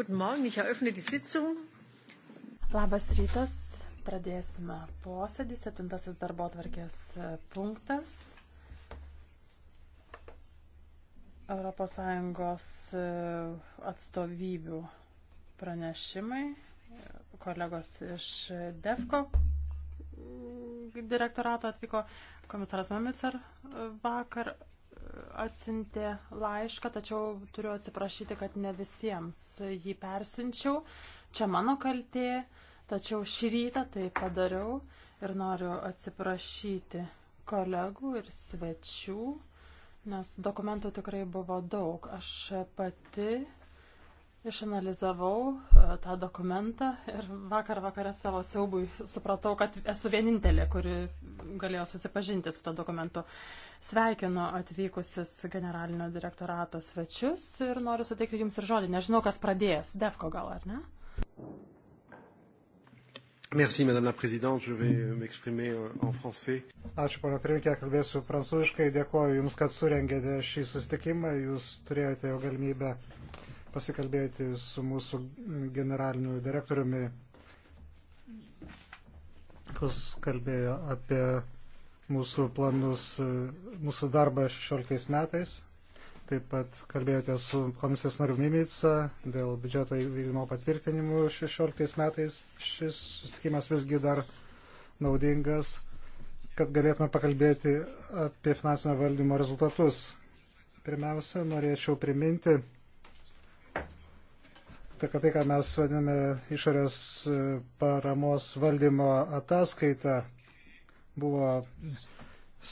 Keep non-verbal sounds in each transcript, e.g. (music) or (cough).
Guten Morgen, ich eröffne die Sitzung. Labas rytas, pradėsime posėdį, septintasis darbo atvarkės e, punktas. ES e, atstovybių pranešimai, kolegos iš DEFCO direktorato atvyko komisaras Mamicar e, vakar atsintė laišką, tačiau turiu atsiprašyti, kad ne visiems jį persinčiau. Čia mano kaltė, tačiau šį rytą tai padariau ir noriu atsiprašyti kolegų ir svečių, nes dokumentų tikrai buvo daug. Aš pati Išanalizavau e, tą dokumentą ir vakar vakarę savo siaubui supratau, kad esu vienintelė, kuri galėjo susipažinti su to dokumentu. Sveikinu atvykusius generalinio direktorato svečius ir noriu suteikti jums ir žodį. Nežinau, kas pradės. Defko gal, ar ne? Merci, madame la présidente. Je vais m'exprimer en français. Ačiū, pana pirmininkė, kalbėsiu prancūziškai. Dėkuoju Jums, kad surengėte šį susitikimą. Jūs turėjote jo galimybę pasikalbėti su mūsų generaliniu direktoriumi, kus kalbėjo apie mūsų planus, mūsų darbą 16 metais. Taip pat kalbėjote su komisijos nariu Mimica dėl biudžeto įvykdymo patvirtinimų 16 metais. Šis susitikimas visgi dar naudingas, kad galėtume pakalbėti apie finansinio valdymo rezultatus. Pirmiausia, norėčiau priminti, kad tai, ką mes vadiname išorės e, paramos valdymo ataskaita, buvo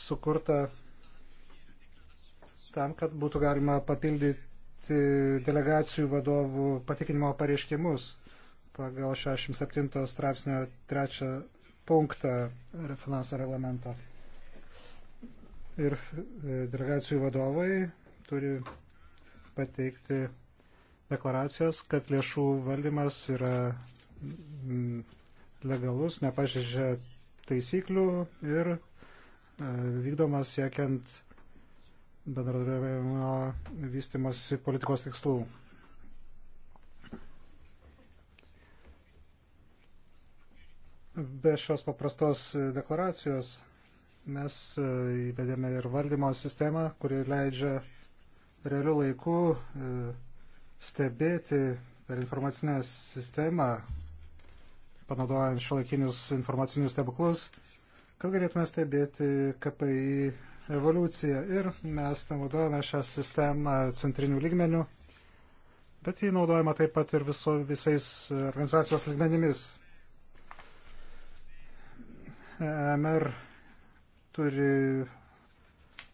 sukurta tam, kad būtų galima papildyti delegacijų vadovų patikinimo pareiškimus pagal 67 straipsnio 3 punktą finansų reglamento. Ir e, delegacijų vadovai turi pateikti deklaracijas, kad lėšų valdymas yra mm, legalus, nepažeidžia taisyklių ir e, vykdomas siekiant bendradarbiavimo vystimosi politikos tikslų. Be šios paprastos deklaracijos mes e, įvedėme ir valdymo sistemą, kuri leidžia realių laikų e, stebėti per informacinę sistemą, panaudojant šiuolaikinius informacinius stebuklus, kad galėtume stebėti KPI evoliuciją. Ir mes naudojame šią sistemą centrinių lygmenių, bet jį naudojama taip pat ir viso, visais organizacijos lygmenimis. E MR turi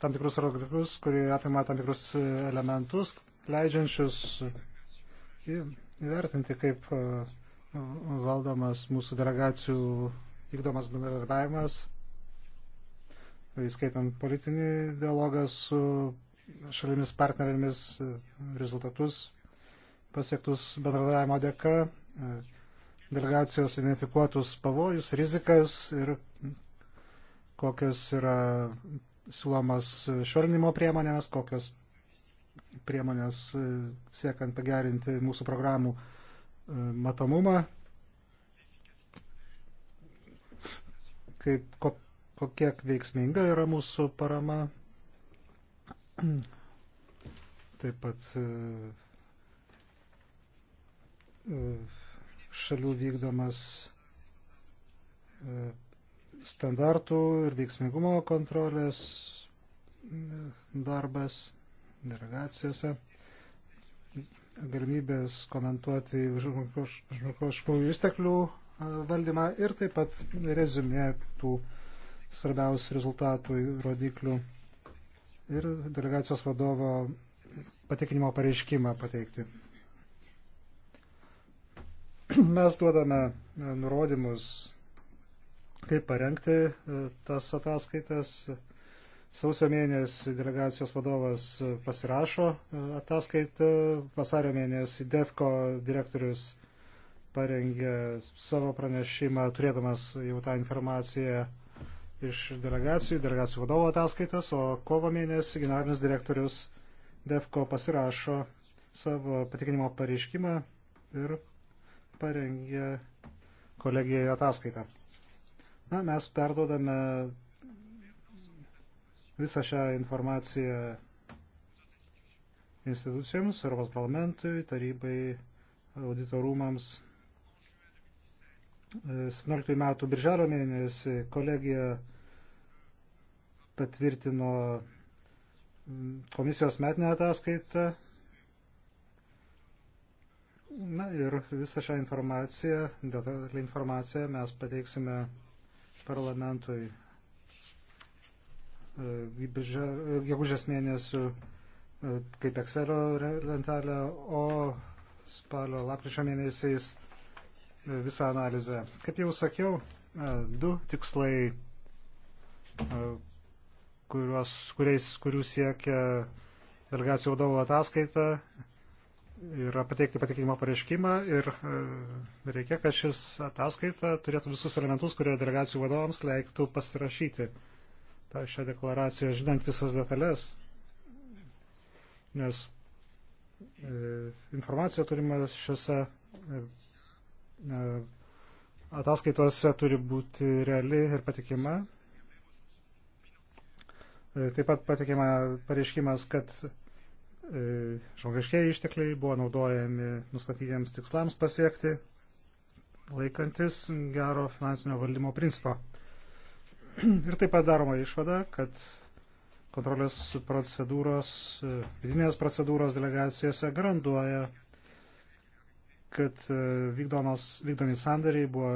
tam tikrus rodiklius, kurie apima tam tikrus elementus, leidžiančius įvertinti, kaip e, valdomas mūsų delegacijų vykdomas bendradarbiavimas, įskaitant politinį dialogą su šalimis partnerėmis, rezultatus pasiektus bendradarbiavimo dėka, e, delegacijos identifikuotus pavojus, rizikas ir kokios yra siūlomas švelnimo priemonės, kokios priemonės e, siekant pagerinti mūsų programų e, matomumą, kaip, ko, kokie veiksminga yra mūsų parama. Taip pat e, šalių vykdomas standartų ir veiksmingumo kontrolės darbas delegacijose galimybės komentuoti žmogiškųjų išteklių e, valdymą ir taip pat rezumė tų svarbiausių rezultatų rodiklių ir delegacijos vadovo patikinimo pareiškimą pateikti. (clears throat) Mes duodame e, nurodymus, kaip parengti e, tas ataskaitas, Sausio mėnesį delegacijos vadovas pasirašo e, ataskaitą, vasario mėnesį DEFCO direktorius parengė savo pranešimą, turėdamas jau tą informaciją iš delegacijų, delegacijų vadovo ataskaitas, o kovo mėnesį generalinis direktorius DEFCO pasirašo savo patikinimo pareiškimą ir parengė kolegijai ataskaitą. Na, mes perdodame visą šią informaciją institucijoms, Europos parlamentui, tarybai, auditorumams. 17 metų birželio mėnesį kolegija patvirtino komisijos metinę ataskaitą. Na ir visą šią informaciją, detalę informaciją mes pateiksime parlamentui E, e, gegužės mėnesių e, kaip Excelio lentelę, o spalio lapkričio mėnesiais visą analizę. Kaip jau sakiau, du tikslai, kuriuos, kuriais, kurių siekia delegacijų vadovo ataskaita, yra pateikti patikimą pareiškimą ir reikia, kad šis ataskaita turėtų visus elementus, kurie delegacijų vadovams leiktų pasirašyti tą šią deklaraciją, žinant visas detalės, nes e, informacija turima šiuose e, e, ataskaitose turi būti reali ir patikima. Taip pat patikima pareiškimas, kad žmogiškiai ištekliai buvo naudojami nustatytiems tikslams pasiekti, laikantis gero finansinio valdymo principo. (clears throat) Ir taip pat daroma išvada, kad kontrolės procedūros, e, vidinės procedūros delegacijose garantuoja, kad e, vykdomos, vykdomi sandariai buvo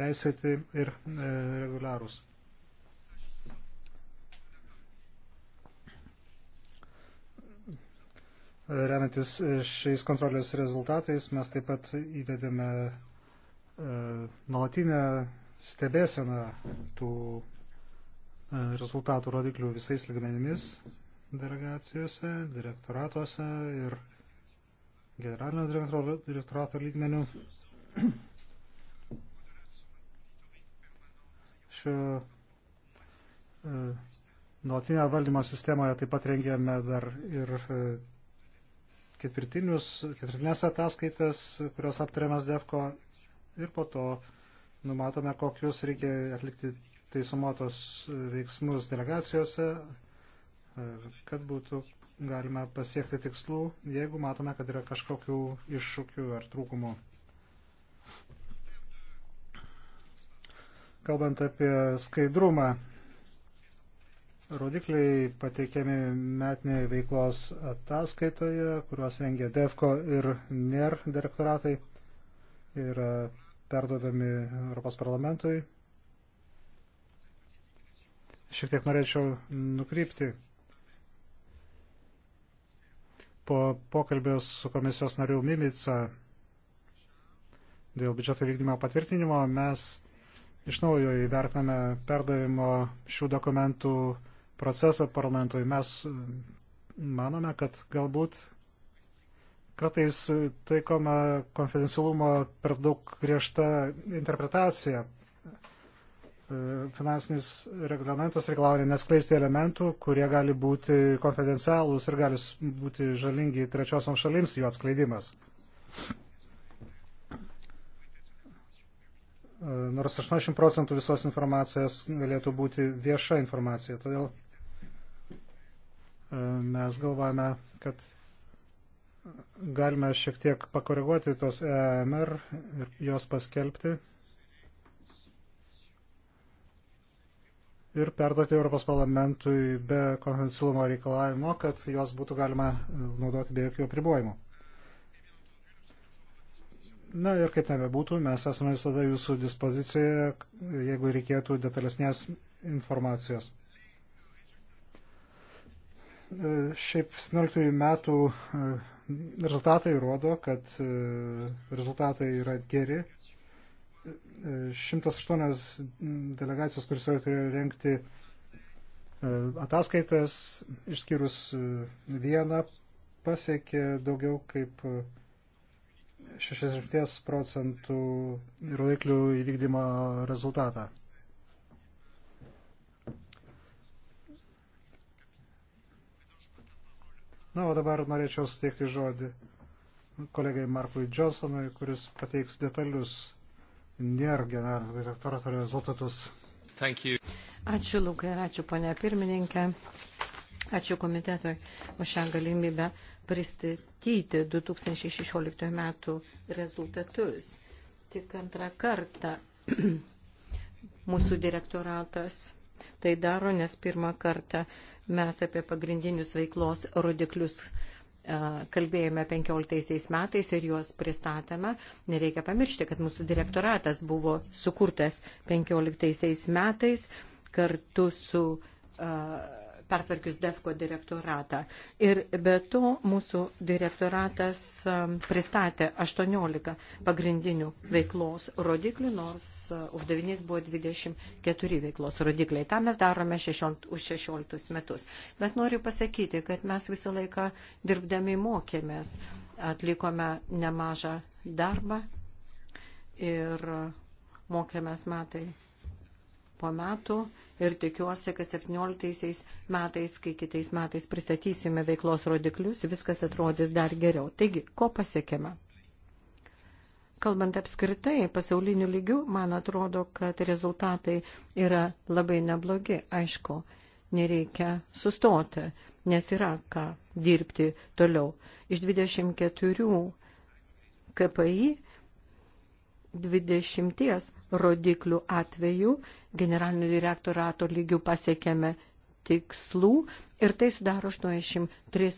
teisėti ir e, reguliarūs. Remiantis e, šiais kontrolės rezultatais, mes taip pat įvedėme e, nuolatinę stebėsena tų e, rezultatų rodiklių visais ligmenimis delegacijose, direktoratuose ir generalinio direktorato, direktorato lygmenių. Šio e, nuolatinio valdymo sistemoje taip pat rengėme dar ir e, ketvirtinės ataskaitas, kurios aptariamas DEFCO ir po to numatome, kokius reikia atlikti teisumotos veiksmus delegacijose, kad būtų galima pasiekti tikslų, jeigu matome, kad yra kažkokių iššūkių ar trūkumų. Kalbant apie skaidrumą, rodikliai pateikiami metinėje veiklos ataskaitoje, kuriuos rengia DEFCO ir NER direktoratai. Yra perduodami Europos parlamentui. Šiek tiek norėčiau nukrypti po pokalbio su komisijos nariu Mimica dėl biudžeto vykdymo patvirtinimo mes iš naujo įvertiname perdavimo šių dokumentų procesą parlamentui. Mes manome, kad galbūt Kartais taikoma konfidencialumo per daug griežta interpretacija. E, finansinis reglamentas reikalauja neskleisti elementų, kurie gali būti konfidencialūs ir gali būti žalingi trečiosiam šalims jų atskleidimas. E, nors 80 procentų visos informacijos galėtų būti vieša informacija. Todėl e, mes galvojame, kad galime šiek tiek pakoreguoti tos EMR ir jos paskelbti ir perduoti Europos parlamentui be konfidencialumo reikalavimo, kad jos būtų galima naudoti be jokių apribojimų. Na ir kaip nebebūtų, mes esame visada jūsų dispozicijoje, jeigu reikėtų detalesnės informacijos e, šiaip 17 metų rezultatai rodo, kad e, rezultatai yra geri. 108 e, delegacijos, kuris turėjo renkti e, ataskaitas, išskyrus vieną, pasiekė daugiau kaip 60 procentų rodiklių įvykdymo rezultatą. Na, o dabar norėčiau suteikti žodį kolegai Markui Johnsonui, kuris pateiks detalius NER generalinio direktorato rezultatus. Ačiū, Lukai, ir ačiū, ponia pirmininkė. Ačiū komitetui už šią galimybę pristatyti 2016 metų rezultatus. Tik antrą kartą (clears throat) mūsų direktoratas tai daro, nes pirmą kartą mes apie pagrindinius veiklos rodiklius kalbėjome 15 metais ir juos pristatėme. Nereikia pamiršti, kad mūsų direktoratas buvo sukurtas 15 metais kartu su uh, pertvarkius DEFCO direktoratą. Ir be to mūsų direktoratas um, pristatė 18 pagrindinių veiklos rodiklių, nors uh, uždavinys buvo 24 veiklos rodikliai. Ta mes darome 16, už 16 metus. Bet noriu pasakyti, kad mes visą laiką dirbdami mokėmės, atlikome nemažą darbą ir uh, mokėmės metai po metų ir tikiuosi, kad 17 metais, kai kitais metais pristatysime veiklos rodiklius, viskas atrodys dar geriau. Taigi, ko pasiekėme? Kalbant apskritai, pasauliniu lygiu, man atrodo, kad rezultatai yra labai neblogi. Aišku, nereikia sustoti, nes yra ką dirbti toliau. Iš 24 KPI 20 rodiklių atveju generalinio direktorato lygių pasiekėme tikslų ir tai sudaro 83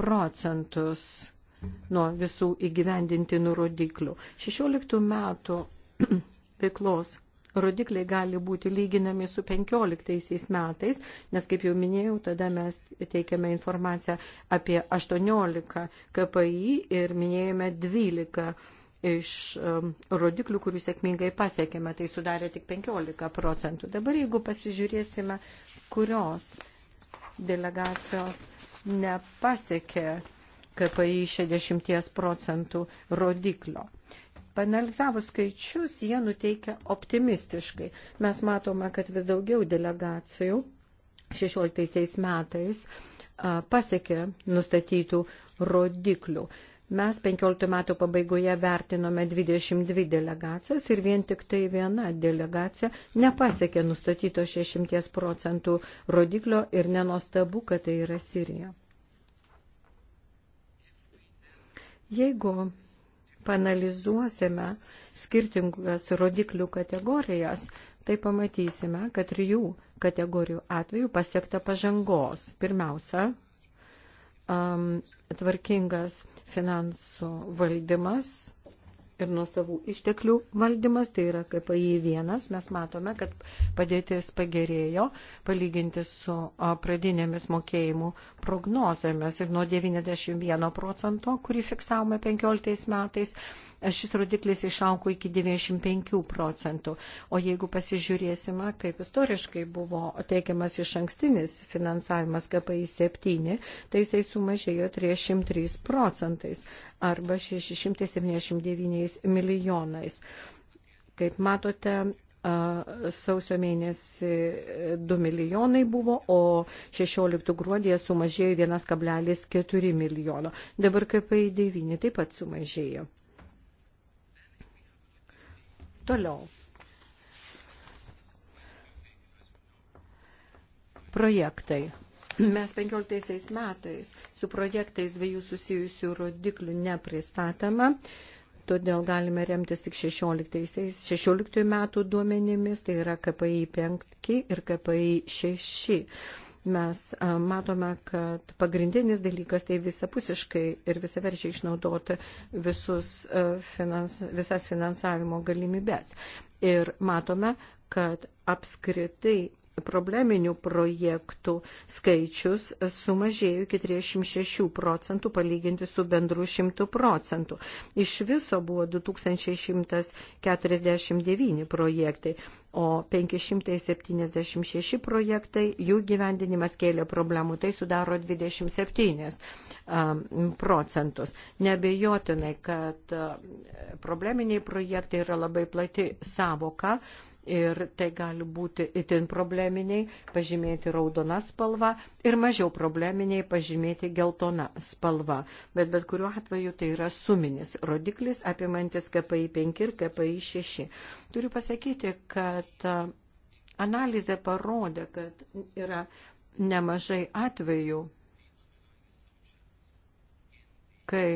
procentus nuo visų įgyvendintinų rodiklių. 16 metų (clears throat) veiklos rodikliai gali būti lyginami su 15 metais, nes, kaip jau minėjau, tada mes teikiame informaciją apie 18 KPI ir minėjome 12 iš rodiklių, kurių sėkmingai pasiekėme, tai sudarė tik 15 procentų. Dabar jeigu pasižiūrėsime, kurios delegacijos nepasiekė KPI 60 procentų rodiklio. Panalizavus skaičius, jie nuteikia optimistiškai. Mes matome, kad vis daugiau delegacijų 16 metais pasiekė nustatytų rodiklių. Mes 15 metų pabaigoje vertinome 22 delegacijas ir vien tik tai viena delegacija nepasiekė nustatyto 60 procentų rodiklio ir nenostabu, kad tai yra Sirija. Jeigu panalizuosime skirtingas rodiklių kategorijas, tai pamatysime, kad trijų kategorijų atveju pasiekta pažangos. Pirmiausia, um, tvarkingas finansų valdymas ir nuosavų išteklių valdymas, tai yra KPI vienas, mes matome, kad padėtis pagerėjo palyginti su pradinėmis mokėjimų prognozėmis ir nuo 91 procento, kurį fiksavome 15 metais, šis rodiklis išaugo iki 95 procentų. O jeigu pasižiūrėsime, kaip istoriškai buvo teikiamas iš ankstinis finansavimas KPI 7, tai jisai sumažėjo 303 procentais arba 679 milijonais. Kaip matote, sausio mėnesį 2 milijonai buvo, o 16 gruodėje sumažėjo 1,4 milijono. Dabar KPI 9 taip pat sumažėjo. Toliau. Projektai. Mes 15 metais su projektais dviejų susijusių rodiklių nepristatama todėl galime remtis tik 16, 16 metų duomenimis, tai yra KPI 5 ir KPI 6 mes matome, kad pagrindinis dalykas tai visapusiškai ir visaverčiai išnaudoti visus, finans, visas finansavimo galimybės. Ir matome, kad apskritai probleminių projektų skaičius sumažėjo iki 36 procentų palyginti su bendru 100 procentų. Iš viso buvo 2149 projektai, o 576 projektai, jų gyvendinimas kėlė problemų, tai sudaro 27 um, procentus. Nebejotinai, kad uh, probleminiai projektai yra labai plati savoka ir tai gali būti itin probleminiai, pažymėti raudona spalva ir mažiau probleminiai pažymėti geltona spalva. Bet bet kuriuo atveju tai yra suminis rodiklis apimantis KPI 5 ir KPI 6. Turiu pasakyti, kad analizė parodė, kad yra nemažai atvejų, kai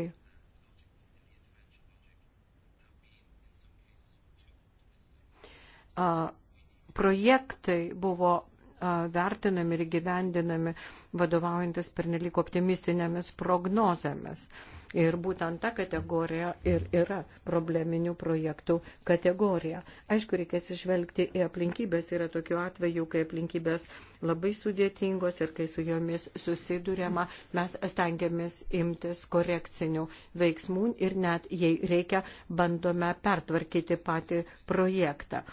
projektai buvo vertinami ir gyvendinami vadovaujantis pernelik optimistinėmis prognozėmis. Ir būtent ta kategorija ir yra probleminių projektų kategorija. Aišku, reikia atsižvelgti į aplinkybės. Yra tokių atvejų, kai aplinkybės labai sudėtingos ir kai su jomis susidurėma, mes stengiamės imtis korekcinių veiksmų ir net jei reikia, bandome pertvarkyti patį projektą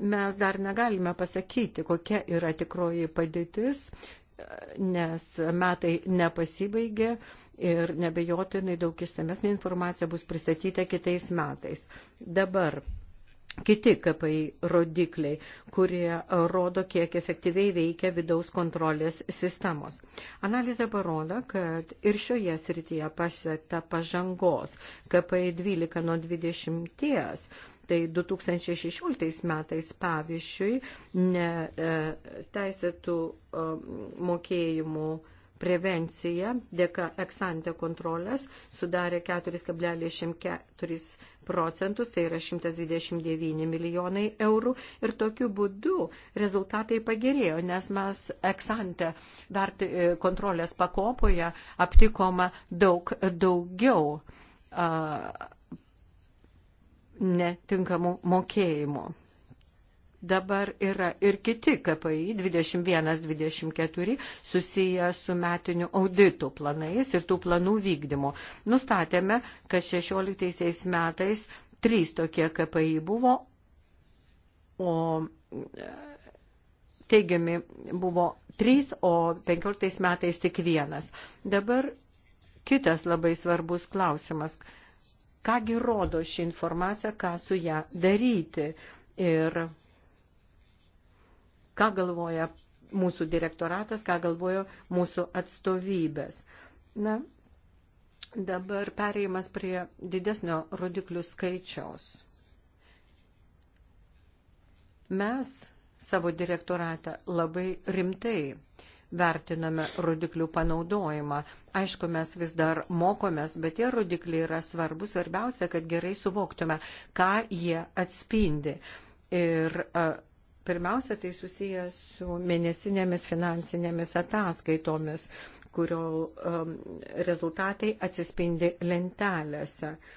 mes dar negalime pasakyti, kokia yra tikroji padėtis, nes metai nepasibaigė ir nebejotinai daug išsamesnė informacija bus pristatyta kitais metais. Dabar kiti kapai rodikliai, kurie rodo, kiek efektyviai veikia vidaus kontrolės sistemos. Analizė parodo, kad ir šioje srityje pasiekta pažangos. Kapai 12 nuo 20 Tai 2016 metais, pavyzdžiui, e, teisėtų e, mokėjimų prevencija dėka eksante kontrolės sudarė 4,4 procentus, tai yra 129 milijonai eurų. Ir tokiu būdu rezultatai pagerėjo, nes mes eksante dar kontrolės pakopoje aptikoma daug daugiau. Uh, netinkamų mokėjimų. Dabar yra ir kiti KPI 21-24 susiję su metiniu auditų planais ir tų planų vykdymu. Nustatėme, kad 16 metais trys tokie KPI buvo, o teigiami buvo trys, o 15 metais tik vienas. Dabar kitas labai svarbus klausimas kągi rodo ši informacija, ką su ją daryti ir ką galvoja mūsų direktoratas, ką galvojo mūsų atstovybės. Na, dabar pereimas prie didesnio rodiklių skaičiaus. Mes savo direktoratą labai rimtai vertiname rodiklių panaudojimą. Aišku, mes vis dar mokomės, bet tie rodikliai yra svarbus. Svarbiausia, kad gerai suvoktume, ką jie atspindi. Ir pirmiausia, tai susijęs su mėnesinėmis finansinėmis ataskaitomis, kurio um, rezultatai atsispindi lentelėse. Uh,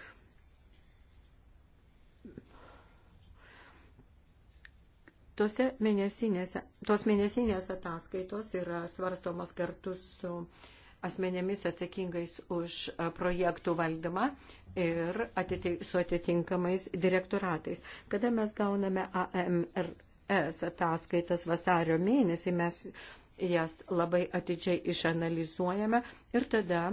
Tose mėnesinėse, tos mėnesinės ataskaitos yra svarstomos kartu su asmenėmis atsakingais už e, projektų valdymą ir atitink, su atitinkamais direktoratais. Kada mes gauname AMRS ataskaitas vasario mėnesį, mes jas labai atidžiai išanalizuojame ir tada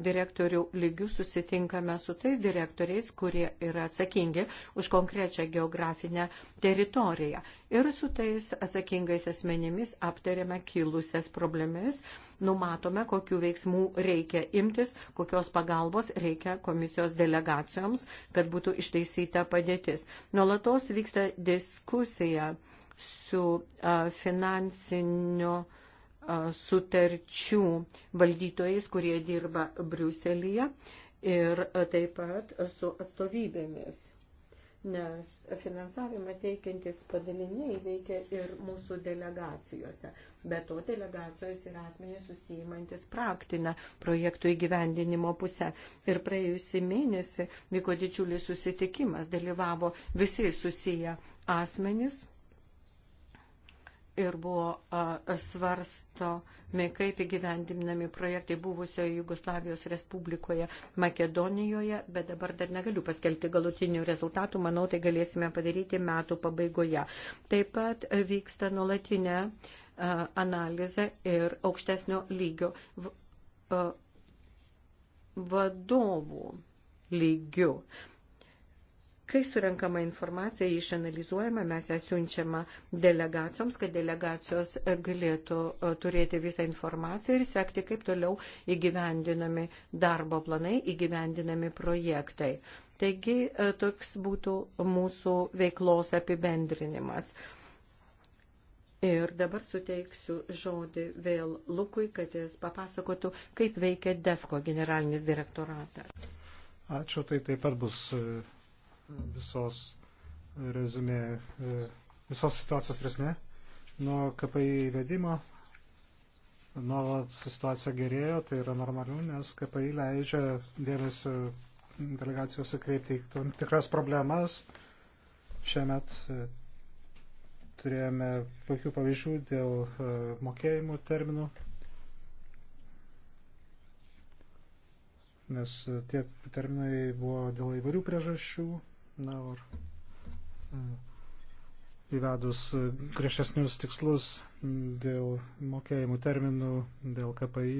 direktorių lygių susitinkame su tais direktoriais, kurie yra atsakingi už konkrečią geografinę teritoriją. Ir su tais atsakingais asmenimis aptariame kilusias problemas, numatome, kokiu veiksmų reikia imtis, kokios pagalbos reikia komisijos delegacijoms, kad būtų išteisyta padėtis. Nuolatos vyksta diskusija su finansiniu uh, sutarčių valdytojais, kurie dirba Briuselėje ir taip pat su atstovybėmis. Nes finansavimą teikiantis padaliniai veikia ir mūsų delegacijose. Be to delegacijos yra asmenys susijimantis praktinę projektų įgyvendinimo pusę. Ir praėjusį mėnesį vyko didžiulis susitikimas, dalyvavo visi susiję asmenys ir buvo svarstomi, kaip įgyvendinami projektai buvusioje Jugoslavijos Respublikoje Makedonijoje, bet dabar dar negaliu paskelbti galutinių rezultatų, manau, tai galėsime padaryti metų pabaigoje. Taip pat vyksta nuolatinė analizė ir aukštesnio lygio vadovų lygių. Kai surenkama informacija, išanalizuojama, mes ją siunčiama delegacijoms, kad delegacijos e, galėtų e, turėti visą informaciją ir sekti, kaip toliau įgyvendinami darbo planai, įgyvendinami projektai. Taigi e, toks būtų mūsų veiklos apibendrinimas. Ir dabar suteiksiu žodį vėl Lukui, kad jis papasakotų, kaip veikia DEFCO generalinis direktoratas. Ačiū, tai taip pat bus visos rezumė, e, visos situacijos resmė. Nuo KPI įvedimo nuolat situacija gerėjo, tai yra normalu, nes KPI leidžia dėmesio delegacijose kreipti tam tikras problemas. Šiemet e, turėjome tokių pavyzdžių dėl e, mokėjimų terminų, nes tie terminai buvo dėl įvairių priežasčių Na, ir e, įvedus griežtesnius tikslus dėl mokėjimų terminų, dėl KPI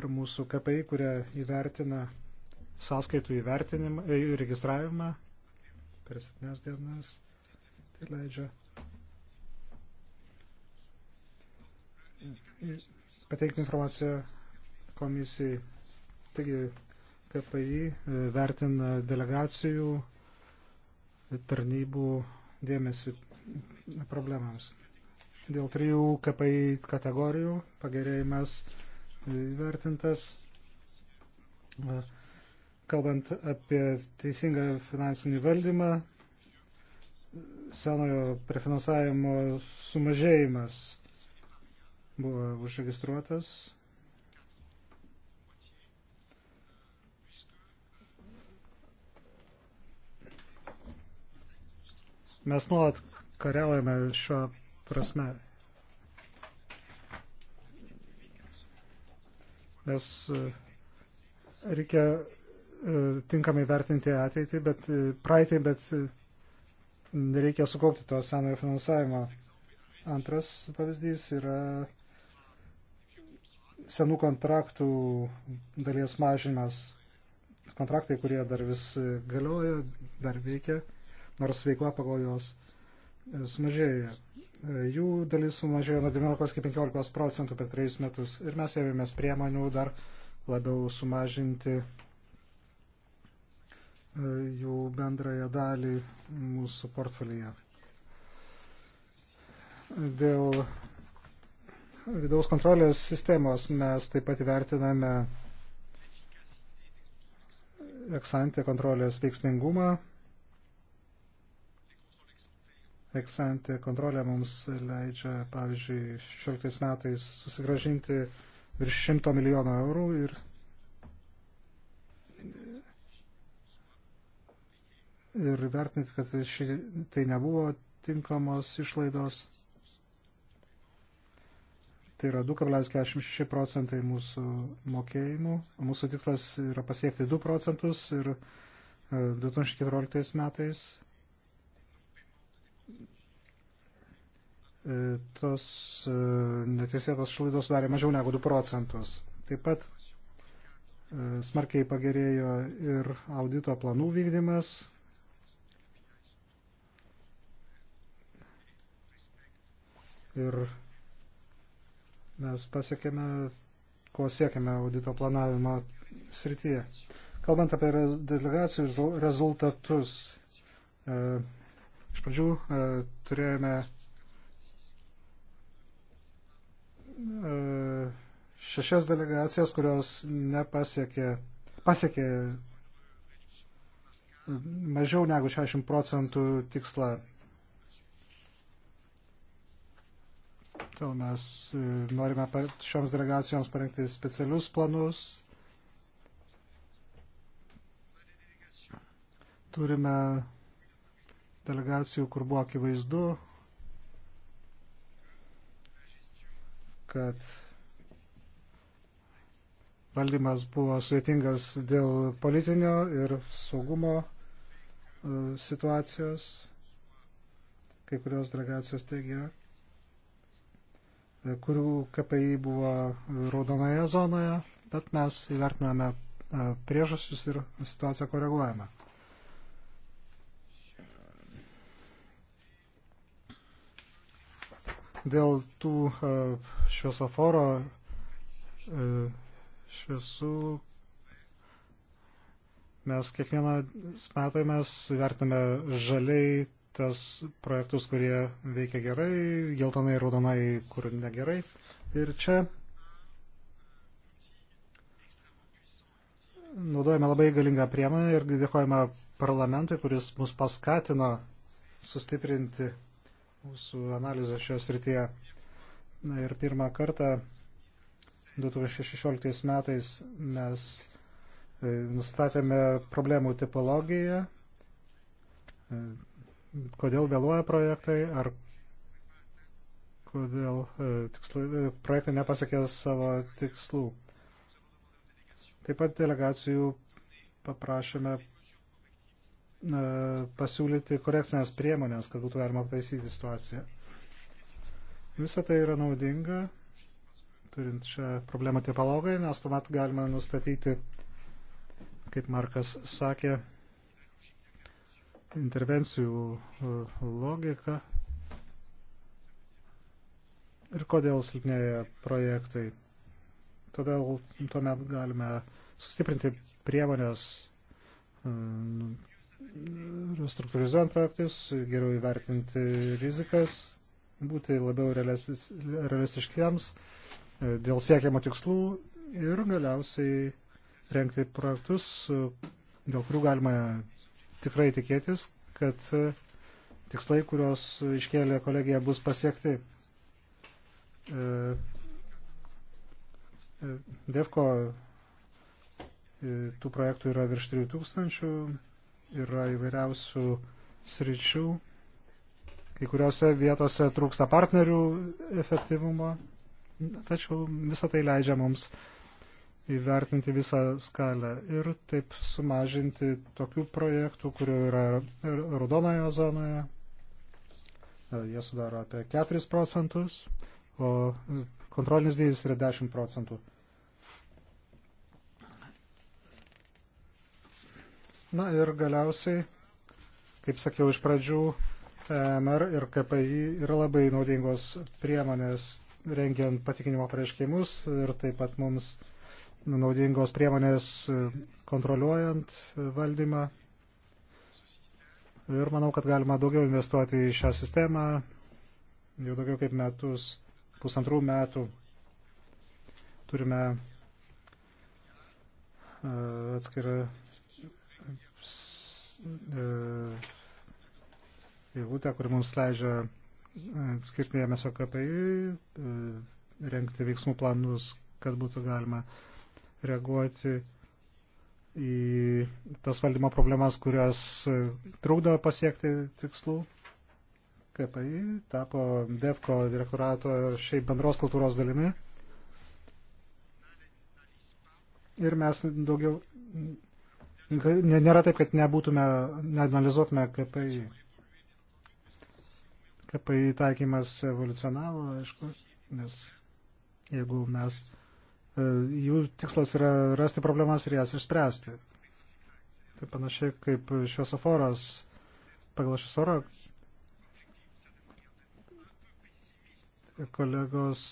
ir mūsų KPI, kurie įvertina sąskaitų įvertinimą, e, registravimą per 7 dienas, tai leidžia pateikti informaciją komisijai. Taigi KPI e, vertina delegacijų tarnybų dėmesį problemams. Dėl trijų KPI kategorijų pagerėjimas e, vertintas. E, kalbant apie teisingą finansinį valdymą, senojo prefinansavimo sumažėjimas buvo užregistruotas Mes nuolat kariaujame šiuo prasme. Nes e, reikia e, tinkamai vertinti ateitį, bet e, praeitį, bet nereikia sukaupti to senojo finansavimo. Antras pavyzdys yra senų kontraktų dalies mažinimas. Kontraktai, kurie dar vis galioja, dar veikia nors veikla pagal jos e, sumažėjo. E, jų dalis sumažėjo nuo 19 iki 15 procentų per trejus metus ir mes ėmėmės priemonių dar labiau sumažinti e, jų bendrąją dalį mūsų portfelyje. Dėl vidaus kontrolės sistemos mes taip pat įvertiname eksantį kontrolės veiksmingumą eksantė kontrolė mums leidžia, pavyzdžiui, 16 metais susigražinti virš 100 milijono eurų ir ir vertinti, kad ši, tai nebuvo tinkamos išlaidos. Tai yra 2,46 procentai mūsų mokėjimų. Mūsų tikslas yra pasiekti 2 procentus ir 2014 e, metais E, tos e, neteisėtos šlaidos sudarė mažiau negu 2 procentus. Taip pat e, smarkiai pagerėjo ir audito planų vykdymas. Ir mes pasiekėme, ko siekėme audito planavimo srityje. Kalbant apie delegacijų rezultatus, iš pradžių turėjome E, šešias delegacijas, kurios nepasiekė, pasiekė mažiau negu 60 procentų tikslą. Todėl mes e, norime šioms delegacijoms parengti specialius planus. Turime delegacijų, kur buvo akivaizdu, kad valdymas buvo sudėtingas dėl politinio ir saugumo e, situacijos. Kai kurios delegacijos teigia, e, kurių KPI buvo raudonoje zonoje, bet mes įvertiname e, priežasčius ir situaciją koreguojame. dėl tų e, šviesoforo e, šviesų mes kiekvieną metą mes vertiname žaliai tas projektus, kurie veikia gerai, geltonai, raudonai, kur negerai. Ir čia naudojame labai galingą priemonę ir dėkojame parlamentui, kuris mus paskatino sustiprinti mūsų analizę šioje srityje. Na ir pirmą kartą 2016 metais mes e, nustatėme problemų tipologiją, e, kodėl vėluoja projektai ar kodėl e, tikslai, projektai nepasiekė savo tikslų. Taip pat delegacijų paprašėme pasiūlyti korekcinės priemonės, kad būtų galima aptaisyti situaciją. Visą tai yra naudinga, turint šią problemą tipologai, nes tuomet galima nustatyti, kaip Markas sakė, intervencijų e, logiką ir kodėl silpnėja projektai. Todėl tuomet galime sustiprinti priemonės e, restruktūrizuojant projektus, geriau įvertinti rizikas, būti labiau realistiškiams e, dėl siekiamo tikslų ir galiausiai renkti projektus, e, dėl kurių galima tikrai tikėtis, kad e, tikslai, kuriuos iškėlė kolegija, bus pasiekti. DEFCO tų projektų yra virš 3000 yra įvairiausių sričių. Kai kuriuose vietose trūksta partnerių efektyvumo, tačiau visą tai leidžia mums įvertinti visą skalę ir taip sumažinti tokių projektų, kurių yra raudonojo zonoje. Jie sudaro apie 4 procentus, o kontrolinis dydis yra 10 procentų. Na ir galiausiai, kaip sakiau iš pradžių, e MR ir KPI yra labai naudingos priemonės rengiant patikinimo pareiškimus ir taip pat mums naudingos priemonės kontroliuojant valdymą. Ir manau, kad galima daugiau investuoti į šią sistemą, jau daugiau kaip metus, pusantrų metų turime e, atskirą E, e, eilutę, kuri mums leidžia e, skirti dėmesio KPI, renkti veiksmų planus, kad būtų galima reaguoti į tas valdymo problemas, kurios trukdo pasiekti tikslų. KPI tapo DEFCO direktorato šiaip bendros kultūros dalimi. Ir mes daugiau nėra taip, kad nebūtume, neanalizuotume KPI. KPI taikymas evoliucionavo, aišku, nes jeigu mes, e, jų tikslas yra rasti problemas ir jas išspręsti. Tai panašiai kaip šviesoforas, pagal šviesoro kolegos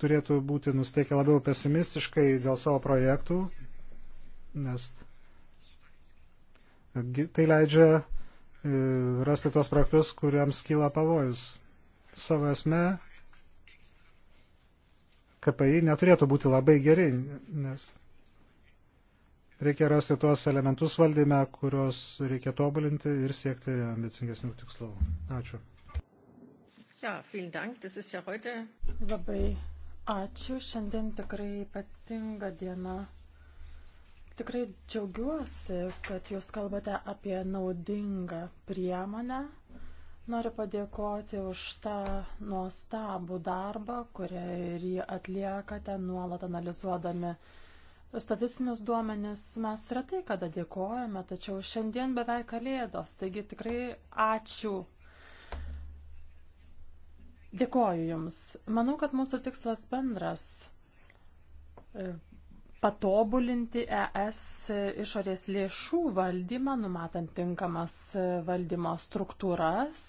turėtų būti nusteikę labiau pesimistiškai dėl savo projektų nes tai leidžia e, rasti tuos projektus, kuriems kyla pavojus. Savo esme, KPI neturėtų būti labai geri, nes reikia rasti tuos elementus valdyme, kuriuos reikia tobulinti ir siekti ambicingesnių tikslų. Ačiū. Ja, dank. Das ist ja heute... Labai ačiū. Šiandien tikrai ypatinga diena. Tikrai džiaugiuosi, kad jūs kalbate apie naudingą priemonę. Noriu padėkoti už tą nuostabų darbą, kurį atliekate nuolat analizuodami statistinius duomenis. Mes retai kada dėkojame, tačiau šiandien beveik kalėdos, taigi tikrai ačiū Dėkoju Jums. Manau, kad mūsų tikslas bendras. E, patobulinti ES išorės lėšų valdymą, numatant tinkamas valdymo struktūras.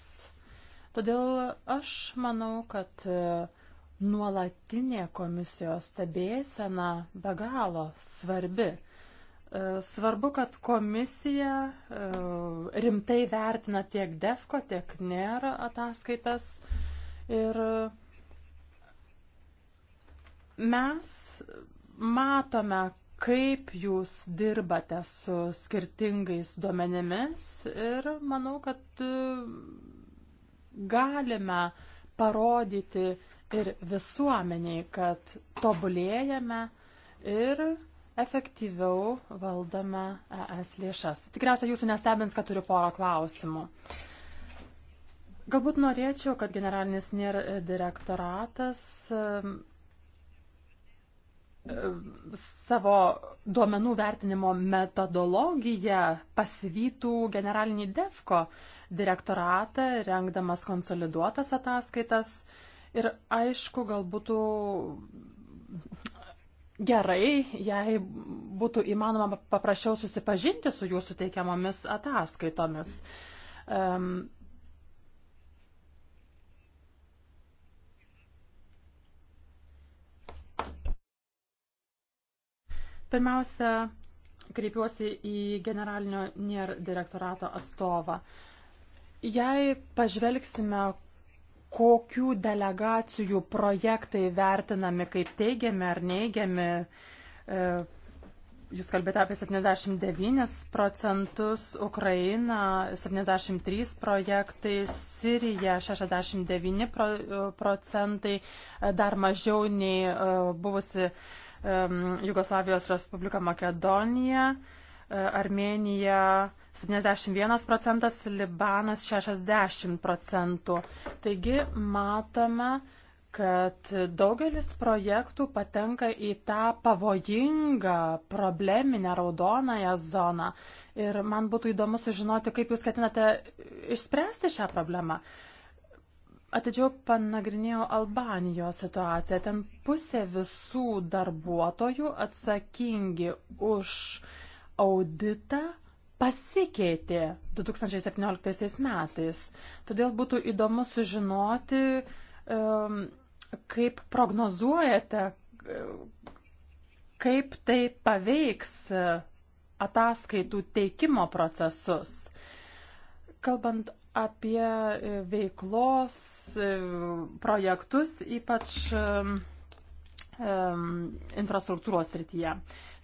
Todėl aš manau, kad nuolatinė komisijos stebėsena be galo svarbi. Svarbu, kad komisija e, rimtai vertina tiek DEFCO, tiek NER ataskaitas ir mes matome, kaip jūs dirbate su skirtingais duomenimis ir manau, kad e, galime parodyti ir visuomeniai, kad tobulėjame ir efektyviau valdome ES lėšas. Tikriausiai jūsų nestebins, kad turiu porą klausimų. Galbūt norėčiau, kad generalinis e, direktoratas e, savo duomenų vertinimo metodologiją pasivytų generalinį DEFCO direktoratą, rengdamas konsoliduotas ataskaitas. Ir aišku, gal būtų gerai, jei būtų įmanoma paprasčiau susipažinti su jūsų teikiamomis ataskaitomis. Um, Pirmiausia, kreipiuosi į generalinio NIR direktorato atstovą. Jei pažvelgsime, kokių delegacijų projektai vertinami kaip teigiami ar neigiami, e, Jūs kalbėte apie 79 procentus, Ukraina 73 projektai, Sirija 69 e, procentai, e, dar mažiau nei buvusi Jugoslavijos Respublika Makedonija, e, Armenija 71 procentas, Libanas 60 procentų. Taigi matome, kad daugelis projektų patenka į tą pavojingą, probleminę raudonąją zoną. Ir man būtų įdomu sužinoti, kaip jūs ketinate išspręsti šią problemą. Uh, atidžiau panagrinėjau Albanijos situaciją. Ten pusė visų darbuotojų atsakingi už auditą pasikeitė 2017 metais. Todėl būtų įdomu sužinoti, kaip prognozuojate, kaip tai paveiks ataskaitų teikimo procesus. Kalbant apie e, veiklos e, projektus, ypač infrastruktūros srityje.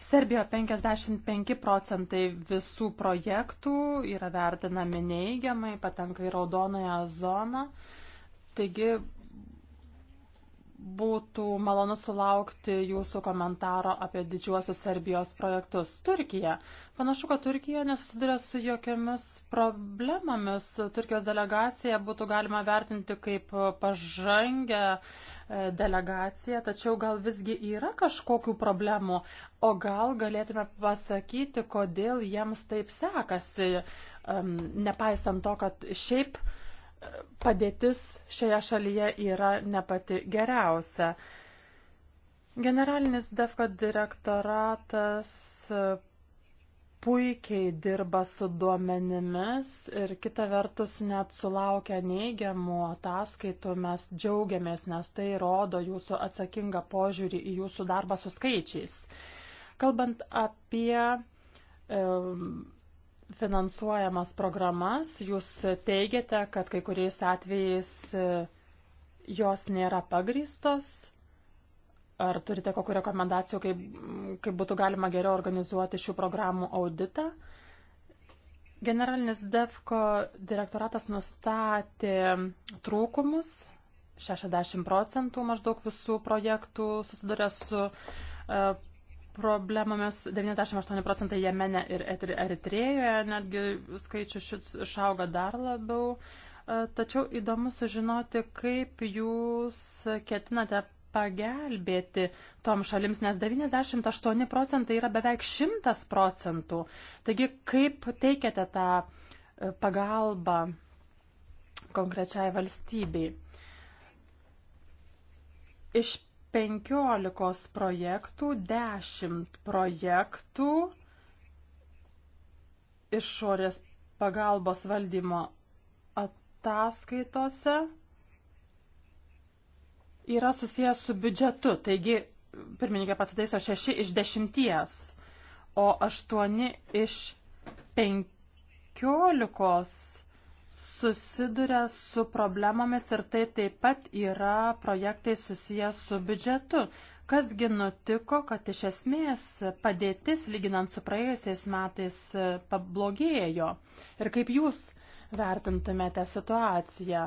Serbijoje 55 procentai visų projektų yra vertinami neįgiamai, patenka į raudonąją zoną. Taigi būtų malonu sulaukti jūsų komentaro apie didžiuosius Serbijos projektus. Turkija. Panašu, kad Turkija nesusiduria su jokiamis problemomis. Turkijos delegaciją būtų galima vertinti kaip pažangę e, delegaciją, tačiau gal visgi yra kažkokių problemų, o gal galėtume pasakyti, kodėl jiems taip sekasi, nepaisant to, kad šiaip uh, padėtis šioje šalyje yra ne pati geriausia. Generalinis DEFCO direktoratas puikiai dirba su duomenimis ir kita vertus net sulaukia neigiamų ataskaitų. Mes džiaugiamės, nes tai rodo jūsų atsakingą požiūrį į jūsų darbą su skaičiais. Kalbant apie um, finansuojamas programas, jūs teigiate, kad kai kuriais atvejais e, jos nėra pagrystos. Ar turite kokių rekomendacijų, kaip, kaip būtų galima geriau organizuoti šių programų auditą? Generalinis DEFCO direktoratas nustatė trūkumus. 60 procentų maždaug visų projektų susiduria su e, problemomis. 98 procentai Jemene ir Eritrėjoje, netgi skaičius šis išauga dar labiau. E, tačiau įdomu sužinoti, kaip jūs ketinate pagelbėti tom šalims, nes 98 procentai yra beveik 100 procentų. Taigi, kaip teikiate tą e, pagalbą konkrečiai valstybei? Iš 15 projektų, 10 projektų išorės pagalbos valdymo ataskaitose yra susijęs su biudžetu. Taigi, pirmininkė pasitaiso 6 iš 10, o 8 iš 15 susiduria su problemomis ir tai taip pat yra projektai susiję su biudžetu. Kasgi nutiko, kad iš esmės padėtis lyginant su praėjusiais metais pablogėjo ir kaip jūs vertintumėte situaciją?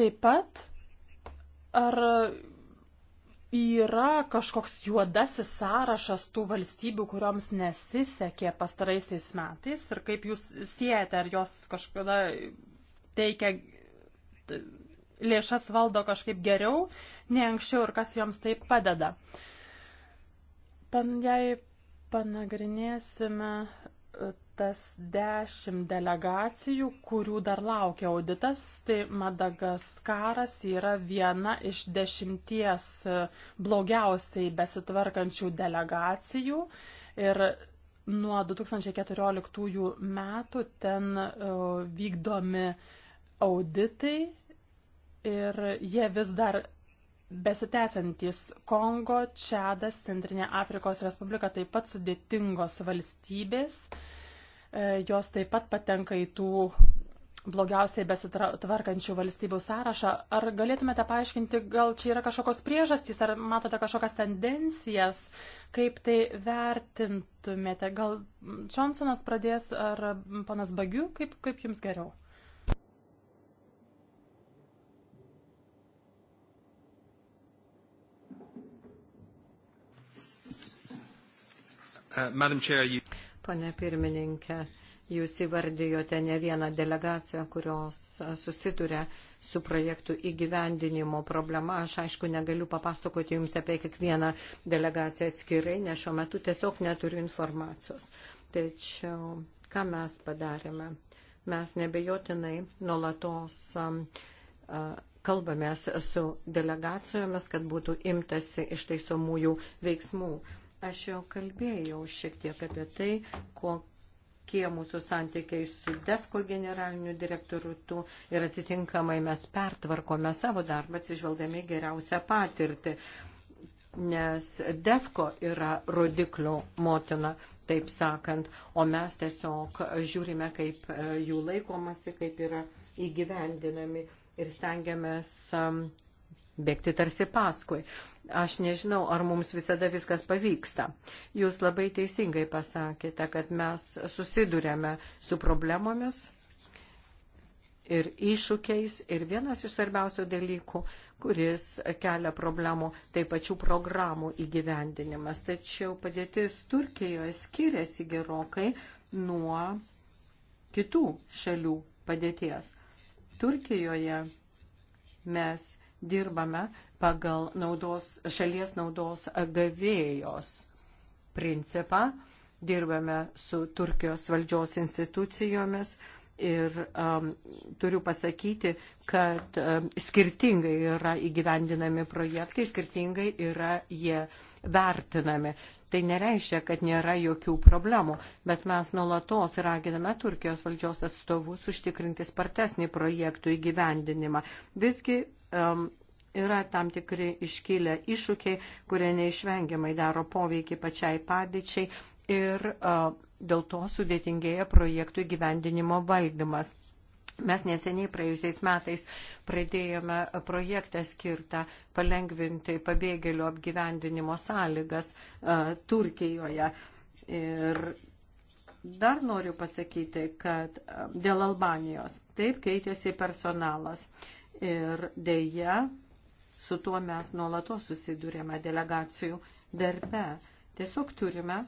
Taip pat, ar yra kažkoks juodasis sąrašas tų valstybių, kurioms nesisekė pastaraisiais metais ir kaip jūs siejate, ar jos kažkada teikia lėšas valdo kažkaip geriau nei anksčiau ir kas joms taip padeda. Pan, jei panagrinėsime 110 delegacijų, kurių dar laukia auditas, tai Madagaskaras yra viena iš dešimties blogiausiai besitvarkančių delegacijų ir nuo 2014 metų ten e, vykdomi auditai ir jie vis dar besitęsiantys Kongo, Čadas, Centrinė Afrikos Respublika taip pat sudėtingos valstybės. E, jos taip pat patenka į tų blogiausiai besitvarkančių valstybių sąrašą. Ar galėtumėte paaiškinti, gal čia yra kažkokios priežastys, ar matote kažkokias tendencijas, kaip tai vertintumėte? Gal Johnsonas pradės ar panas Bagiu, kaip, kaip jums geriau? Uh, Madam Chair, you... Pane pirmininkė, jūs įvardijote ne vieną delegaciją, kurios susiduria su projektų įgyvendinimo problema. Aš aišku negaliu papasakoti jums apie kiekvieną delegaciją atskirai, nes šiuo metu tiesiog neturiu informacijos. Tačiau ką mes padarėme? Mes nebejotinai nuolatos kalbamės su delegacijomis, kad būtų imtasi ištaisomųjų veiksmų. Aš jau kalbėjau šiek tiek apie tai, kokie mūsų santykiai su DEFCO generaliniu direktoriu ir atitinkamai mes pertvarkome savo darbą atsižvelgdami geriausią patirtį. Nes DEFCO yra rodiklių motina, taip sakant, o mes tiesiog žiūrime, kaip e, jų laikomasi, kaip yra įgyvendinami ir stengiamės bėgti tarsi paskui. Aš nežinau, ar mums visada viskas pavyksta. Jūs labai teisingai pasakėte, kad mes susidurėme su problemomis ir iššūkiais ir vienas iš svarbiausių dalykų, kuris kelia problemų, tai pačių programų įgyvendinimas. Tačiau padėtis Turkijoje skiriasi gerokai nuo kitų šalių padėties. Turkijoje mes dirbame pagal naudos, šalies naudos gavėjos principą, dirbame su Turkijos valdžios institucijomis ir um, turiu pasakyti, kad um, skirtingai yra įgyvendinami projektai, skirtingai yra jie vertinami. Tai nereiškia, kad nėra jokių problemų, bet mes nuolatos raginame Turkijos valdžios atstovus užtikrinti spartesnį projektų įgyvendinimą. Visgi um, yra tam tikri iškilę iššūkiai, kurie neišvengiamai daro poveikį pačiai padėčiai ir uh, dėl to sudėtingėja projektų įgyvendinimo valdymas. Mes neseniai praėjusiais metais pradėjome projektą skirtą palengvinti pabėgėlių apgyvendinimo sąlygas uh, Turkijoje. Ir dar noriu pasakyti, kad uh, dėl Albanijos taip keitėsi personalas. Uh, ir dėja su tuo mes nuolatos susidūrėme delegacijų darbe. Tiesiog turime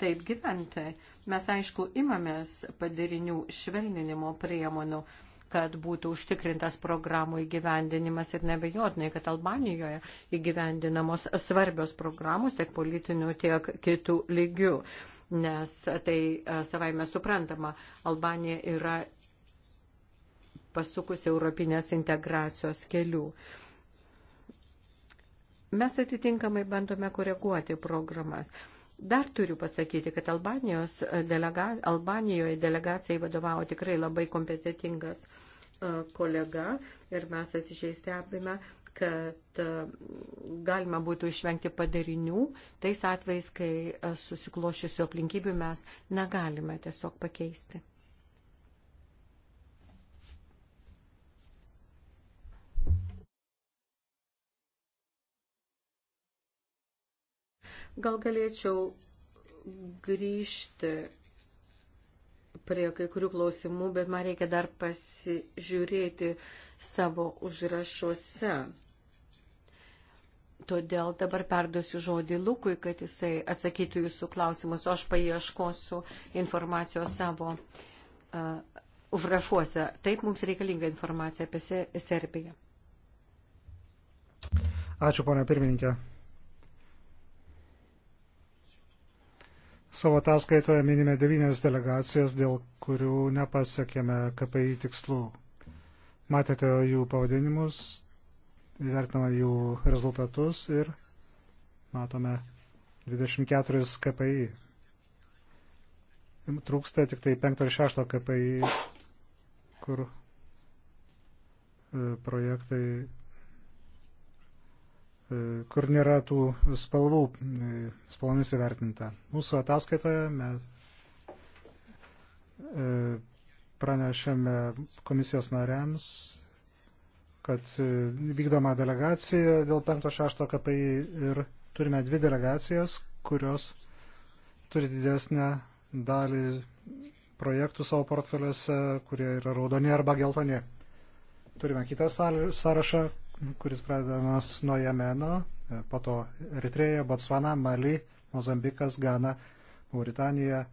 taip gyventi. Mes, aišku, imamės padarinių švelninimo priemonų kad būtų užtikrintas programų įgyvendinimas ir nebejotinai, kad Albanijoje įgyvendinamos svarbios programos tiek politinių, tiek kitų lygių. Nes tai e, savai mes suprantama, Albanija yra pasukus Europinės integracijos kelių. Mes atitinkamai bandome koreguoti programas. Dar turiu pasakyti, kad Albanijos delega, Albanijoje delegacijai vadovavo tikrai labai kompetitingas e, kolega ir mes atižiai stebime, kad e, galima būtų išvengti padarinių tais atvejais, kai e, susiklošiusių aplinkybių mes negalime tiesiog pakeisti. Gal galėčiau grįžti prie kai kurių klausimų, bet man reikia dar pasižiūrėti savo užrašuose. Todėl dabar perduosiu žodį Lukui, kad jisai atsakytų jūsų klausimus, o aš paieškosiu informacijos savo uh, užrašuose. Taip mums reikalinga informacija apie Serbiją. Ačiū, ponia pirmininkė. Savo ataskaitoje minime devynės delegacijas, dėl kurių nepasiekėme KPI tikslų. Matėte jų pavadinimus, vertiname jų rezultatus ir matome 24 KPI. Trūksta tik tai 5 ir 6 KPI, kur e, projektai E, kur nėra tų spalvų, e, spalvomis įvertinta. Mūsų ataskaitoje mes e, pranešėme komisijos nariams, kad vykdoma delegacija dėl 5-6 KPI ir turime dvi delegacijas, kurios turi didesnę dalį projektų savo portfeliuose, kurie yra raudoni arba geltoni. Turime kitą sąrašą, kuris pradedamas nuo Jemeno, e, po to Eritreja, Botsvana, Mali, Mozambikas, Gana, Mauritanija.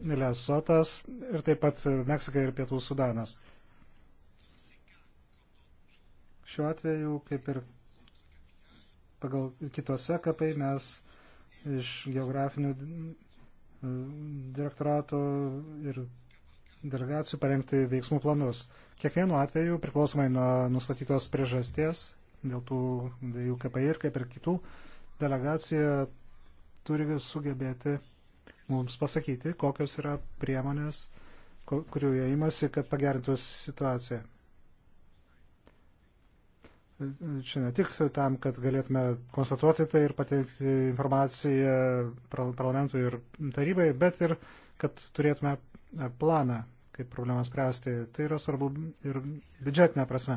Lesotas ir taip pat Meksika ir Pietų Sudanas. Šiuo atveju, kaip ir pagal kitose kapai, mes iš geografinių e, direktoratų ir delegacijų parengti veiksmų planus. Kiekvienu atveju, priklausomai nuo nustatytos priežasties, dėl tų dviejų KPI ir kaip ir kitų, delegacija turi sugebėti mums pasakyti, kokios yra priemonės, kurių jie imasi, kad pagerintų situaciją. Čia ne tik tam, kad galėtume konstatuoti tai ir pateikti informaciją parlamentui ir tarybai, bet ir kad turėtume planą, kaip problemą spręsti. Tai yra svarbu ir biudžetinė prasme.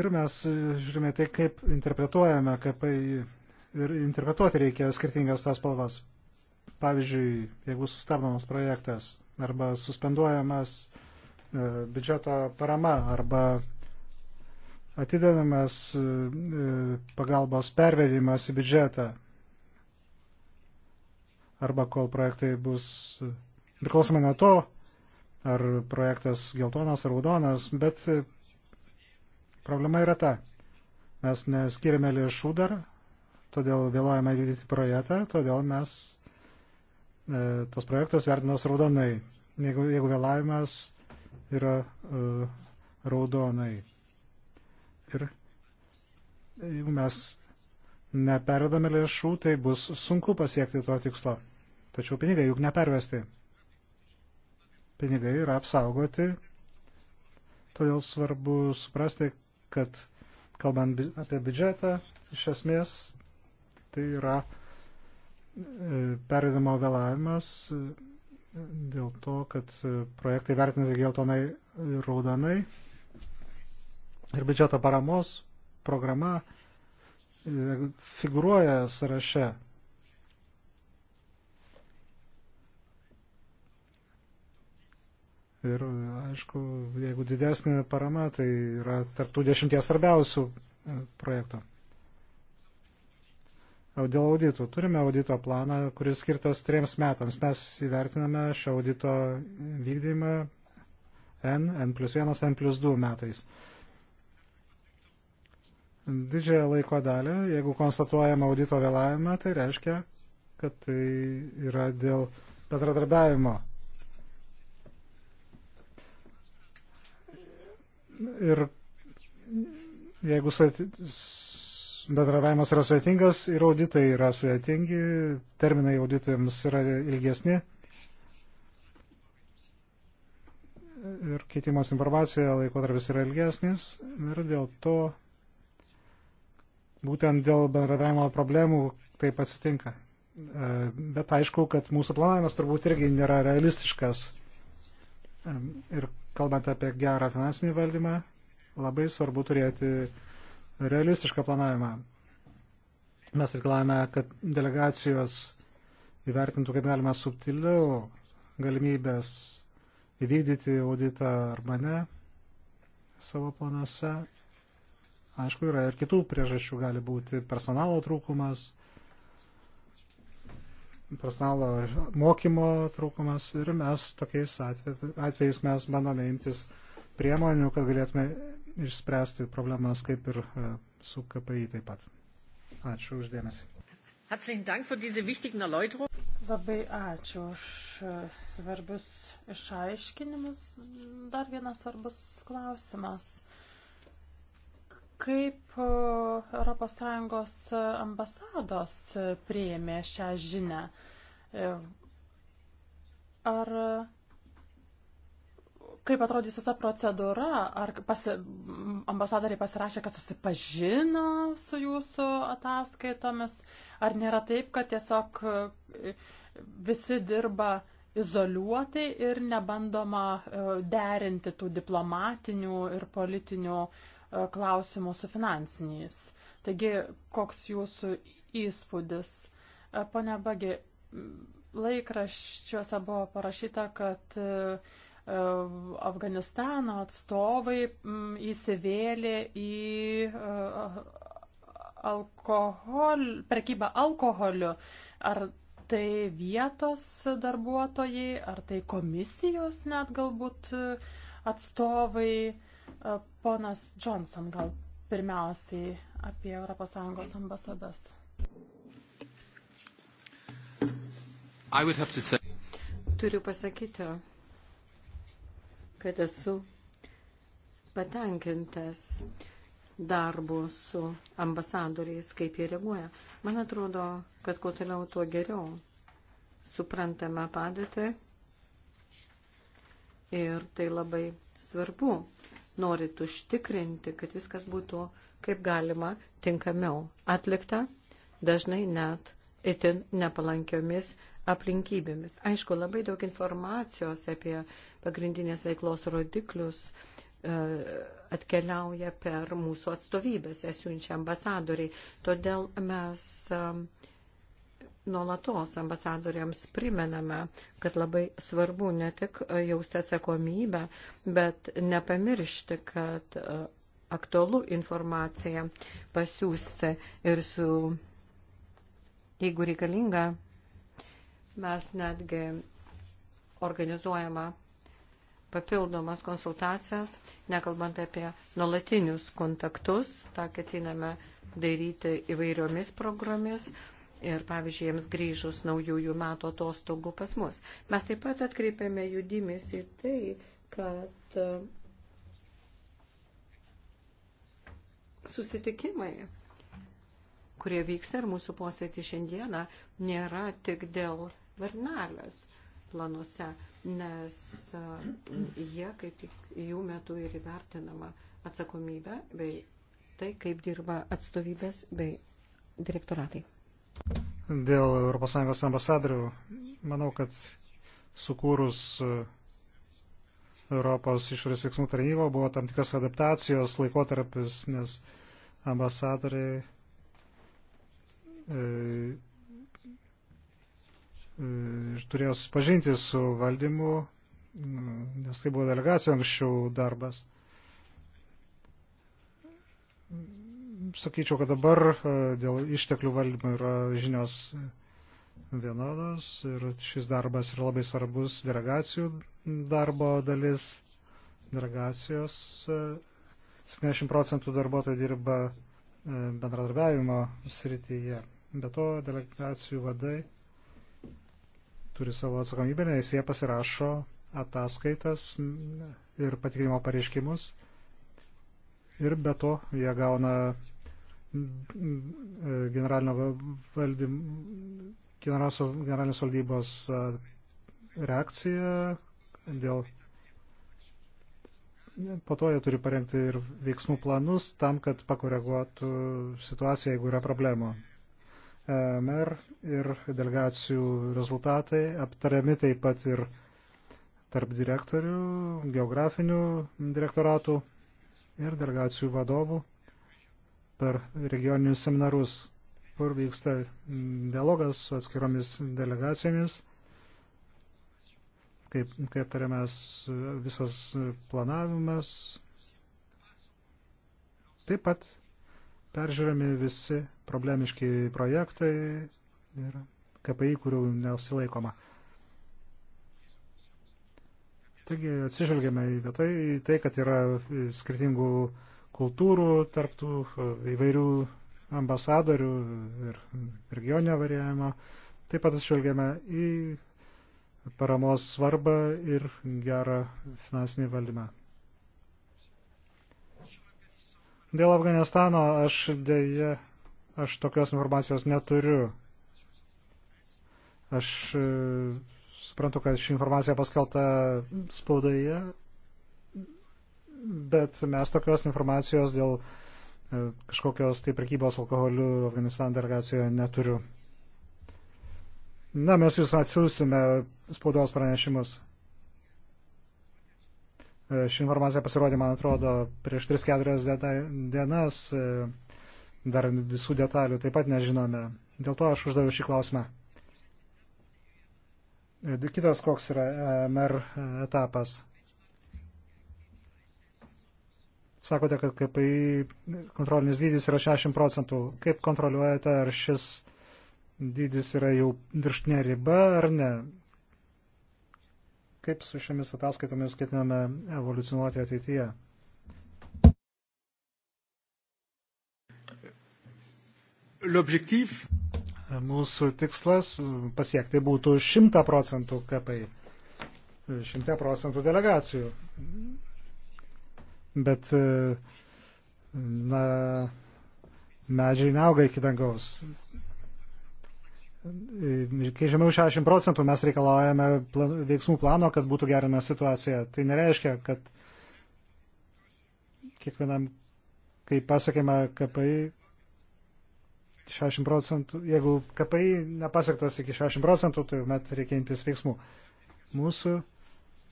Ir mes žiūrime tai, kaip interpretuojame, kaip ir interpretuoti reikia skirtingas tas spalvas. Pavyzdžiui, jeigu sustabdomas projektas arba suspenduojamas e, biudžeto parama arba atidedamas e, pagalbos pervedimas į biudžetą arba kol projektai bus priklausomai nuo to, ar projektas geltonas ar raudonas, bet problema yra ta. Mes neskiriame lėšų dar, todėl vėluojame vykdyti projektą, todėl mes e, tas projektas vertinamas raudonai. Jeigu, jeigu vėlavimas yra e, raudonai. Ir jeigu mes nepervedame lėšų, tai bus sunku pasiekti to tikslo. Tačiau pinigai juk nepervesti. Pinigai yra apsaugoti, todėl svarbu suprasti, kad kalbant apie biudžetą, iš esmės tai yra e, pervedimo vėlavimas e, dėl to, kad e, projektai vertinami geltonai ir raudonai. Ir biudžeto paramos programa figuruoja sąraše. Ir aišku, jeigu didesnė parama, tai yra tarptų dešimties svarbiausių e, projektų. Dėl auditų. Turime audito planą, kuris skirtas triems metams. Mes įvertiname šio audito vykdymą N, N plus 1, N plus 2 metais didžiąją laiko dalį, jeigu konstatuojama audito vėlavimą, tai reiškia, kad tai yra dėl bendradarbiavimo. Ir jeigu bendravimas yra sudėtingas ir auditai yra sudėtingi, terminai auditams yra ilgesni ir keitimas informacija laiko tarvis yra ilgesnis ir dėl to būtent dėl bendravimo problemų taip atsitinka. E, bet aišku, kad mūsų planavimas turbūt irgi nėra realistiškas. E, ir kalbant apie gerą finansinį valdymą, labai svarbu turėti realistišką planavimą. Mes reikalavome, kad delegacijos įvertintų kaip galima subtiliau galimybės įvykdyti auditą arba ne savo planuose Aišku, yra ir kitų priežasčių, gali būti personalo trūkumas, personalo mokymo trūkumas ir mes tokiais atvejais mes bandome imtis priemonių, kad galėtume išspręsti problemas kaip ir e, su KPI taip pat. Ačiū uždėmesi. Labai ačiū už e, svarbius išaiškinimus. Dar vienas svarbus klausimas. Kaip ES ambasados prieėmė šią žinę? E, ar kaip atrodys visa procedūra? Ar pasi, ambasadoriai pasirašė, kad susipažino su jūsų ataskaitomis? Ar nėra taip, kad tiesiog e, visi dirba izoliuotai ir nebandoma e, derinti tų diplomatinių ir politinių uh, E, klausimų su finansiniais. Taigi, koks jūsų įspūdis? E, pone Bagi, laikraščiuose buvo parašyta, kad e, Afganistano atstovai įsivėlė į alkohol, prekybą alkoholiu. Ar tai vietos darbuotojai, ar tai komisijos net galbūt atstovai? Ponas Johnson gal pirmiausiai apie ES ambasadas. Say... Turiu pasakyti, kad esu patenkintas darbu su ambasadoriais, kaip jie reaguoja. Man atrodo, kad kuo toliau, tuo geriau suprantame padėtį ir tai labai svarbu, norit užtikrinti, kad viskas būtų kaip galima tinkamiau atlikta, dažnai net itin nepalankiomis aplinkybėmis. Aišku, labai daug informacijos apie pagrindinės veiklos rodiklius e, atkeliauja per mūsų atstovybės, jas siunčia ambasadoriai. Todėl mes e, nuolatos ambasadoriams primename, kad labai svarbu ne tik e, jausti atsakomybę, bet nepamiršti, kad e, aktualų informaciją pasiūsti ir su, jeigu reikalinga, mes netgi organizuojame papildomas konsultacijas, nekalbant apie nuolatinius kontaktus, tą ketiname daryti įvairiomis programomis ir, pavyzdžiui, jiems grįžus naujųjų metų atostogų pas mus. Mes taip pat atkreipėme jų dėmesį tai, kad e, susitikimai, kurie vyksta ir mūsų posėti šiandieną, nėra tik dėl varnelės planuose, nes e, jie, kaip tik jų metu ir įvertinama atsakomybė bei tai, kaip dirba atstovybės bei direktoratai. Dėl ES ambasadorių, manau, kad sukūrus e, Europos išorės veiksmų tarnybą buvo tam tikras adaptacijos laikotarpis, nes ambasadoriai e, e turėjo susipažinti su valdymu, nes tai buvo delegacijų anksčiau darbas. sakyčiau, kad dabar e, dėl išteklių valdymo yra žinios vienodos ir šis darbas yra labai svarbus delegacijų darbo dalis. Delegacijos 70 e, procentų darbuotojų dirba e, bendradarbiavimo srityje. Be to, delegacijų vadai turi savo atsakomybę, nes jie pasirašo ataskaitas ir patikrinimo pareiškimus. Ir be to, jie gauna generalinio valdym, generalinės valdybos reakcija dėl po to jie turi parengti ir veiksmų planus tam, kad pakoreguotų situaciją, jeigu yra problemų. E, MER ir delegacijų rezultatai aptariami taip pat ir tarp direktorių, geografinių direktoratų ir delegacijų vadovų per regioninius seminarus, kur vyksta dialogas su atskiromis delegacijomis, kaip, kaip aptariamas visas planavimas. Taip pat peržiūrami visi problemiški projektai ir KPI, kurių nesilaikoma. Taigi atsižvelgiame į tai, tai, kad yra skirtingų kultūrų, tarptų įvairių ambasadorių ir regioninio variavimo. Taip pat atšvelgiame į paramos svarbą ir gerą finansinį valdymą. Dėl Afganistano aš dėje, aš tokios informacijos neturiu. Aš e, suprantu, kad ši informacija paskelta spaudoje, bet mes tokios informacijos dėl e, kažkokios tai prekybos alkoholiu Afganistano delegacijoje neturiu. Na, mes jūs atsiūsime spaudos pranešimus. E, ši informacija pasirodė, man atrodo, prieš 3-4 dienas. E, dar visų detalių taip pat nežinome. Dėl to aš uždaviau šį klausimą. Kitas koks yra MR etapas. Sakote, kad KPI kontrolinis dydis yra 60 procentų. Kaip kontroliuojate, ar šis dydis yra jau virštinė riba ar ne? Kaip su šiomis ataskaitomis ketiname evoliucionuoti ateityje? L'objectif Mūsų tikslas pasiekti būtų 100 procentų KPI, 100 procentų delegacijų bet e, na, medžiai neauga iki dangaus. Ir e, kai žemiau 60 procentų mes reikalaujame plan, veiksmų plano, kad būtų gerina situacija. Tai nereiškia, kad kiekvienam, kai pasakėme KPI, 60 procentų, jeigu KPI nepasiektas iki 60 procentų, tai met reikia imtis veiksmų. Mūsų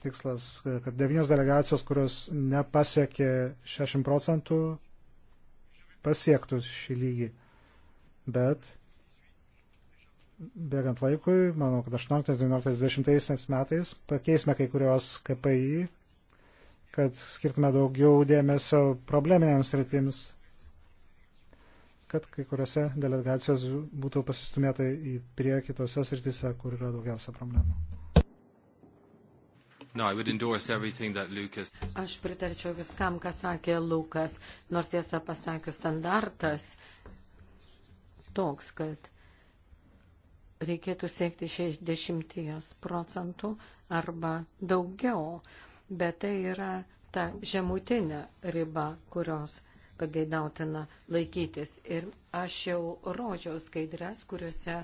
tikslas, kad devynios delegacijos, kurios nepasiekė 60 procentų, pasiektų šį lygį. Bet bėgant laikui, manau, kad 18, 19, 20 metais pakeisime kai kurios KPI, kad skirtume daugiau dėmesio probleminėms rytims, kad kai kuriuose delegacijos būtų pasistumėta į prie kitose srityse, kur yra daugiausia problemų. No, Aš pritarčiau viskam, ką sakė Lukas, nors tiesą pasakius standartas toks, kad reikėtų siekti 60 procentų arba daugiau, bet tai yra ta žemutinė riba, kurios pageidautina laikytis. Ir aš jau rodžiau skaidrės, kuriuose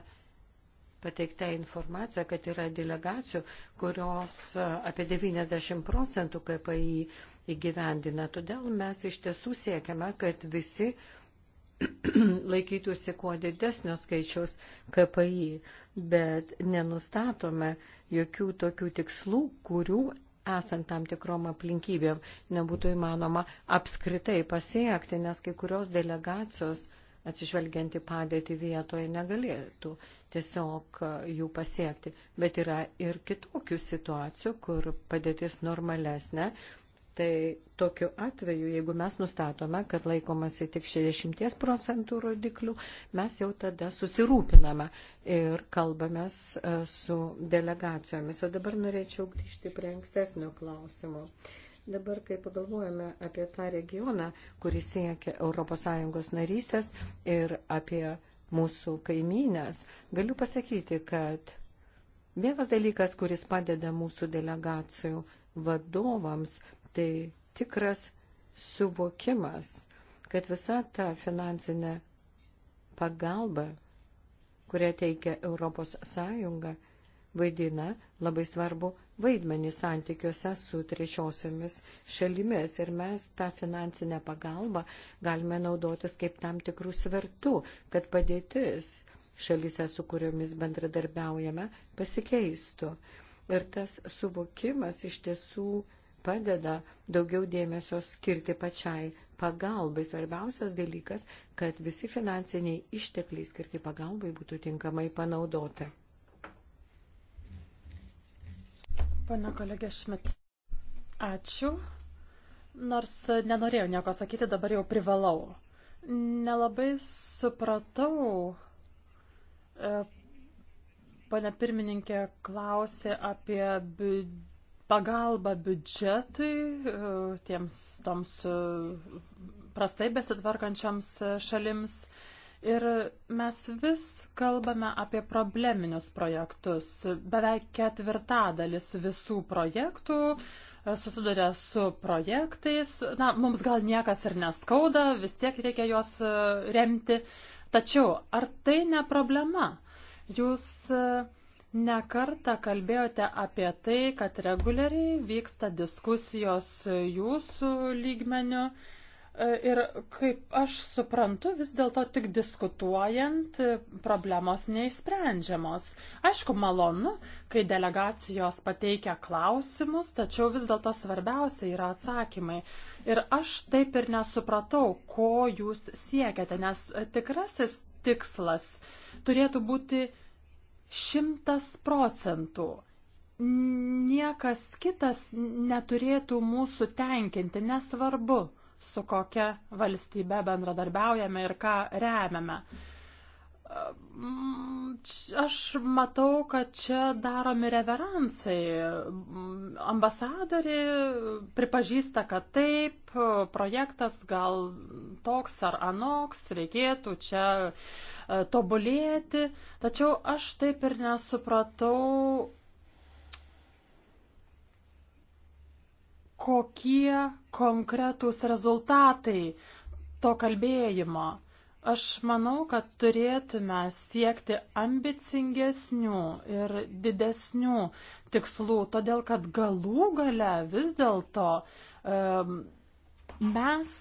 pateikta informacija, kad yra delegacijų, kurios e, apie 90 procentų KPI įgyvendina. Todėl mes iš tiesų siekiame, kad visi (clears throat) laikytųsi kuo didesnio skaičiaus KPI, bet nenustatome jokių tokių tikslų, kurių esant tam tikrom aplinkybėm nebūtų įmanoma apskritai pasiekti, nes kai kurios delegacijos uh, atsižvelgianti padėti vietoje negalėtų tiesiog e, jų pasiekti. Bet yra ir kitokių situacijų, kur padėtis normalesnė. Tai tokiu atveju, jeigu mes nustatome, kad laikomasi tik 60 procentų rodiklių, mes jau tada susirūpiname ir kalbamės e, su delegacijomis. O dabar norėčiau grįžti prie ankstesnio klausimo. Uh, Dabar, kai pagalvojame apie tą regioną, kuris siekia ES narystės ir apie mūsų kaimynės, galiu pasakyti, kad vienas dalykas, kuris padeda mūsų delegacijų vadovams, tai tikras suvokimas, kad visa ta finansinė pagalba, kurią teikia ES, vaidina labai svarbu vaidmenį santykiuose su trečiosiomis šalimis ir mes tą finansinę pagalbą galime naudotis kaip tam tikrų svertų, kad padėtis šalyse, su kuriomis bendradarbiaujame, pasikeistų. Ir tas suvokimas iš tiesų padeda daugiau dėmesio skirti pačiai pagalbai. Svarbiausias dalykas, kad visi finansiniai ištekliai skirti pagalbai būtų tinkamai panaudoti. Pane kolegė Šmit, ačiū. Nors nenorėjau nieko sakyti, dabar jau privalau. Nelabai supratau. E, Pane pirmininkė klausė apie biudžetą pagalba biudžetui, e, tiems toms e, prastai besitvarkančiams šalims. Ir mes vis kalbame apie probleminius projektus. Beveik ketvirtadalis visų projektų e, susiduria su projektais. Na, mums gal niekas ir neskauda, vis tiek reikia juos e, remti. Tačiau ar tai ne problema? Jūs e, Nekartą kalbėjote apie tai, kad reguliariai vyksta diskusijos jūsų lygmeniu E, ir kaip aš suprantu, vis dėlto tik diskutuojant e, problemos neišsprendžiamos. Aišku, malonu, kai delegacijos pateikia klausimus, tačiau vis dėlto svarbiausia yra atsakymai. Ir aš taip ir nesupratau, ko jūs siekiate, nes tikrasis tikslas turėtų būti šimtas procentų niekas kitas neturėtų mūsų tenkinti, nesvarbu, su kokia valstybe bendradarbiaujame ir ką remiame. Aš matau, kad čia daromi reveransai. Ambasadori pripažįsta, kad taip, projektas gal toks ar anoks, reikėtų čia e, tobulėti. Tačiau aš taip ir nesupratau, kokie konkretūs rezultatai to kalbėjimo. Aš manau, kad turėtume siekti ambicingesnių ir didesnių tikslų, todėl kad galų gale vis dėlto um, mes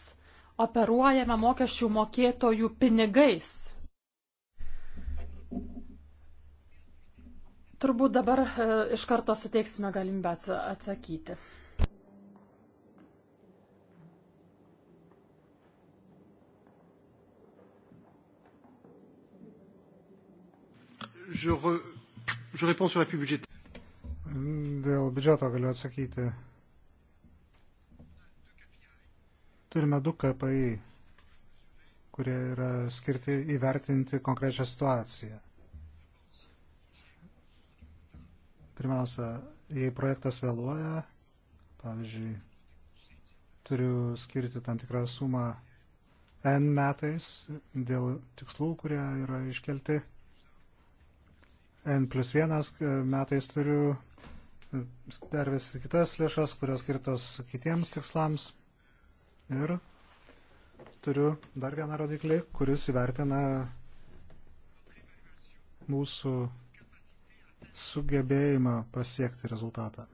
operuojame mokesčių mokėtojų pinigais. Turbūt dabar e, iš karto suteiksime galimybę atsakyti. Je, re, je réponds sur l'appui budgétaire. Dėl biudžeto galiu atsakyti. Turime du KPI, kurie yra skirti įvertinti konkrečią situaciją. Pirmiausia, jei projektas vėluoja, pavyzdžiui, turiu skirti tam tikrą sumą N metais dėl tikslų, kurie yra iškelti. N plus 1 e, metais turiu pervesti kitas lėšas, kurios skirtos kitiems tikslams. Ir turiu dar vieną rodiklį, kuris įvertina mūsų sugebėjimą pasiekti rezultatą.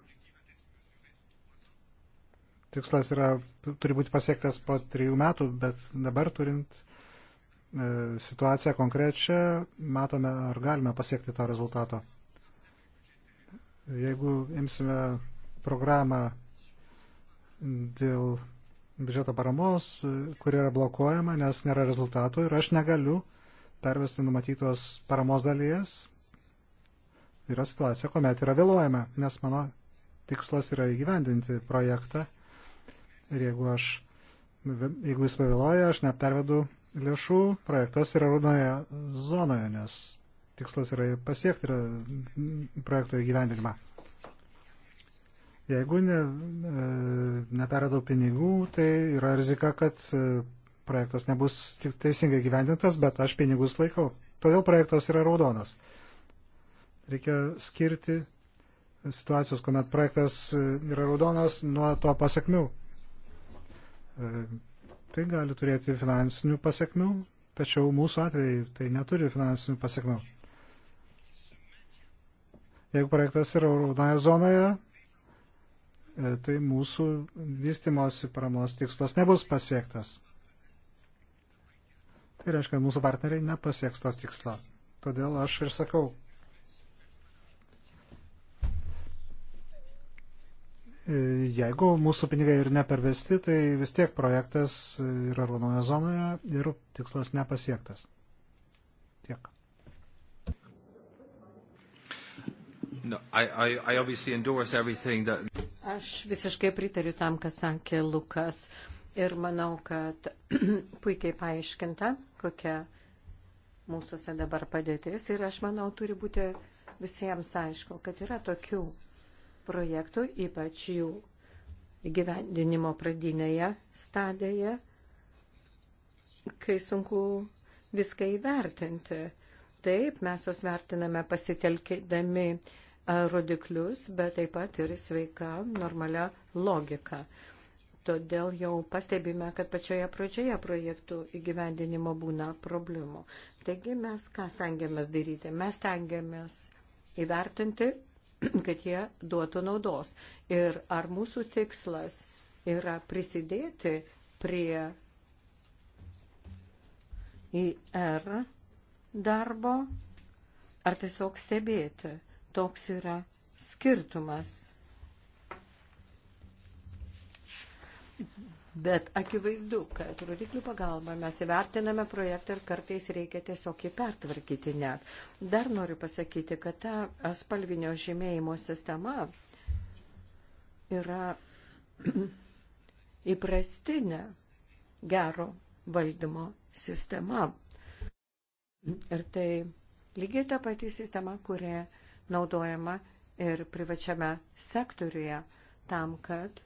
Tikslas yra, turi būti pasiektas po trijų metų, bet dabar turint E, situaciją konkrečią, matome, ar galime pasiekti tą rezultato. Jeigu imsime programą dėl biudžeto paramos, kuri yra blokuojama, nes nėra rezultatų ir aš negaliu pervesti numatytos paramos dalies, yra situacija, kuomet yra vėluojama, nes mano tikslas yra įgyvendinti projektą ir jeigu aš, jeigu jis pavėluoja, aš nepervedu lėšų projektas yra raudonoje zonoje, nes tikslas yra pasiekti yra projekto įgyvendinimą. Jeigu ne, e, neperėdau pinigų, tai yra rizika, kad e, projektas nebus teisingai gyvendintas, bet aš pinigus laikau. Todėl projektas yra raudonas. Reikia skirti situacijos, kuomet projektas e, yra raudonas nuo to pasakmių. Tai gali turėti finansinių pasiekmių, tačiau mūsų atveju tai neturi finansinių pasiekmių. Jeigu projektas yra raudonoje zonoje, e, tai mūsų vystimosi paramos tikslas nebus pasiektas. Tai reiškia, mūsų partneriai nepasieks to tikslo. Todėl aš ir sakau, jeigu mūsų pinigai ir nepervesti, tai vis tiek projektas yra raudonoje zonoje ir tikslas nepasiektas. Tiek. No, I, I, I that... Aš visiškai pritariu tam, kas sakė Lukas ir manau, kad (clears throat) puikiai paaiškinta, kokia mūsųse dabar padėtis ir aš manau, turi būti visiems aišku, kad yra tokių projektų, ypač jų įgyvendinimo pradinėje stadijoje, kai sunku viską įvertinti. Taip, mes juos vertiname pasitelkidami rodiklius, bet taip pat ir sveika, normalia logika. Todėl jau pastebime, kad pačioje pradžioje projektų įgyvendinimo būna problemų. Taigi mes ką stengiamės daryti? Mes stengiamės įvertinti (clears throat) kad jie duotų naudos. Ir ar mūsų tikslas yra prisidėti prie IR darbo, ar tiesiog stebėti. Toks yra skirtumas. Bet akivaizdu, kad rodiklių pagalba mes įvertiname projektą ir kartais reikia tiesiog jį pertvarkyti net. Dar noriu pasakyti, kad ta spalvinio žymėjimo sistema yra (clears throat) įprastinė gero valdymo sistema. Ir tai lygiai ta pati sistema, kuria naudojama ir privačiame sektoriuje tam, kad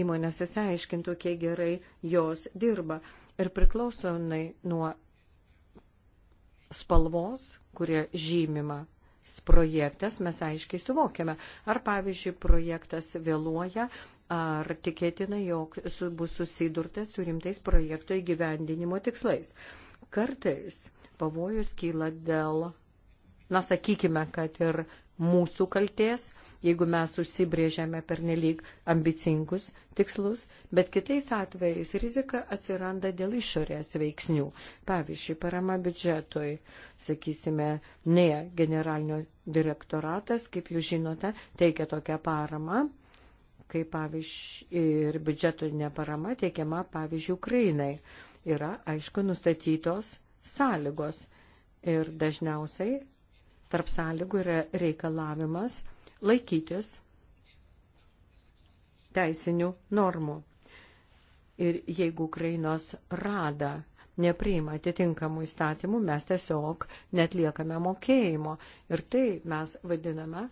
įmonės įsiaiškintų, kiek gerai jos dirba. Ir priklausomai nuo spalvos, kurie žymima projektas, mes aiškiai suvokiame, ar pavyzdžiui projektas vėluoja, ar tikėtina, jog bus susidurta su rimtais projekto įgyvendinimo tikslais. Kartais pavojus kyla dėl, na sakykime, kad ir mūsų kalties, jeigu mes užsibrėžiame per nelik ambicingus tikslus, bet kitais atvejais rizika atsiranda dėl išorės veiksnių. Pavyzdžiui, parama biudžetui, sakysime, ne generalinio direktoratas, kaip jūs žinote, teikia tokią paramą kaip pavyzdžiui ir biudžetinė parama teikiama pavyzdžiui Ukrainai. Yra, aišku, nustatytos sąlygos ir dažniausiai tarp sąlygų yra reikalavimas laikytis teisinių normų. Ir jeigu Ukrainos rada nepriima atitinkamų įstatymų, mes tiesiog netliekame mokėjimo. Ir tai mes vadiname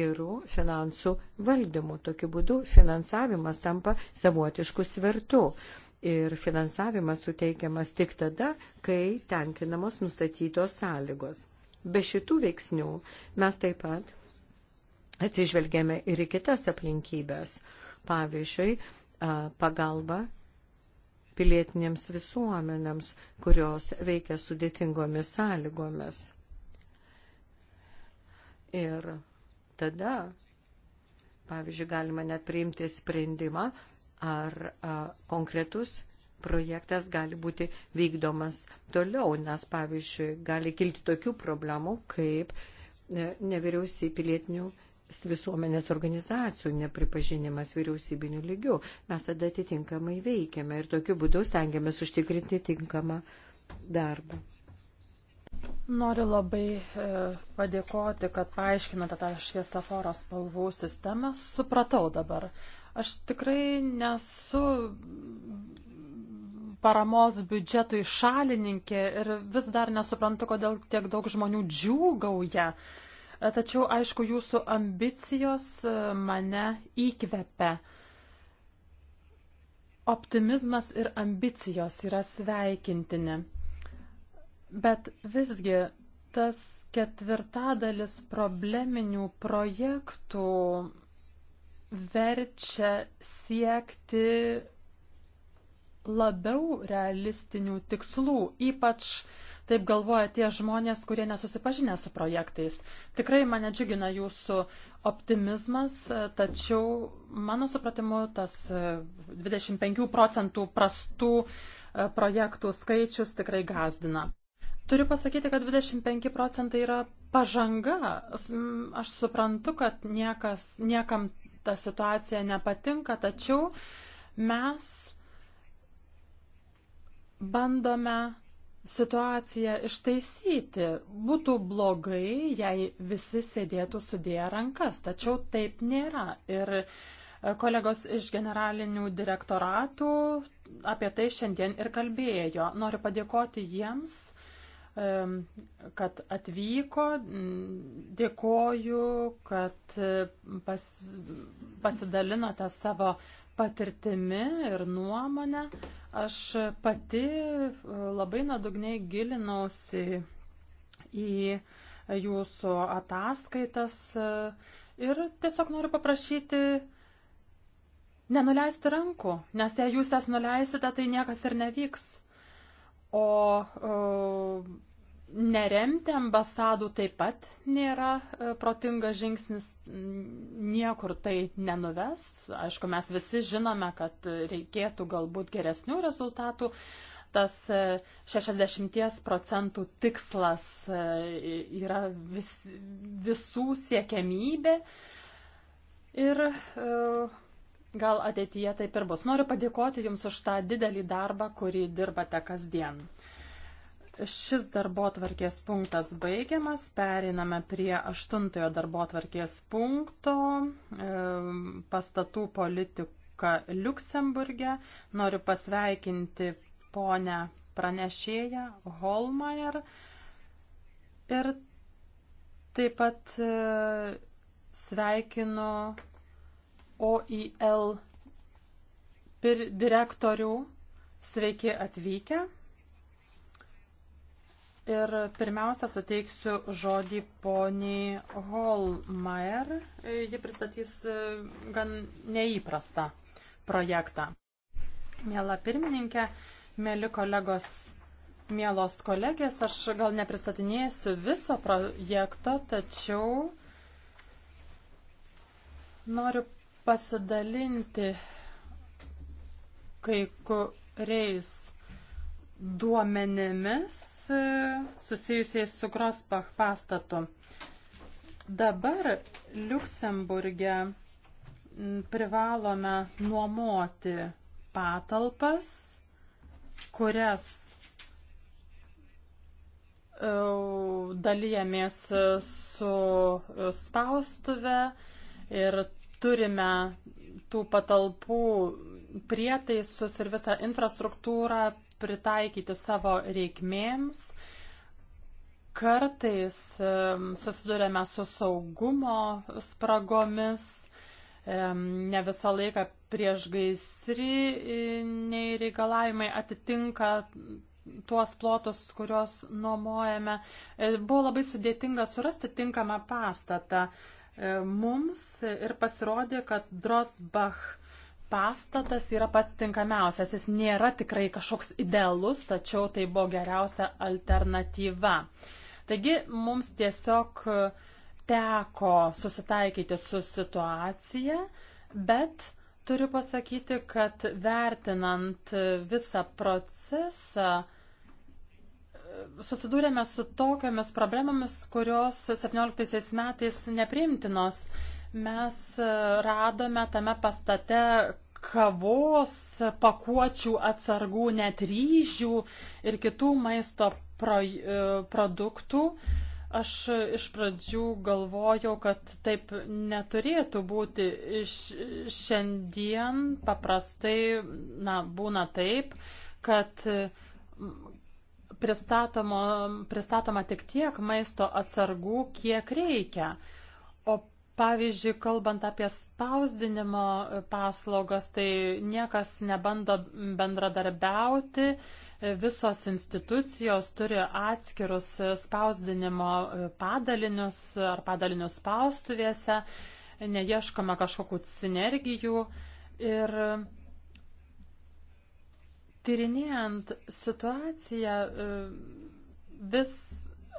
gerų finansų valdymų. Tokiu būdu finansavimas tampa savotiškų svertų. Ir finansavimas suteikiamas tik tada, kai tenkinamos nustatytos sąlygos. Be šitų veiksnių mes taip pat atsižvelgėme ir į kitas aplinkybės. Pavyzdžiui, pagalba pilietinėms visuomenėms, kurios veikia sudėtingomis sąlygomis. Ir tada, pavyzdžiui, galima net priimti sprendimą, ar a, konkretus projektas gali būti vykdomas toliau, nes, pavyzdžiui, gali kilti tokių problemų, kaip e, nevyriausiai pilietinių visuomenės organizacijų nepripažinimas vyriausybinių lygių. Mes tada atitinkamai veikiame ir tokiu būdu stengiamės užtikrinti tinkamą darbą. Noriu labai e, padėkoti, kad paaiškinote tą šviesaforo spalvų sistemą. Supratau dabar. Aš tikrai nesu paramos biudžetui šalininkė ir vis dar nesuprantu, kodėl tiek daug žmonių džiūgauja. E, Tačiau, aišku, jūsų ambicijos e, mane įkvepia. Optimizmas ir ambicijos yra sveikintini. Bet visgi tas ketvirtadalis probleminių projektų verčia siekti labiau realistinių tikslų, ypač uh, Taip galvoja tie žmonės, kurie nesusipažinę su projektais. Tikrai mane džiugina jūsų optimizmas, tačiau mano supratimu tas 25 e, procentų prastų e, projektų skaičius tikrai gazdina. Turiu pasakyti, kad 25 procentai yra pažanga. Aš suprantu, kad niekas, niekam ta situacija nepatinka, tačiau mes bandome situaciją ištaisyti. Būtų blogai, jei visi sėdėtų sudėję rankas, tačiau taip nėra. Ir e, kolegos iš generalinių direktoratų apie tai šiandien ir kalbėjo. Noriu padėkoti jiems, e, kad atvyko. Dėkoju, kad e, pas, pasidalinote savo patirtimi ir nuomonę. Aš pati e, labai nadugniai gilinausi į jūsų ataskaitas e, ir tiesiog noriu paprašyti nenuleisti rankų, nes jei jūs jas nuleisite, tai niekas ir nevyks. O, o e, neremti ambasadų taip pat nėra e, protingas žingsnis, niekur tai nenuves. Aišku, mes visi žinome, kad reikėtų galbūt geresnių rezultatų. Tas 60 e, procentų tikslas e, yra vis, visų siekiamybė. Ir gal ateityje taip ir bus. Noriu padėkoti Jums už tą didelį darbą, kurį dirbate kasdien. Šis darbo tvarkės punktas baigiamas, periname prie aštuntojo darbo tvarkės punkto e, pastatų politika Luksemburgė. Noriu pasveikinti ponę pranešėją Holmeier ir taip pat e, sveikinu OIL direktorių. Sveiki atvykę. Ir pirmiausia, suteiksiu žodį poniai Holmeier. Ji pristatys e, gan neįprastą projektą. Mėla pirmininkė, mėly kolegos, mėlos kolegės, aš gal nepristatinėsiu viso projekto, tačiau noriu pasidalinti kai kuriais duomenimis e, susijusiais su Grospach pastatu. Dabar Luksemburgė privalome nuomoti patalpas, kurias e, dalyjamės su spaustuve ir turime tų patalpų prietaisus ir visą infrastruktūrą pritaikyti savo reikmėms. Kartais susidurėme su saugumo spragomis, ne visą laiką prieš gaisriniai reikalavimai atitinka tuos plotus, kuriuos nuomojame. E, buvo labai sudėtinga surasti tinkamą pastatą e, mums ir pasirodė, kad Drosbach pastatas yra pats tinkamiausias. Jis nėra tikrai kažkoks idealus, tačiau tai buvo geriausia alternatyva. Taigi mums tiesiog teko susitaikyti su situacija, bet turiu pasakyti, kad vertinant visą procesą, susidūrėme su tokiamis problemomis, kurios 17 metais neprimtinos mes radome tame pastate kavos pakuočių atsargų, net ryžių ir kitų maisto pro, e, produktų. Aš iš pradžių galvojau, kad taip neturėtų būti. Šiandien paprastai na, būna taip, kad pristatoma, pristatoma tik tiek maisto atsargų, kiek reikia pavyzdžiui, kalbant apie spausdinimo paslaugas, tai niekas nebando bendradarbiauti, visos institucijos turi atskirus spausdinimo padalinius ar padalinius spaustuvėse, neieškoma kažkokių sinergijų ir tyrinėjant situaciją vis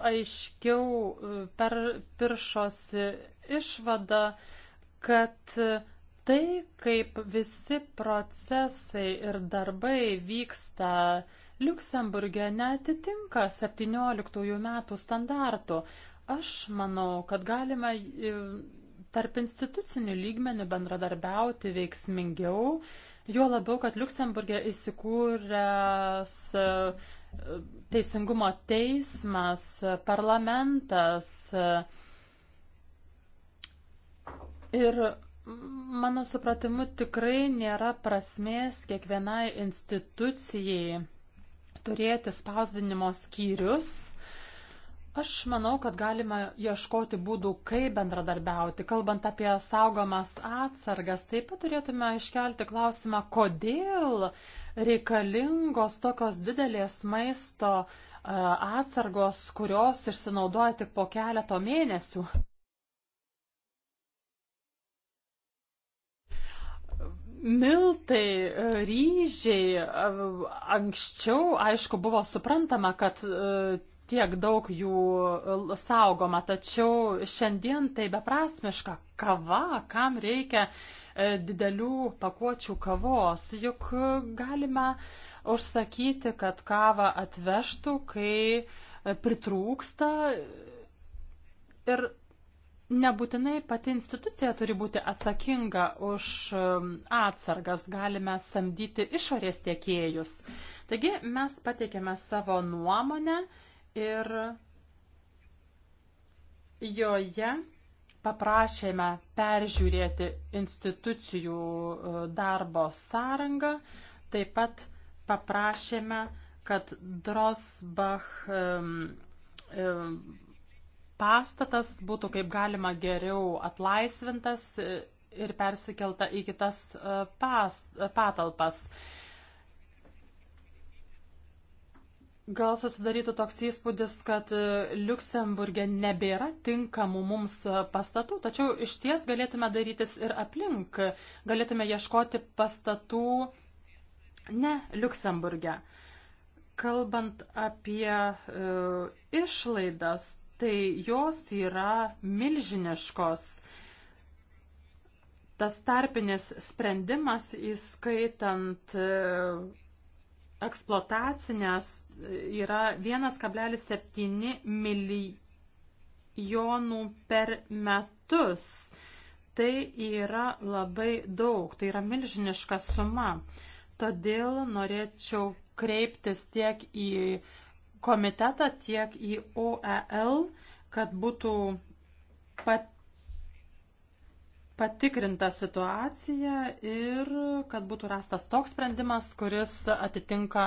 aiškiau e, per piršosi išvada, kad tai, kaip visi procesai ir darbai vyksta Liuksemburgė, netitinka 17 metų standartų. Aš manau, kad galima e, tarp institucinių lygmenių bendradarbiauti veiksmingiau, juo labiau, kad Liuksemburgė įsikūręs e, teisingumo teismas, parlamentas, Ir mano supratimu tikrai nėra prasmės kiekvienai institucijai turėti spausdinimo skyrius. Aš manau, kad galima ieškoti būdų, kaip bendradarbiauti. Kalbant apie saugomas atsargas, taip pat turėtume iškelti klausimą, kodėl reikalingos tokios didelės maisto atsargos, kurios išsinaudoja tik po keleto mėnesių. Miltai, e, ryžiai, e, anksčiau, aišku, buvo suprantama, kad e, tiek daug jų saugoma, tačiau šiandien tai beprasmiška kava, kam reikia didelių pakuočių kavos, juk galime užsakyti, kad kavą atvežtų, kai pritrūksta ir nebūtinai pati institucija turi būti atsakinga už um, atsargas, galime samdyti išorės tiekėjus. Taigi mes pateikėme savo nuomonę ir joje paprašėme peržiūrėti institucijų uh, darbo sąrangą, taip pat paprašėme, kad Drosbach um, um, pastatas būtų kaip galima geriau atlaisvintas ir persikelta į kitas e, pas, e, patalpas. Gal susidarytų toks įspūdis, kad e, Luksemburgė nebėra tinkamų mums pastatų, tačiau iš ties galėtume darytis ir aplink, galėtume ieškoti pastatų ne Luksemburgė. Kalbant apie e, išlaidas, tai jos yra milžiniškos. Tas tarpinis sprendimas, įskaitant e, eksploatacinės, yra 1,7 milijonų per metus. Tai yra labai daug, tai yra milžiniška suma. Todėl norėčiau kreiptis tiek į uh, komitetą, tiek į OEL, kad būtų pat, patikrinta situacija ir kad būtų rastas toks sprendimas, kuris atitinka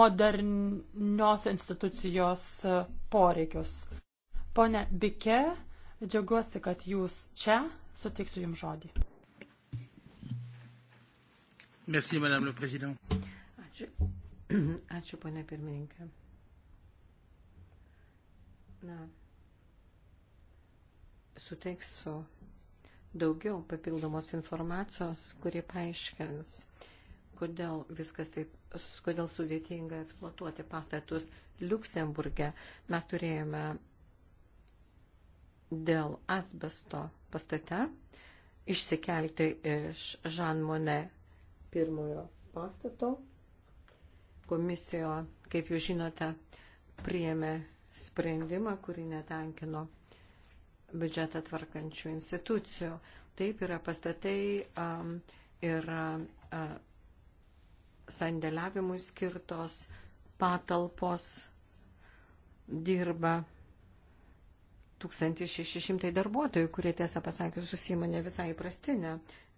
modernios institucijos poreikius. Pone Bike, džiaugiuosi, kad jūs čia, suteiksiu jums žodį. Merci, Madame le Président. Ačiū. (clears throat) Ačiū, ponia pirmininkė na, suteiksiu daugiau papildomos informacijos, kuri paaiškins, kodėl viskas taip, kodėl sudėtinga eksploatuoti pastatus Luksemburge. Mes turėjome dėl asbesto pastate išsikelti iš Žan Mone pirmojo pastato. Komisijo, kaip jūs žinote, priėmė sprendimą, kurį netenkino biudžetą tvarkančių institucijų. Taip yra pastatai ir sandėliavimui skirtos patalpos dirba 1600 darbuotojų, kurie tiesą pasakius susima ne visai prastinę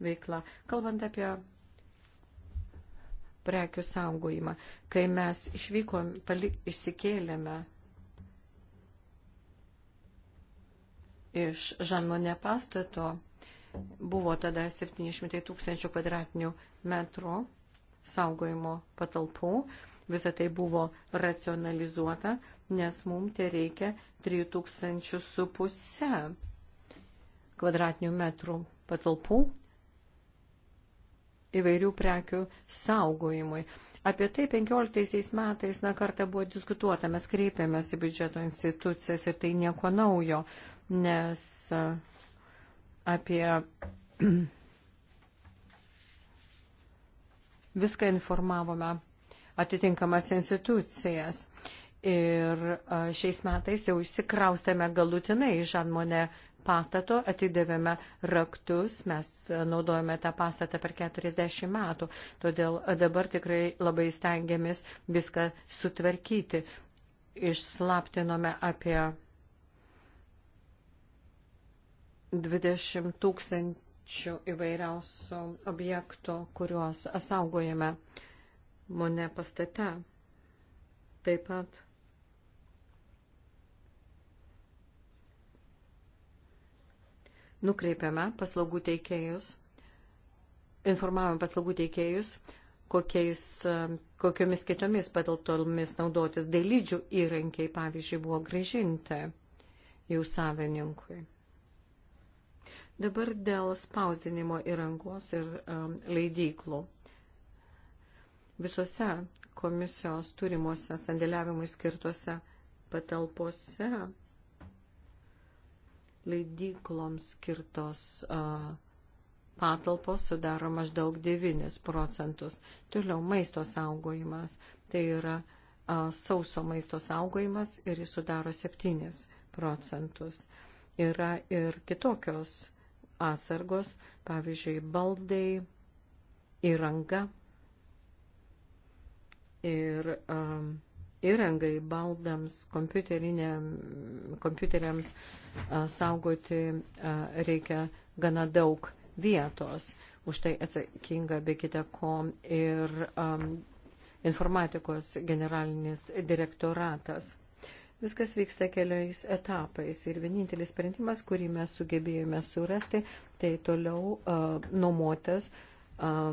veiklą. Kalbant apie prekių saugojimą, kai mes išvykom, palik, išsikėlėme iš Žanmone pastato buvo tada 700 tūkstančių kvadratinių metrų saugojimo patalpų. Visą tai buvo racionalizuota, nes mums tai reikia 3500 kvadratinių metrų patalpų įvairių prekių saugojimui. Apie tai 15 metais na kartą buvo diskutuota, mes kreipėmės į biudžeto institucijas ir tai nieko naujo nes apie (clears throat) viską informavome atitinkamas institucijas. Ir šiais metais jau išsikraustėme galutinai iš Žanmonė pastato, atidavėme raktus, mes naudojame tą pastatą per 40 metų, todėl dabar tikrai labai stengiamės viską sutvarkyti. Išslaptinome apie 20 tūkstančių įvairiausių objektų, kuriuos saugojame mone pastate. Taip pat nukreipiame paslaugų teikėjus, informavome paslaugų teikėjus, kokiais, kokiomis kitomis patalpomis naudotis dailydžių įrankiai, pavyzdžiui, buvo gražinti jų savininkui. Dabar dėl spausdinimo įrangos ir um, leidyklų. Visose komisijos turimuose sandėliavimui skirtose patalpose leidykloms skirtos uh, patalpos sudaro maždaug 9 procentus. Toliau maisto saugojimas, tai yra a, sauso maisto saugojimas ir jis sudaro 7 procentus. Yra ir kitokios atsargos, pavyzdžiui, baldai, įranga ir um, įrangai baldams, kompiuteriams a, uh, saugoti a, uh, reikia gana daug vietos. Už tai atsakinga be kita ko ir um, informatikos generalinis direktoratas. Viskas vyksta keliais etapais ir vienintelis sprendimas, kurį mes sugebėjome surasti, tai toliau uh, nuomotas uh,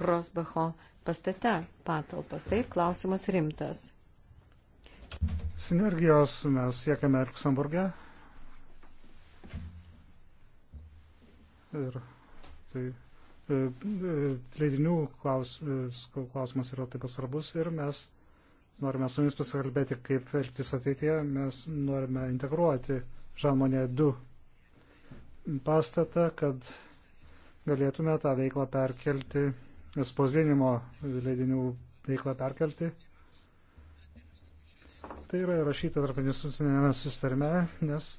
Grosbacho pastate patalpas. Taip, klausimas rimtas. Sinergijos mes siekiame Luksemburge. Ir tai e, e, leidinių klaus, e, klausimas yra taip pat svarbus ir mes norime su jumis pasikalbėti, kaip elgtis ateityje. Mes norime integruoti Žalmonė 2 pastatą, kad galėtume tą veiklą perkelti, spausdinimo leidinių veiklą perkelti. Tai yra rašyta tarp institucinėme susitarime, nes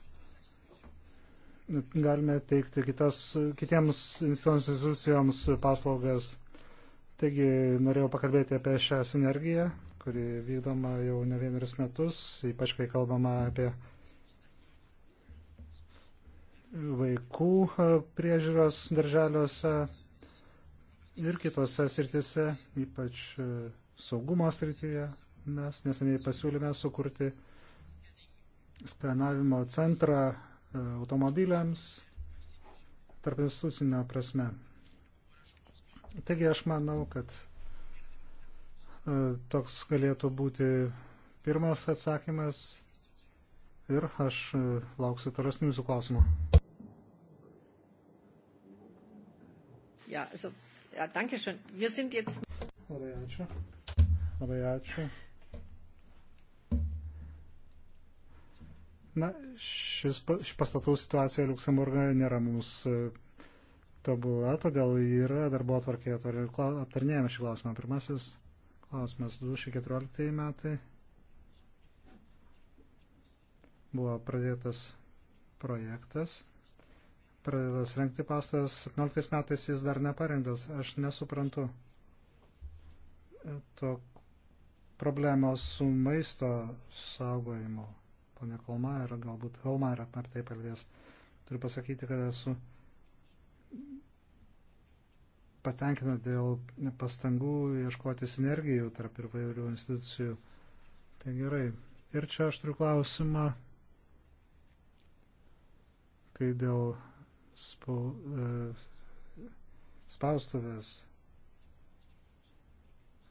galime teikti kitas, kitiems institucijoms paslaugas. Taigi norėjau pakalbėti apie šią sinergiją kuri vykdoma jau ne vienerius metus, ypač kai kalbama apie vaikų priežiūros darželiuose ir kitose sritise, ypač saugumo srityje. Mes neseniai pasiūlėme sukurti skenavimo centrą automobiliams tarp institucinio prasme. Taigi aš manau, kad E, toks galėtų būti pirmas atsakymas ir aš e, lauksiu tolesnių jūsų klausimų. Ja, also, ja, danke schön. Wir sind jetzt. Labai ačiū. Labai ačiū. Na, šis, ši pastatų situacija Luksemburgoje nėra mums e, tobula, todėl yra darbo atvarkėje, aptarnėjame šį klausimą. Pirmasis Klausimas 2014 metai. Buvo pradėtas projektas. Pradėtas renkti pastas 17 metais jis dar neparengtas. Aš nesuprantu to problemos su maisto saugojimu. Pone Kolmar, galbūt Kolmar apie tai kalbės. Turiu pasakyti, kad esu patenkina dėl pastangų ieškoti sinergijų tarp įvairių institucijų. Tai gerai. Ir čia aš turiu klausimą, kai dėl spau, e, spaustuvės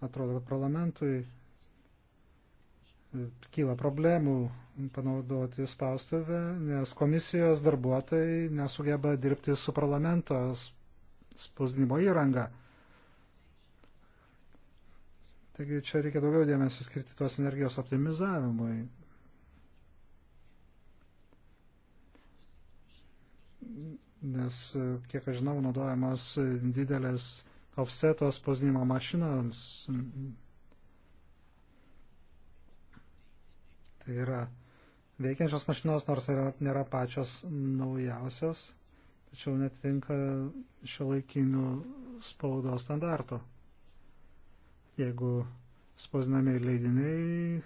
atrodo, kad parlamentui e, kyla problemų panaudoti spaustuvę, nes komisijos darbuotojai nesugeba dirbti su parlamentos spausdinimo įrangą. Taigi čia reikia daugiau dėmesio skirti tos energijos optimizavimui. Nes, kiek aš žinau, naudojamos didelės offseto spausdinimo mašinams. Tai yra veikiančios mašinos, nors yra, nėra pačios naujausios tačiau netinka šio laikinių spaudos standarto. Jeigu spausdinami leidiniai,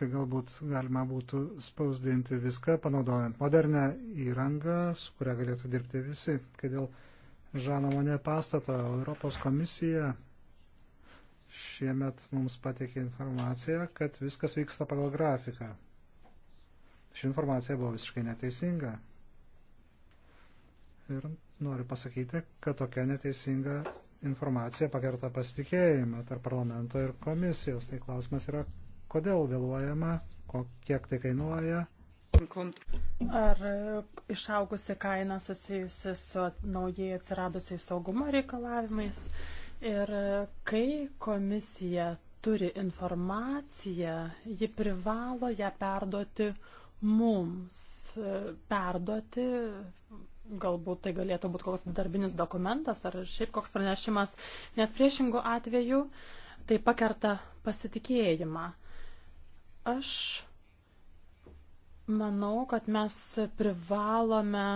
tai galbūt galima būtų spausdinti viską, panaudojant modernę įrangą, su kuria galėtų dirbti visi. Kai dėl Žano Mane pastato Europos komisija šiemet mums pateikė informaciją, kad viskas vyksta pagal grafiką. Ši informacija buvo visiškai neteisinga. Ir noriu pasakyti, kad tokia neteisinga informacija pakerta pasitikėjimą tarp parlamento ir komisijos. Tai klausimas yra, kodėl vėluojama, kiek tai kainuoja. Ar išaugusi kaina susijusi su naujai atsiradusiais saugumo reikalavimais ir kai komisija turi informaciją, ji privalo ją perduoti mums e, perduoti. Galbūt tai galėtų būti koks darbinis dokumentas ar šiaip koks pranešimas, nes priešingų atveju tai pakerta pasitikėjimą. Aš manau, kad mes privalome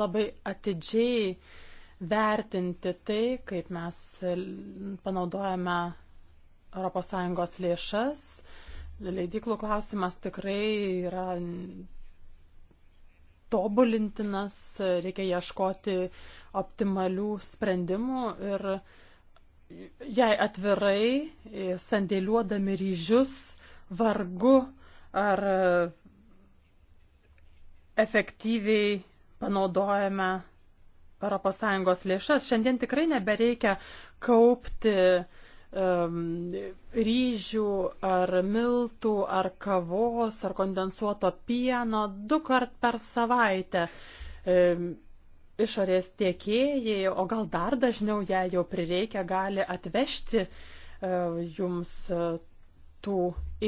labai atidžiai vertinti tai, kaip mes panaudojame ES lėšas, Leidiklų klausimas tikrai yra tobulintinas, reikia ieškoti optimalių sprendimų ir jei atvirai, sandėliuodami ryžius, vargu ar efektyviai panaudojame ES lėšas. Šiandien tikrai nebereikia kaupti uh, Um, ryžių ar miltų ar kavos ar kondensuoto pieno du kart per savaitę um, išorės tiekėjai, o gal dar dažniau, jei jau prireikia, gali atvežti uh, jums uh, tų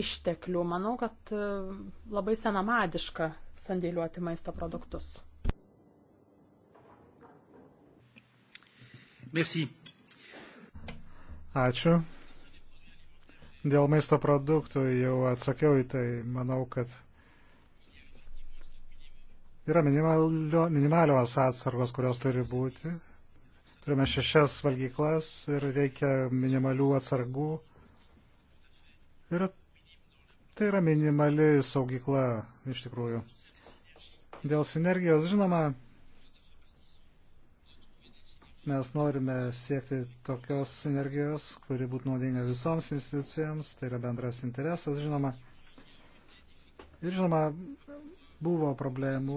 išteklių. Manau, kad uh, labai senamadiška sandėliuoti maisto produktus. Merci. Ačiū. Dėl maisto produktų jau atsakiau į tai. Manau, kad yra minimalios atsargos, kurios turi būti. Turime šešias valgyklas ir reikia minimalių atsargų. Ir tai yra minimali saugykla iš tikrųjų. Dėl sinergijos, žinoma, Mes norime siekti tokios sinergijos, kuri būtų naudinga visoms institucijoms, tai yra bendras interesas, žinoma. Ir žinoma, buvo problemų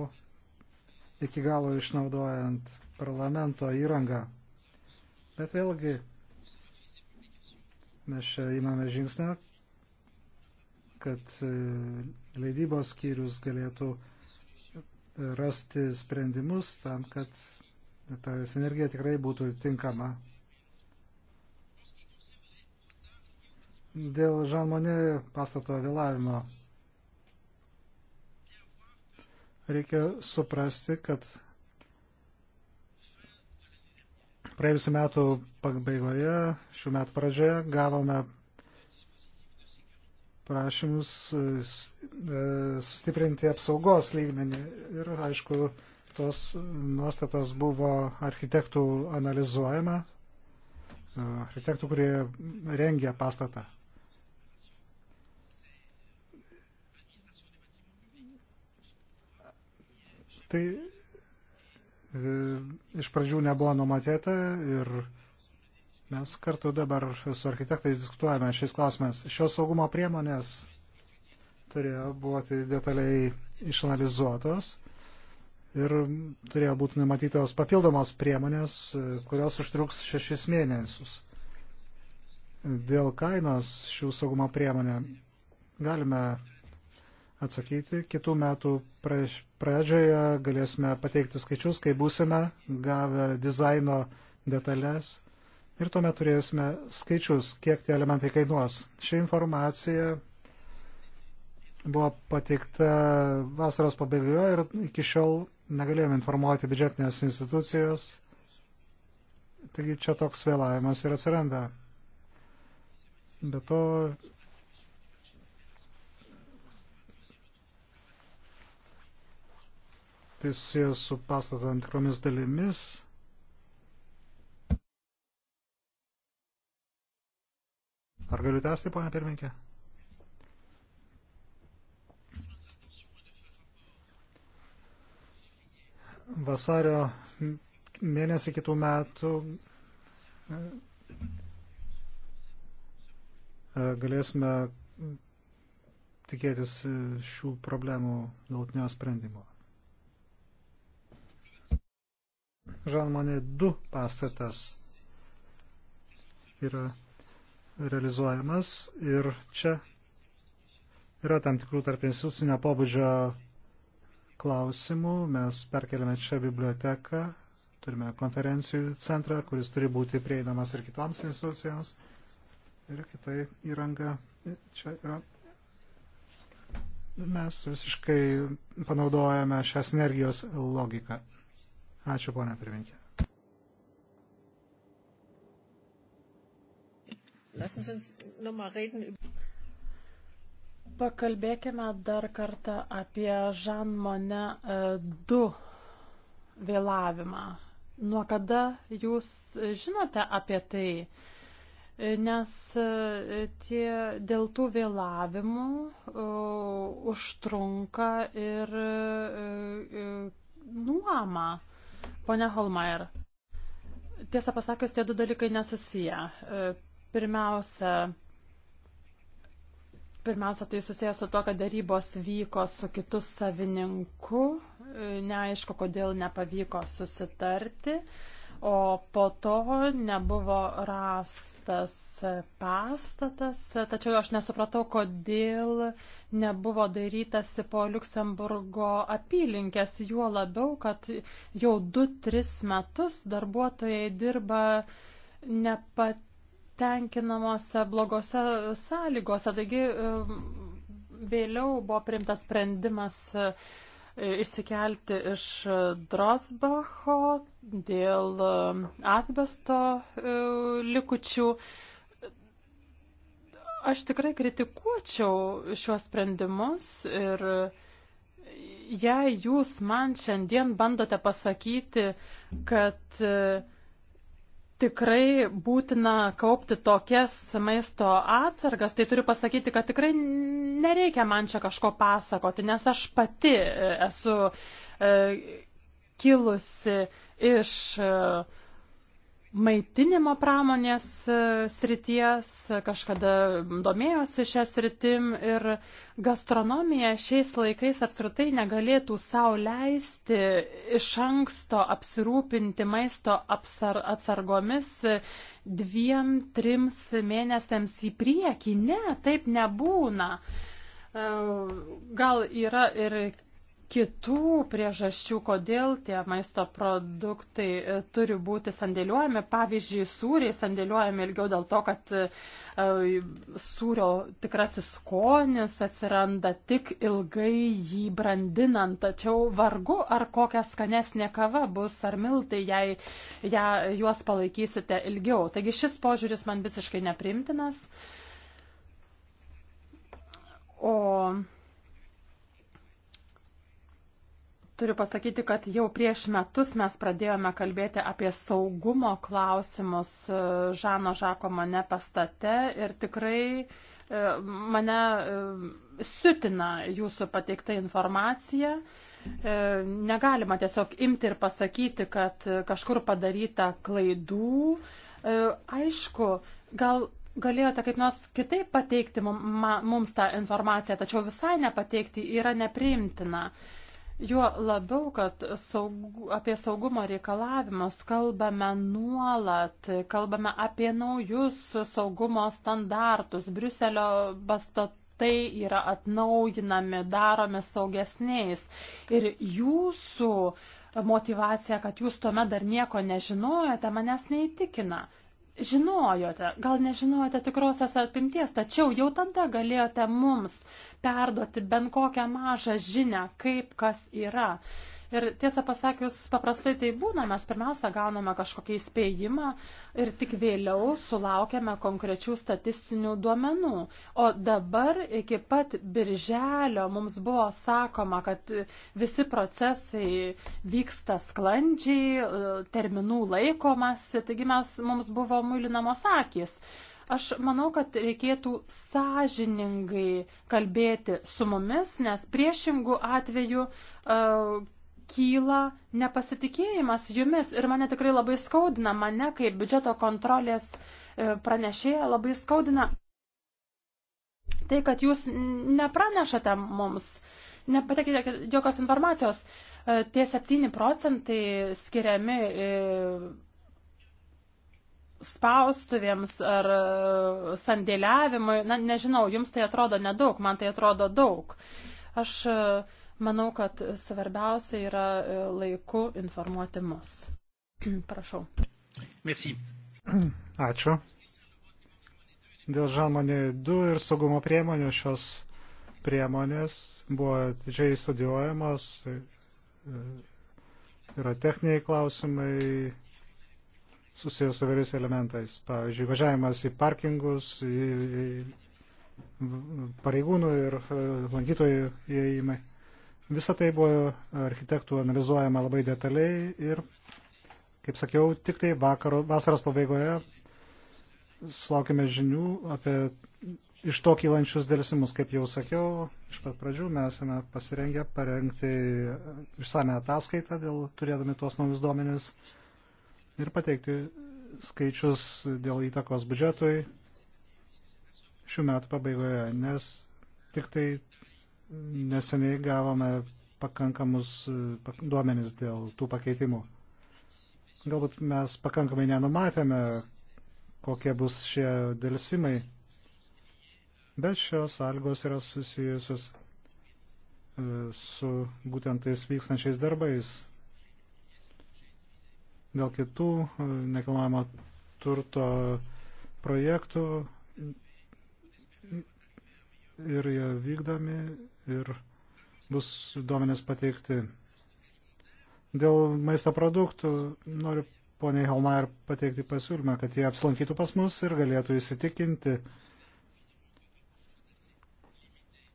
iki galo išnaudojant parlamento įrangą. Bet vėlgi, mes čia įmame žingsnę, kad e, leidybos skyrius galėtų rasti sprendimus tam, kad ta sinergija tikrai būtų tinkama. Dėl Žan Monė pastato vėlavimo reikia suprasti, kad praėjusiu metu pabaigoje, šių metų pradžioje gavome prašymus e, sustiprinti apsaugos lygmenį ir, aišku, tos nuostatos buvo architektų analizuojama, e, architektų, kurie rengia pastatą. Tai e, iš pradžių nebuvo numatyta ir mes kartu dabar su architektais diskutuojame šiais klausimais. Šios saugumo priemonės turėjo būti detaliai išanalizuotos ir turėjo būti numatytos papildomos priemonės, kurios užtruks šešis mėnesius. Dėl kainos šių saugumo priemonė galime atsakyti. Kitų metų pradžioje galėsime pateikti skaičius, kai būsime gavę dizaino detalės ir tuomet turėsime skaičius, kiek tie elementai kainuos. Ši informacija buvo pateikta vasaros pabaigoje ir iki šiol negalėjome informuoti biudžetinės institucijos, taigi čia toks vėlavimas ir atsiranda. Be to, tai susijęs su pastato tam tikromis dalimis. Ar galiu tęsti, ponia pirmininkė? vasario mėnesį kitų metų e, galėsime tikėtis šių problemų galutinio sprendimo. Žalmonė 2 pastatas yra realizuojamas ir čia yra tam tikrų tarp institucinio pobūdžio klausimų. Mes perkeliame čia biblioteką, turime konferencijų centrą, kuris turi būti prieinamas ir kitoms institucijoms ir kitai įranga. Čia yra. Mes visiškai panaudojame šią sinergijos logiką. Ačiū, ponia pirminkė. Lassen Sie uns nochmal reden über. Pakalbėkime dar kartą apie Žan Mone 2 vėlavimą. Nuo kada jūs žinote apie tai? E, nes e, tie, dėl tų vėlavimų e, užtrunka ir nuoma. Pone Holmeier, tiesą pasakius, tie du dalykai nesusiję. Pirmiausia, Pirmiausia, tai susijęs su to, kad darybos vyko su kitu savininku, e, neaišku, kodėl nepavyko susitarti, o po to nebuvo rastas pastatas, tačiau aš nesupratau, kodėl nebuvo darytasi po Luksemburgo apylinkės, juo labiau, kad jau 2-3 metus darbuotojai dirba nepat tenkinamose blogose sąlygose. Taigi vėliau buvo priimtas sprendimas e, išsikelti iš Drosbacho dėl asbesto e, likučių. Aš tikrai kritikuočiau šiuos sprendimus ir jei jūs man šiandien bandote pasakyti, kad uh, tikrai būtina kaupti tokias maisto atsargas, tai turiu pasakyti, kad tikrai nereikia man čia kažko pasakoti, nes aš pati e, esu e, kilusi iš e, maitinimo pramonės e, srities, kažkada domėjosi šią sritim ir gastronomija šiais laikais apskritai negalėtų savo leisti iš anksto apsirūpinti maisto apsar, atsargomis dviem, trims mėnesiams į priekį. Ne, taip nebūna. E, gal yra ir kitų priežasčių, kodėl tie maisto produktai e, turi būti sandėliuojami. Pavyzdžiui, sūriai sandėliuojami ilgiau dėl to, kad e, sūrio tikrasis skonis atsiranda tik ilgai jį brandinant, tačiau vargu ar kokia skanesnė kava bus ar miltai, jei ja, juos palaikysite ilgiau. Taigi šis požiūris man visiškai neprimtinas. O Turiu pasakyti, kad jau prieš metus mes pradėjome kalbėti apie saugumo klausimus e, Žano Žako mane pastate ir tikrai e, mane e, siutina jūsų pateikta informacija. Negalima tiesiog imti ir pasakyti, kad kažkur padaryta klaidų. Aišku, gal galėjote kaip nors kitaip pateikti mums tą informaciją, tačiau visai nepateikti yra nepriimtina. Juo labiau, kad saug, apie saugumo reikalavimus kalbame nuolat, kalbame apie naujus saugumo standartus. Briuselio pastatų tai yra atnaujinami, daromi saugesniais. Ir jūsų motivacija, kad jūs tuomet dar nieko nežinojate, manęs neįtikina žinojote, gal nežinojote tikrosios apimties, tačiau jau tada galėjote mums perduoti bent kokią mažą žinę, kaip kas yra. Ir tiesą pasakius, paprastai tai būna, mes pirmiausia gauname kažkokį įspėjimą ir tik vėliau sulaukiame konkrečių statistinių duomenų. O dabar iki pat birželio mums buvo sakoma, kad visi procesai vyksta sklandžiai, terminų laikomasi, taigi mes, mums buvo mylinamos akis. Aš manau, kad reikėtų sąžiningai kalbėti su mumis, nes priešingų atveju uh, kyla nepasitikėjimas jumis ir mane tikrai labai skaudina, mane kaip biudžeto kontrolės e, pranešėja labai skaudina tai, kad jūs nepranešate mums, nepatekite jokios informacijos. E, tie 7 procentai skiriami e, spaustuvėms ar sandėliavimui, na nežinau, jums tai atrodo nedaug, man tai atrodo daug. Aš uh, Manau, kad svarbiausia yra e, laiku informuoti mus. (clears throat) Prašau. Merci. (clears throat) Ačiū. Dėl žalmonė 2 ir saugumo priemonių šios priemonės buvo didžiai studijuojamos. E, yra techniniai klausimai, susijęs su vėliais elementais. Pavyzdžiui, važiavimas į parkingus, į, į pareigūnų ir e, lankytojų įėjimai. Visą tai buvo architektų analizuojama labai detaliai ir, kaip sakiau, tik tai vakaro, vasaros pabaigoje sulaukime žinių apie iš to kylančius dėlsimus. Kaip jau sakiau, iš pat pradžių mes esame pasirengę parengti išsame ataskaitą, dėl, turėdami tuos naujus duomenis ir pateikti skaičius dėl įtakos biudžetui šių metų pabaigoje, nes tik tai neseniai gavome pakankamus e, duomenys dėl tų pakeitimų. Galbūt mes pakankamai nenumatėme, kokie bus šie dėlsimai, bet šios algos yra susijusios e, su būtent tais vykstančiais darbais. Dėl kitų e, nekilnojamo turto projektų ir jie vykdomi ir bus duomenės pateikti. Dėl maisto produktų noriu poniai Holmar pateikti pasiūlymą, kad jie apslankytų pas mus ir galėtų įsitikinti,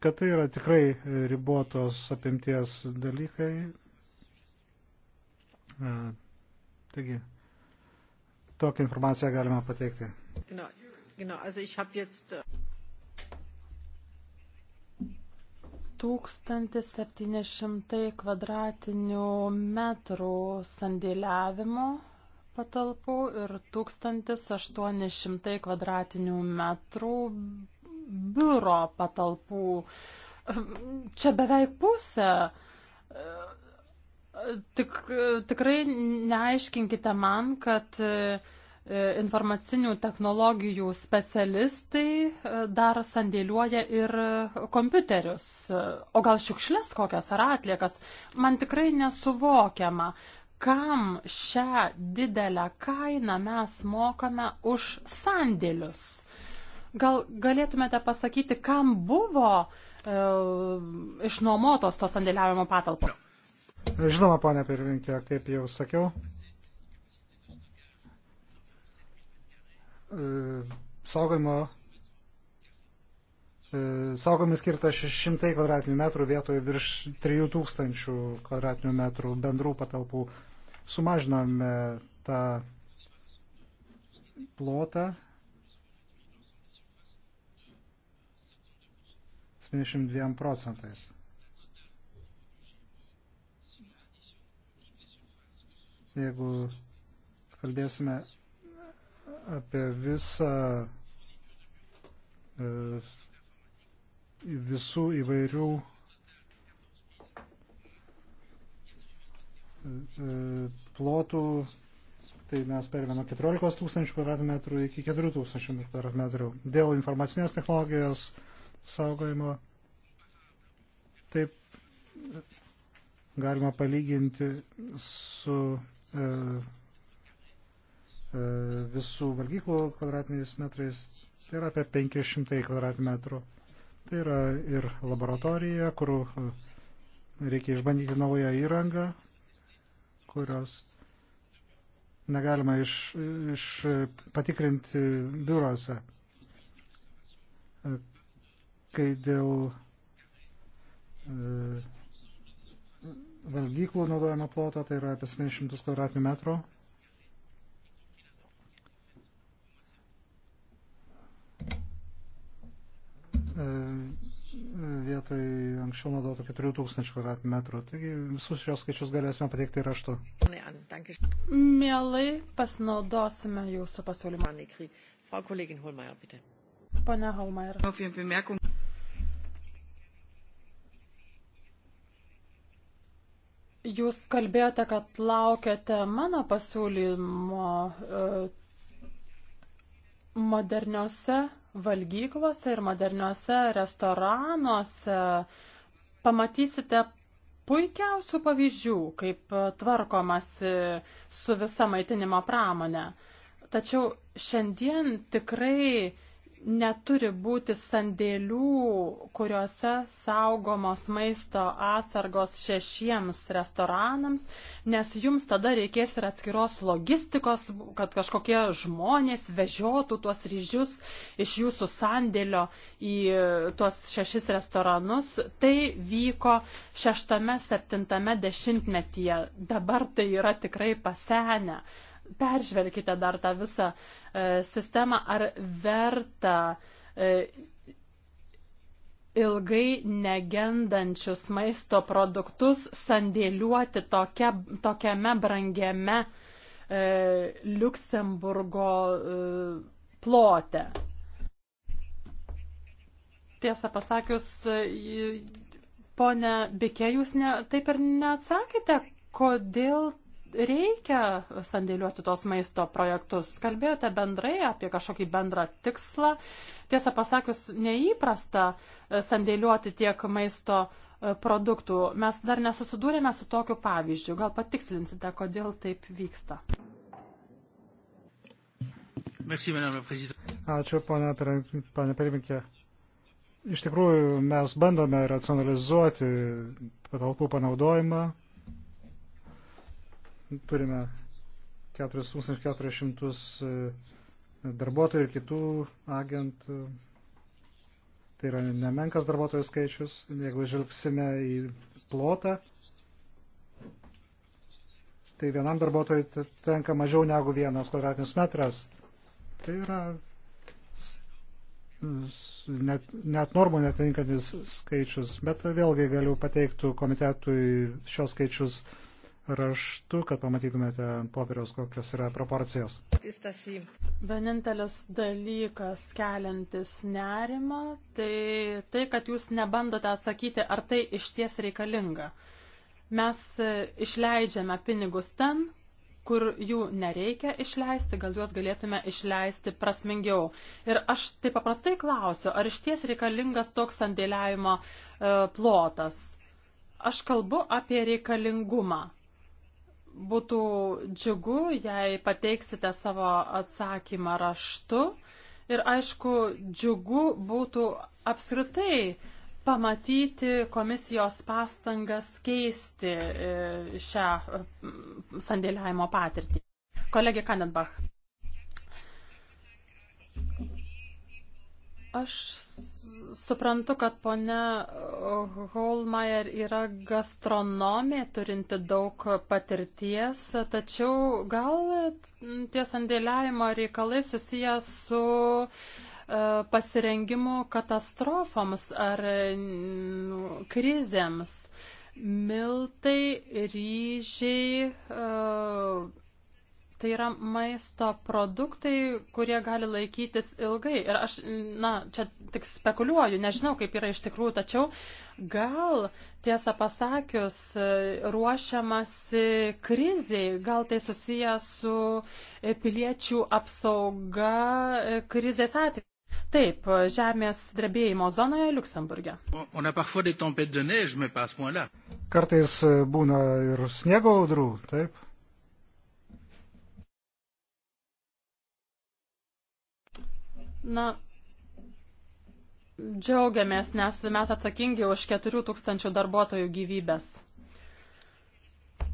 kad tai yra tikrai ribotos apimties dalykai. E, taigi, tokią informaciją galima pateikti. Genau. Genau, also ich habe jetzt äh, 1700 kvadratinių metrų sandėliavimo patalpų ir 1800 kvadratinių metrų biuro patalpų. Čia beveik pusė. Tik, tikrai neaiškinkite man, kad E, informacinių technologijų specialistai e, dar sandėliuoja ir e, kompiuterius, o gal šiukšlės kokias ar atliekas. Man tikrai nesuvokiama, kam šią didelę kainą mes mokame už sandėlius. Gal galėtumėte pasakyti, kam buvo e, išnuomotos tos sandėliavimo patalpos? Žinoma, ponia pirmininkė, kaip jau sakiau, E, saugojimo e, saugomis skirta 600 kvadratinių metrų vietoje virš 3000 kvadratinių metrų bendrų patalpų. Sumažinome tą plotą 72 procentais. Jeigu kalbėsime apie visą e, visų įvairių e, plotų, tai mes perėmė nuo 14 tūkstančių kvadratmetrų iki 4 tūkstančių kvadratmetrų. Dėl informacinės technologijos saugojimo taip galima palyginti su e, E, visų valgyklų kvadratiniais metrais, tai yra apie 500 kvadratmetrų. Tai yra ir laboratorija, kur e, reikia išbandyti naują įrangą, kurios negalima iš, iš patikrinti biurose. E, kai dėl e, valgyklų naudojama ploto, tai yra apie 700 kvadratinių metrų, vietoj anksčiau naudotų 4000 kvadratmetrų. Taigi visus šios skaičius galėsime pateikti raštu. Mielai pasinaudosime jūsų pasiūlymą. Frau Kollegin Holmeier, bitte. Pane Holmeier. Auf Ihre Bemerkung. Jūs kalbėjote, kad laukiate mano pasiūlymo e, moderniose valgyklose ir moderniuose restoranuose pamatysite puikiausių pavyzdžių, kaip tvarkomasi su visa maitinimo pramonė. Tačiau šiandien tikrai neturi būti sandėlių, kuriuose saugomos maisto atsargos šešiems restoranams, nes jums tada reikės ir atskiros logistikos, kad kažkokie žmonės vežiotų tuos ryžius iš jūsų sandėlio į tuos šešis restoranus. Tai vyko šeštame, septintame dešimtmetyje. Dabar tai yra tikrai pasenę peržvelkite dar tą visą e, sistemą, ar verta e, ilgai negendančius maisto produktus sandėliuoti tokia, tokiame brangiame e, Luksemburgo e, plote. Tiesą pasakius, e, Pone Bikė, jūs ne, taip ir neatsakėte, kodėl reikia sandėliuoti tos maisto projektus. Kalbėjote bendrai apie kažkokį bendrą tikslą. Tiesą pasakius, neįprasta e, sandėliuoti tiek maisto e, produktų. Mes dar nesusidūrėme su tokiu pavyzdžiu. Gal patikslinsite, kodėl taip vyksta? Merci, Ačiū, ponia pirmininkė. Iš tikrųjų, mes bandome racionalizuoti patalpų panaudojimą, turime 4400 e, darbuotojų ir kitų agentų. Tai yra nemenkas darbuotojų skaičius. Jeigu žvelgsime į plotą, tai vienam darbuotojui tenka mažiau negu vienas kvadratinis metras. Tai yra net, net normų netinkantis skaičius, bet vėlgi galiu pateikti komitetui šios skaičius raštu, kad pamatytumėte popieriaus, kokios yra proporcijos. Vienintelis dalykas keliantis nerimą, tai tai, kad jūs nebandote atsakyti, ar tai iš ties reikalinga. Mes e, išleidžiame pinigus ten, kur jų nereikia išleisti, gal juos galėtume išleisti prasmingiau. Ir aš taip paprastai klausiu, ar iš ties reikalingas toks sandėliavimo e, plotas? Aš kalbu apie reikalingumą būtų džiugu, jei pateiksite savo atsakymą raštu. Ir aišku, džiugu būtų apskritai pamatyti komisijos pastangas keisti e, šią sandėliavimo patirtį. Kolegė Kanenbach. Aš suprantu, kad ponia Holmeier yra gastronomė, turinti daug patirties, tačiau gal tie sandėliavimo reikalai susiję su e, pasirengimu katastrofams ar krizėms. Miltai, ryžiai, e, Tai yra maisto produktai, kurie gali laikytis ilgai. Ir aš, na, čia tik spekuliuoju, nežinau, kaip yra iš tikrųjų, tačiau gal, tiesą pasakius, ruošiamasi kriziai, gal tai susiję su piliečių apsauga krizės atveju. Taip, žemės drebėjimo zonoje Luksemburgė. Kartais būna ir sniego audrų, taip. Na, džiaugiamės, nes mes atsakingi už 4000 darbuotojų gyvybės.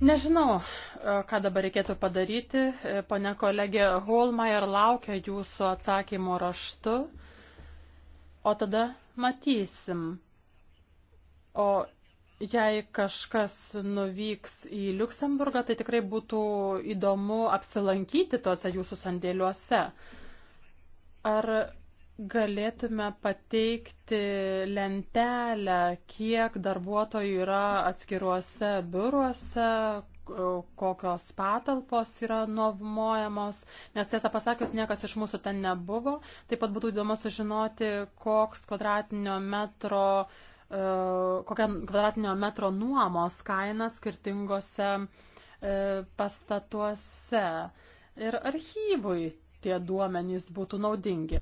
Nežinau, e, ką dabar reikėtų padaryti. E, Pane kolegė Holmeier laukia jūsų atsakymų raštu, o tada matysim. O jei kažkas nuvyks į Luksemburgą, tai tikrai būtų įdomu apsilankyti tuose jūsų sandėliuose. Ar galėtume pateikti lentelę, kiek darbuotojų yra atskiruose biuruose, kokios patalpos yra nuomojamos, nes tiesą pasakius, niekas iš mūsų ten nebuvo. Taip pat būtų įdomu sužinoti, koks kvadratinio metro e, kokią kvadratinio metro nuomos kainą skirtingose e, pastatuose. Ir archyvui tie duomenys būtų naudingi.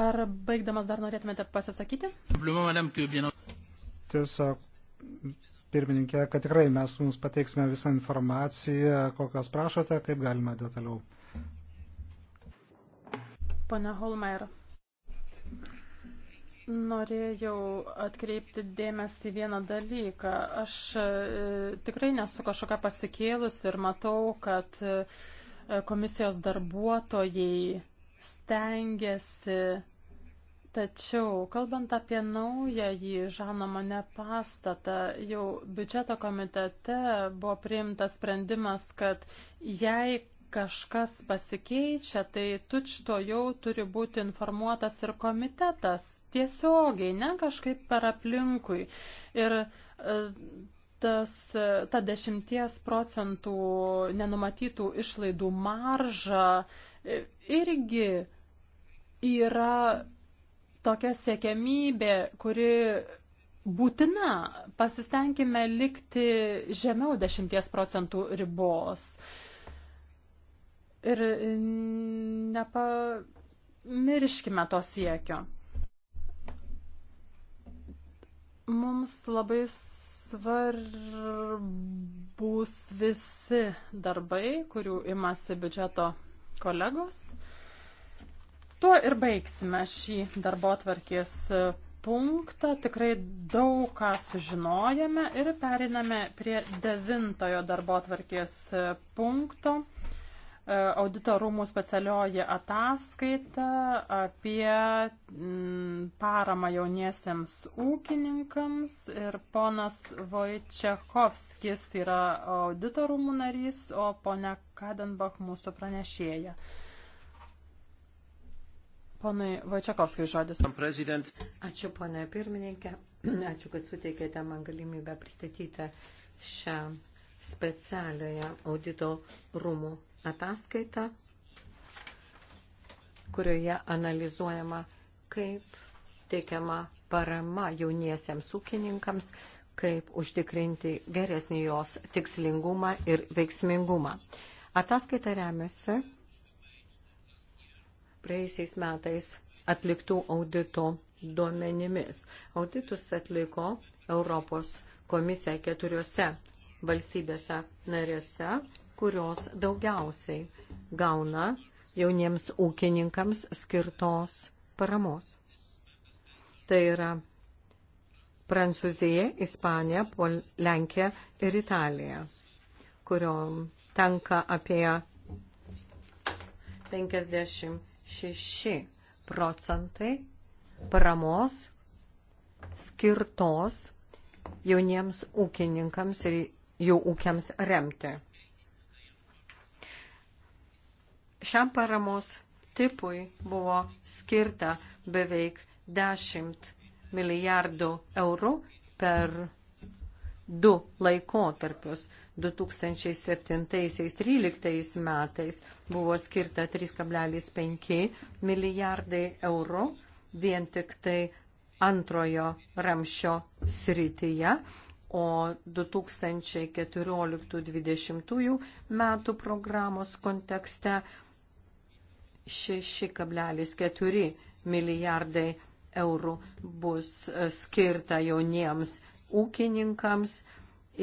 Ar baigdamas dar norėtumėte pasisakyti? Tiesiog, pirmininkė, kad tikrai mes jums pateiksime visą informaciją, kokios prašote, kaip galima detaliau. Pane Holmer, norėjau atkreipti dėmesį vieną dalyką. Aš e, tikrai nesu kažkokia pasikėlus ir matau, kad e, komisijos darbuotojai stengiasi. Tačiau, kalbant apie naująjį Žano mane pastatą, jau biudžeto komitete buvo priimtas sprendimas, kad jei kažkas pasikeičia, tai tučto jau turi būti informuotas ir komitetas tiesiogiai, ne kažkaip per aplinkui. Ir e, tas, ta dešimties procentų nenumatytų išlaidų marža irgi yra tokia siekiamybė, kuri būtina. Pasistengime likti žemiau dešimties procentų ribos. Ir nepamirškime to siekio. Mums labai svarbu svarbus visi darbai, kurių imasi biudžeto kolegos. Tuo ir baigsime šį darbo tvarkės punktą. Tikrai daug ką sužinojame ir periname prie devintojo darbo tvarkės punkto auditorumų specialioji ataskaita apie mm, paramą jauniesiems ūkininkams ir ponas Vojčiachovskis yra auditorumų narys, o ponia Kadenbach mūsų pranešėja. Ponai Vojčiakovskai žodis. Ačiū, ponė pirmininkė. (clears throat) Ačiū, kad suteikėte man galimybę pristatyti šią specialioje audito rūmų ataskaitą, kurioje analizuojama, kaip teikiama parama jauniesiems ūkininkams, kaip užtikrinti geresnį jos tikslingumą ir veiksmingumą. Ataskaita remiasi praėjusiais metais atliktų audito duomenimis. Auditus atliko Europos komisija keturiose valstybėse narėse kurios daugiausiai gauna jauniems ūkininkams skirtos paramos. Tai yra Prancūzija, Ispanija, Pol Lenkija ir Italija, kuriom tenka apie 56 procentai paramos skirtos jauniems ūkininkams ir jų ūkiams remti. šiam paramos tipui buvo skirta beveik 10 milijardų eurų per du laikotarpius. 2007-2013 metais buvo skirta 3,5 milijardai eurų vien tik tai antrojo ramšio srityje, o 2014-2020 metų programos kontekste 6,4 milijardai eurų bus skirta jauniems ūkininkams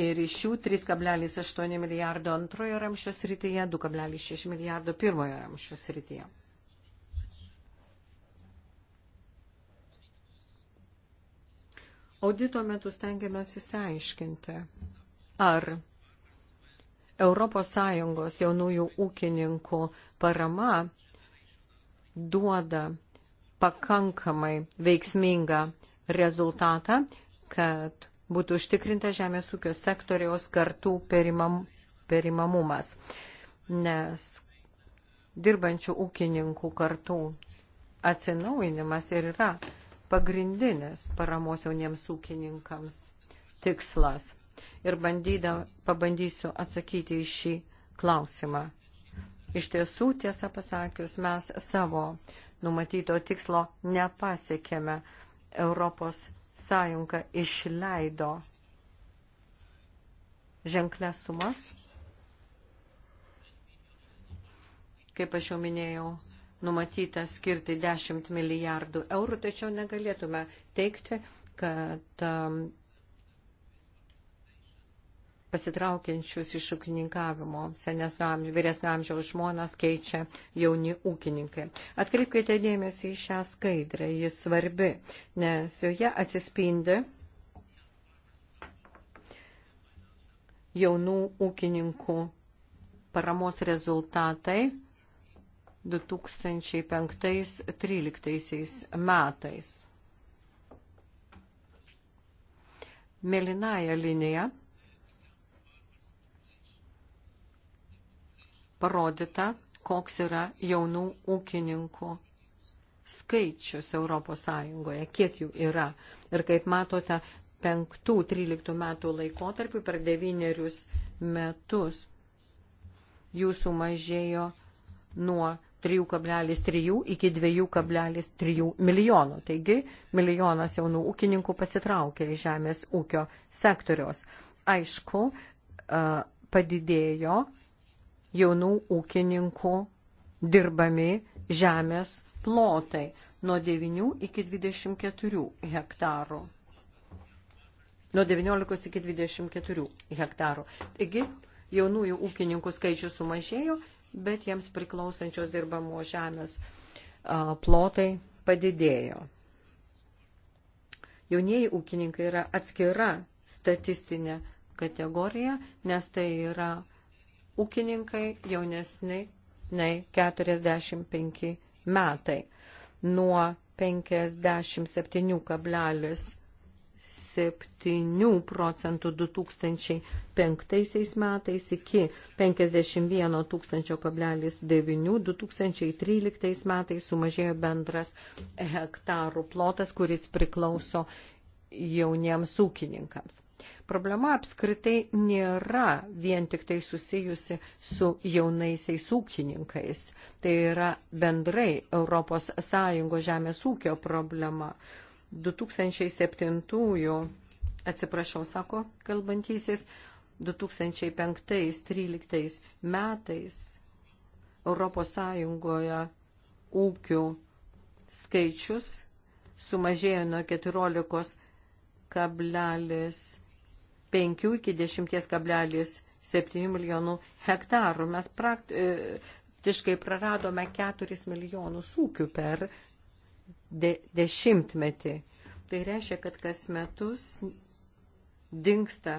ir iš jų 3,8 milijardo antrojo ramščio srityje, 2,6 milijardo pirmojo ramščio srityje. Audito metu stengiamės įsiaiškinti, ar ES jaunųjų ūkininkų parama duoda pakankamai veiksmingą rezultatą, kad būtų užtikrinta žemės ūkio sektoriaus kartų perimam, perimamumas, nes dirbančių ūkininkų kartų atsinaujinimas ir yra pagrindinis paramos jauniems ūkininkams tikslas. Ir bandyda, pabandysiu atsakyti į šį klausimą. Iš tiesų, tiesą pasakius, mes savo numatyto tikslo nepasiekėme. Europos Sąjunga išleido ženklės sumas. Kaip aš jau minėjau, numatyta skirti 10 milijardų eurų, tačiau negalėtume teikti, kad um, pasitraukiančius iš ūkininkavimo senesnio amžiaus, vyresnio amžiaus žmonas keičia jauni ūkininkai. Atkreipkite dėmesį į šią skaidrę, jis svarbi, nes joje atsispindi jaunų ūkininkų paramos rezultatai 2005-2013 metais. Mėlynąją liniją parodyta, koks yra jaunų ūkininkų skaičius Europos Sąjungoje, kiek jų yra. Ir kaip matote, 5-13 metų laikotarpį per devynerius metus jų sumažėjo nuo 3,3 iki 2,3 milijono. Taigi milijonas jaunų ūkininkų pasitraukė iš žemės ūkio sektoriaus. Aišku, padidėjo jaunų ūkininkų dirbami žemės plotai nuo 9 iki 24 hektarų nuo 19 iki 24 hektarų. Taigi jaunųjų ūkininkų skaičius sumažėjo, bet jiems priklausančios dirbamo žemės plotai padidėjo. Jaunieji ūkininkai yra atskira statistinė kategorija, nes tai yra ūkininkai jaunesni nei 45 metai nuo 57,7 procentų 2005 metais iki 51,9 2013 metais sumažėjo bendras hektarų plotas, kuris priklauso jauniems ūkininkams. Problema apskritai nėra vien tik tai susijusi su jaunaisiais ūkininkais. Tai yra bendrai ES žemės ūkio problema. 2007, atsiprašau, sako kalbantysis, 2005-2013 metais ES ūkių skaičius sumažėjo nuo 14 5 iki 10,7 milijonų hektarų. Mes praktiškai e, praradome 4 milijonus ūkių per de dešimtmetį. Tai reiškia, kad kas metus dinksta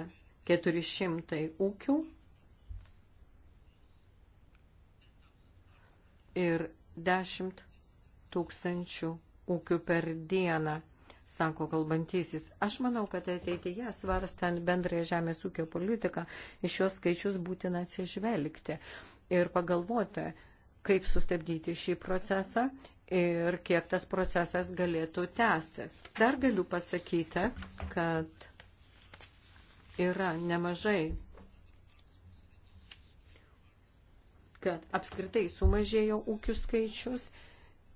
400 ūkių ir 10 tūkstančių ūkių per dieną sako kalbantysis. Aš manau, kad ateityje svarstant bendrąją žemės ūkio politiką, iš šios skaičius būtina atsižvelgti ir pagalvoti, kaip sustabdyti šį procesą ir kiek tas procesas galėtų tęstis. Dar galiu pasakyti, kad yra nemažai kad apskritai sumažėjo ūkių skaičius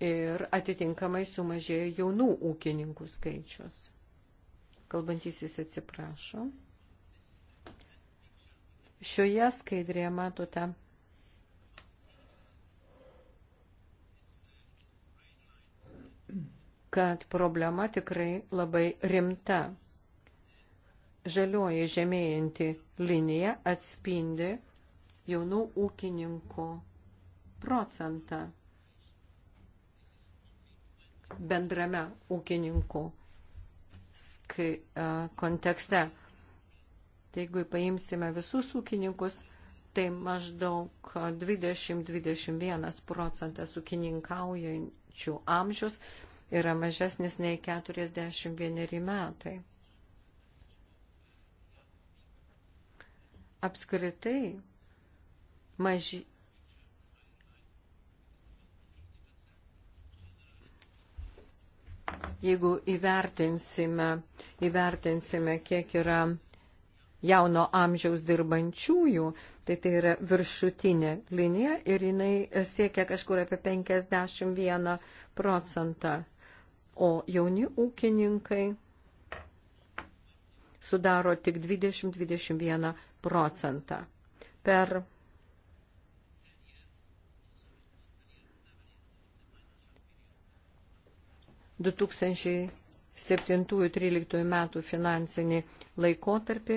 ir atitinkamai sumažėjo jaunų ūkininkų skaičius. Kalbantysis atsiprašo. Šioje skaidrėje matote kad problema tikrai labai rimta. Žalioji žemėjanti linija atspindi jaunų ūkininkų procentą bendrame ūkininkų kontekste. Tai jeigu paimsime visus ūkininkus, tai maždaug 20-21 procentas ūkininkaujančių amžius yra mažesnis nei 41 metai. Apskritai maži, jeigu įvertinsime, įvertinsime kiek yra jauno amžiaus dirbančiųjų, tai tai yra viršutinė linija ir jinai siekia kažkur apie 51 procentą, o jauni ūkininkai sudaro tik 20-21 procentą. Per 2007-2013 metų finansinį laikotarpį.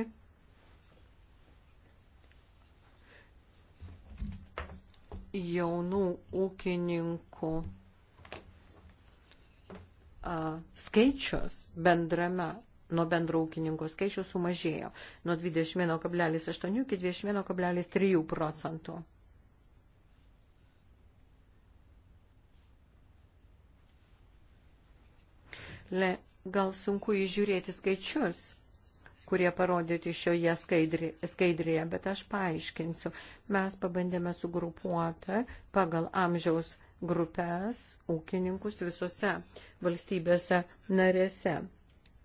Jaunų ūkininkų a, skaičius bendrame nuo bendro ūkininko skaičių sumažėjo nuo 21,8 iki 21,3 procentų. le, gal sunku įžiūrėti skaičius, kurie parodyti šioje skaidrėje, bet aš paaiškinsiu. Mes pabandėme sugrupuoti pagal amžiaus grupės ūkininkus visose valstybėse narėse.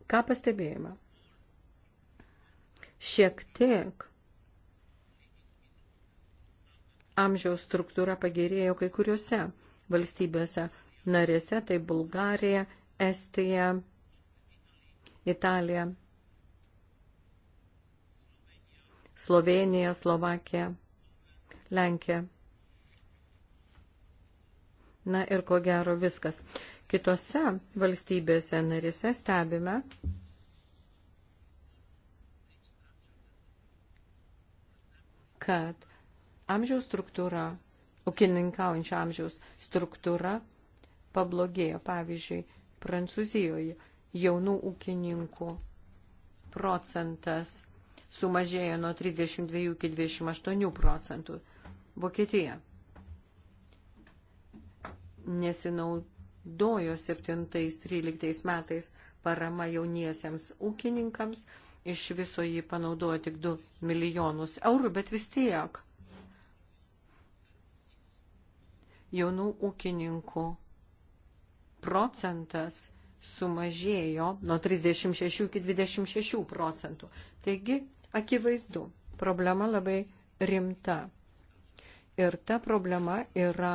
Ką pastebėjome? Šiek tiek amžiaus struktūra pagerėjo kai kuriuose valstybėse narėse, tai Bulgarija, Estija, Italija, Slovenija, Slovakija, Lenkija. Na ir ko gero viskas. Kitose valstybėse narise stebime, kad amžiaus struktūra, ūkininkaujančio amžiaus struktūra pablogėjo. Pavyzdžiui, Prancūzijoje jaunų ūkininkų procentas sumažėjo nuo 32 iki 28 procentų. Vokietija nesinaudojo 7-13 metais parama jauniesiems ūkininkams, iš viso jį panaudojo tik 2 milijonus eurų, bet vis tiek jaunų ūkininkų procentas sumažėjo nuo 36 iki 26 procentų. Taigi, akivaizdu, problema labai rimta. Ir ta problema yra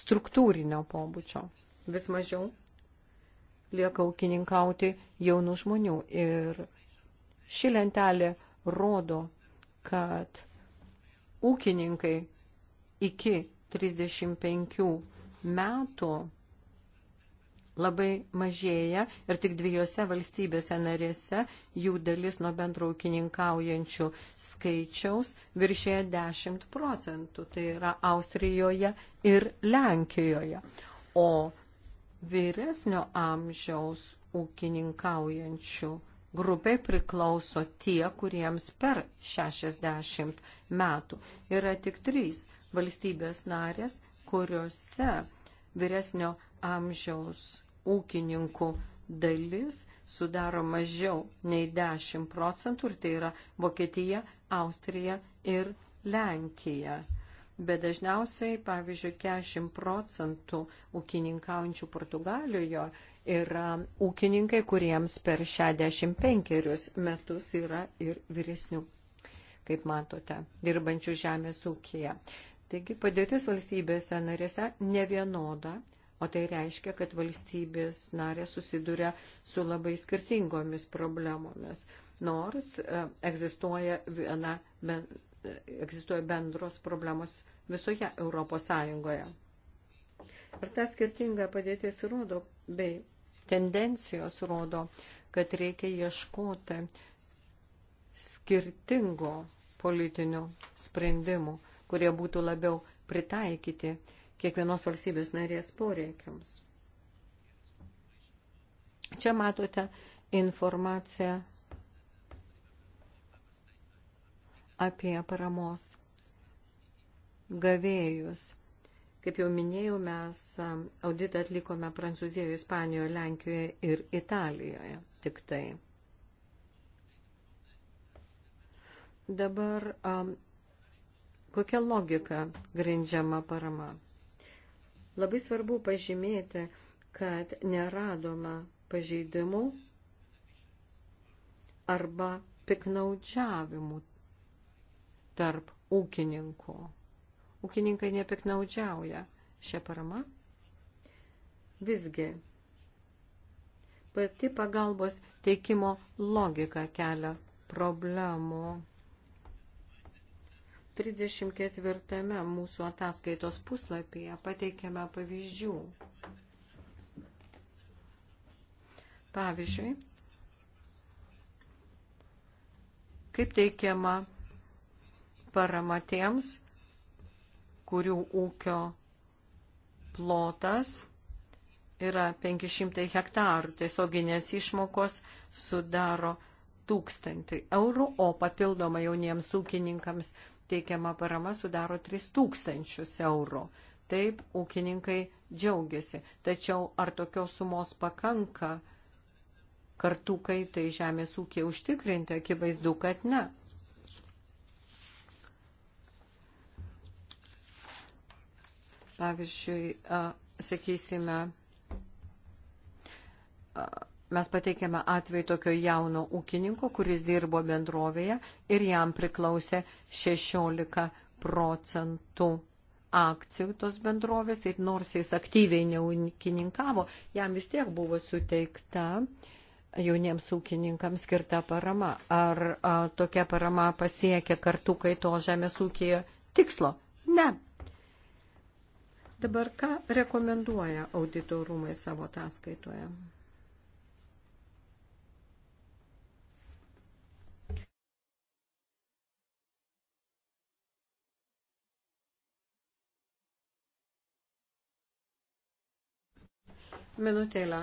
struktūrinio pobūdžio. Vis mažiau lieka ūkininkauti jaunų žmonių. Ir ši lentelė rodo, kad ūkininkai iki 35 metų labai mažėja ir tik dviejose valstybėse narėse jų dalis nuo bendro ūkininkaujančių skaičiaus viršėja 10 procentų, tai yra Austrijoje ir Lenkijoje. O vyresnio amžiaus ūkininkaujančių grupiai priklauso tie, kuriems per 60 metų yra tik trys valstybės narės, kuriuose vyresnio amžiaus ūkininkų dalis sudaro mažiau nei 10 procentų ir tai yra Vokietija, Austrija ir Lenkija. Bet dažniausiai, pavyzdžiui, 40 procentų ūkininkaujančių Portugalijoje yra ūkininkai, kuriems per 65 metus yra ir vyresnių, kaip matote, dirbančių žemės ūkija. Taigi padėtis valstybėse narėse nevienoda O tai reiškia, kad valstybės narė susiduria su labai skirtingomis problemomis, nors e, egzistuoja, viena, ben, e, egzistuoja bendros problemos visoje Europos Sąjungoje. Ir ta skirtinga padėtis rodo, bei tendencijos rodo, kad reikia ieškoti skirtingo politinių sprendimų, kurie būtų labiau pritaikyti kiekvienos valstybės narės poreikiams. Čia matote informaciją apie paramos gavėjus. Kaip jau minėjau, mes auditą atlikome Prancūzijoje, Ispanijoje, Lenkijoje ir Italijoje tik tai. Dabar um, kokia logika grindžiama parama? Labai svarbu pažymėti, kad neradoma pažeidimų arba piknaudžiavimų tarp ūkininkų. Ūkininkai nepiknaudžiauja šią paramą. Visgi pati pagalbos teikimo logika kelia problemų. 34 mūsų ataskaitos puslapyje pateikiame pavyzdžių. Pavyzdžiui, kaip teikiama parama tiems, kurių ūkio plotas yra 500 hektarų, tiesioginės išmokos sudaro 1000 eurų, o papildomai jauniems ūkininkams 1 teikiama parama sudaro 3000 eurų. Taip, ūkininkai džiaugiasi. Tačiau ar tokios sumos pakanka kartų kaitai žemės ūkiai užtikrinti, akivaizdu, kad ne. Pavyzdžiui, sakysime, mes pateikėme atvejį tokio jauno ūkininko, kuris dirbo bendrovėje ir jam priklausė 16 procentų akcijų tos bendrovės ir nors jis aktyviai neūkininkavo, jam vis tiek buvo suteikta jauniems ūkininkams skirta parama. Ar a, tokia parama pasiekia kartu kaito žemės ūkėje tikslo? Ne. Dabar ką rekomenduoja auditorumai savo ataskaitoje? minutėlę,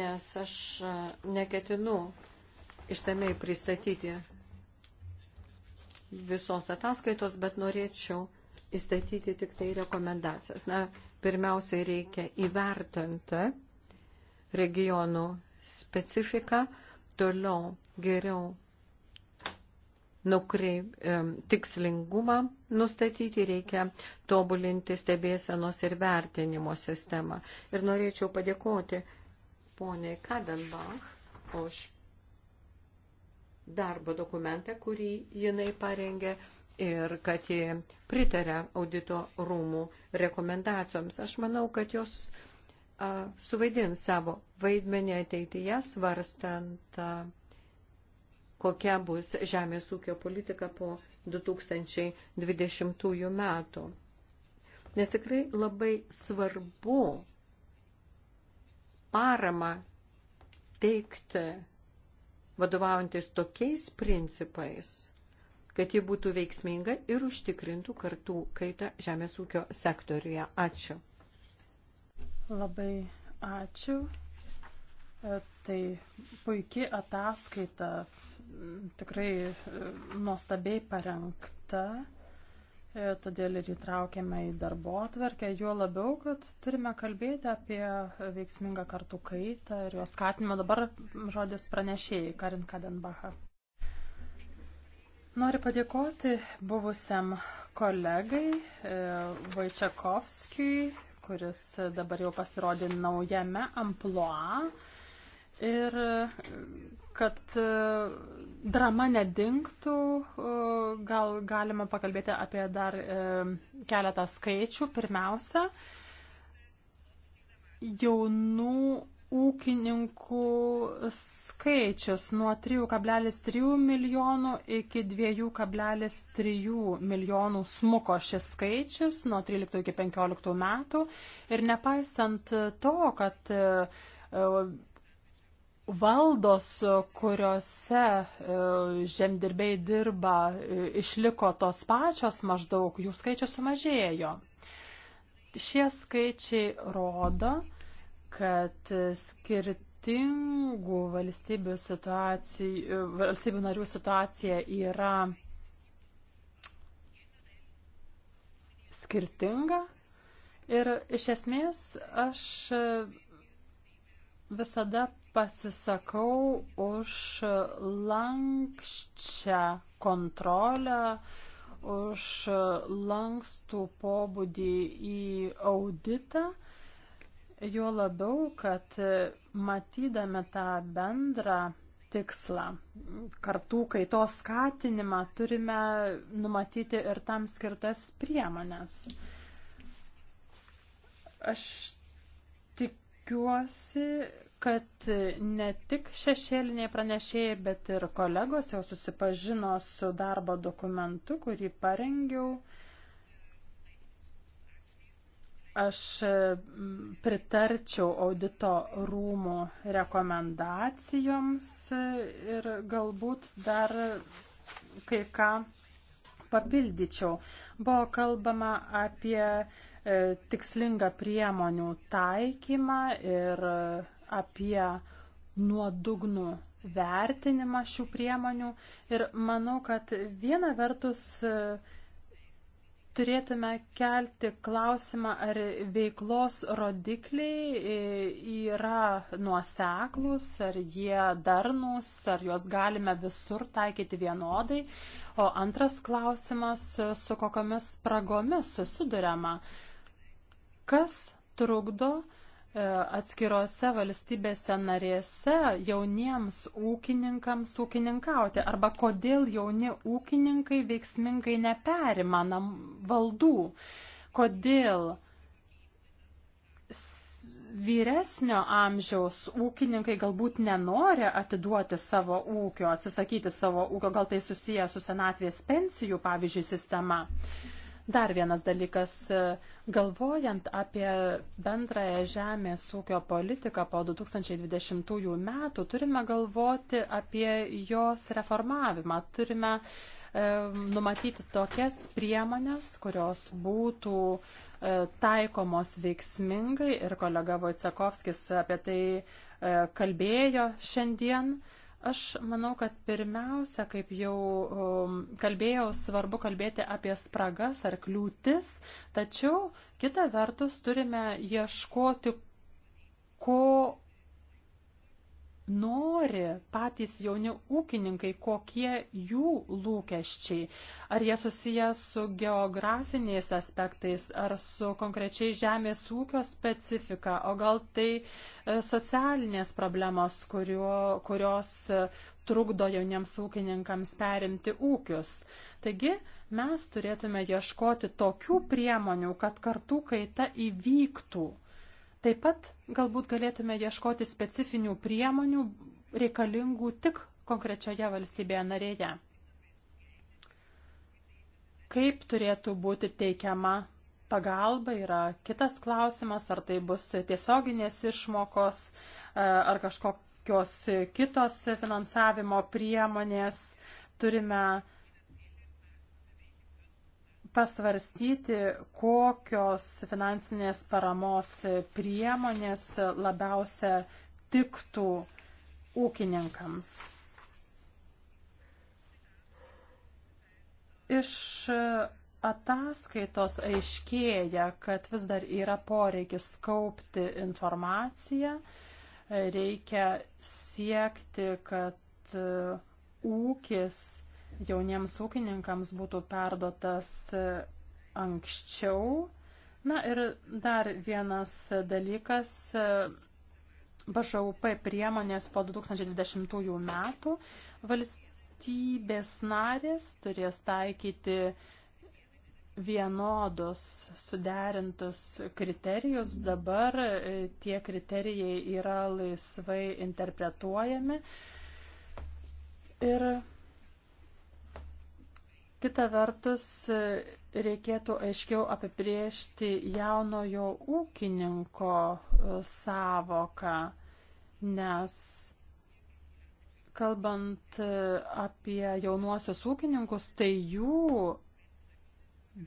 nes aš e, neketinu išsamei pristatyti visos ataskaitos, bet norėčiau įstatyti tik tai rekomendacijas. Na, pirmiausiai reikia įvertinti regionų specifiką, toliau geriau nukreip, tikslingumą nustatyti, reikia tobulinti stebėsenos ir vertinimo sistemą. Ir norėčiau padėkoti poniai Kadenbach už darbo dokumentą, kurį jinai parengė ir kad jie pritarė audito rūmų rekomendacijoms. Aš manau, kad jos a, suvaidins savo vaidmenį ateityje svarstant. A, kokia bus žemės ūkio politika po 2020 metų. Nes tikrai labai svarbu paramą teikti vadovaujantis tokiais principais, kad ji būtų veiksminga ir užtikrintų kartų kaitą žemės ūkio sektoriuje. Ačiū. Labai ačiū. E, tai puikiai ataskaita tikrai e, nuostabiai parengta, e, todėl ir įtraukėme į darbo atverkę, juo labiau, kad turime kalbėti apie veiksmingą kartų kaitą ir jos skatinimą. Dabar žodis pranešėjai Karin Kadenbacha. Noriu padėkoti buvusiam kolegai e, Vaičiakovskijui, kuris dabar jau pasirodė naujame amploa ir kad e, drama nedingtų, e, gal galima pakalbėti apie dar e, keletą skaičių. Pirmiausia, jaunų ūkininkų skaičius nuo 3,3 milijonų iki 2,3 milijonų smuko šis skaičius nuo 13 iki 15 metų. Ir nepaisant to, kad valdos, kuriuose e, žemdirbiai dirba, e, išliko tos pačios maždaug, jų skaičius sumažėjo. Šie skaičiai rodo, kad skirtingų valstybių, e, valstybių narių situacija yra skirtinga. Ir iš esmės aš visada pasisakau už lankščią kontrolę, už lankstų pobūdį į auditą. Juo labiau, kad matydami tą bendrą tikslą, kartų kaitos skatinimą, turime numatyti ir tam skirtas priemonės. Aš tikiuosi, kad ne tik šešėliniai pranešėjai, bet ir kolegos jau susipažino su darbo dokumentu, kurį parengiau. Aš pritarčiau audito rūmų rekomendacijoms ir galbūt dar kai ką papildyčiau. Buvo kalbama apie e, tikslingą priemonių taikymą ir apie nuodugnų vertinimą šių priemonių ir manau, kad viena vertus e, turėtume kelti klausimą, ar veiklos rodikliai e, yra nuoseklus, ar jie darnus, ar juos galime visur taikyti vienodai. O antras klausimas, e, su kokiamis spragomis susidurėma. Kas trukdo E, atskirose valstybėse narėse jauniems ūkininkams ūkininkauti arba kodėl jauni ūkininkai veiksmingai neperima nam, valdų, kodėl vyresnio amžiaus ūkininkai galbūt nenori atiduoti savo ūkio, atsisakyti savo ūkio, gal tai susiję su senatvės pensijų, pavyzdžiui, sistema. Dar vienas dalykas Galvojant apie bendrąją žemės ūkio politiką po 2020 metų, turime galvoti apie jos reformavimą. Turime e, numatyti tokias priemonės, kurios būtų e, taikomos veiksmingai ir kolega Vojcekovskis apie tai e, kalbėjo šiandien. E, Aš manau, kad pirmiausia, kaip jau um, kalbėjau, svarbu kalbėti apie spragas ar kliūtis, tačiau kita vertus turime ieškoti, ko nori patys jauni ūkininkai, kokie jų lūkesčiai, ar jie susiję su geografiniais aspektais, ar su konkrečiai žemės ūkio specifika, o gal tai e, socialinės problemos, kurio, kurios e, trukdo jauniems ūkininkams perimti ūkius. Taigi mes turėtume ieškoti tokių priemonių, kad kartų kaita įvyktų. Taip pat galbūt galėtume ieškoti specifinių priemonių reikalingų tik konkrečioje valstybėje narėje. Kaip turėtų būti teikiama pagalba yra kitas klausimas, ar tai bus tiesioginės išmokos, e, ar kažkokios kitos finansavimo priemonės. Turime uh, pasvarstyti, kokios finansinės paramos priemonės labiausia tiktų ūkininkams. Iš ataskaitos aiškėja, kad vis dar yra poreikis kaupti informaciją, reikia siekti, kad ūkis jauniems ūkininkams būtų perdotas anksčiau. Na ir dar vienas dalykas. BŽUP priemonės po 2020 metų valstybės narės turės taikyti vienodus suderintus kriterijus. Dabar e, tie kriterijai yra laisvai interpretuojami. Ir Kita vertus, reikėtų aiškiau apibriežti jaunojo ūkininko e, savoką, nes kalbant e, apie jaunuosius ūkininkus, tai jų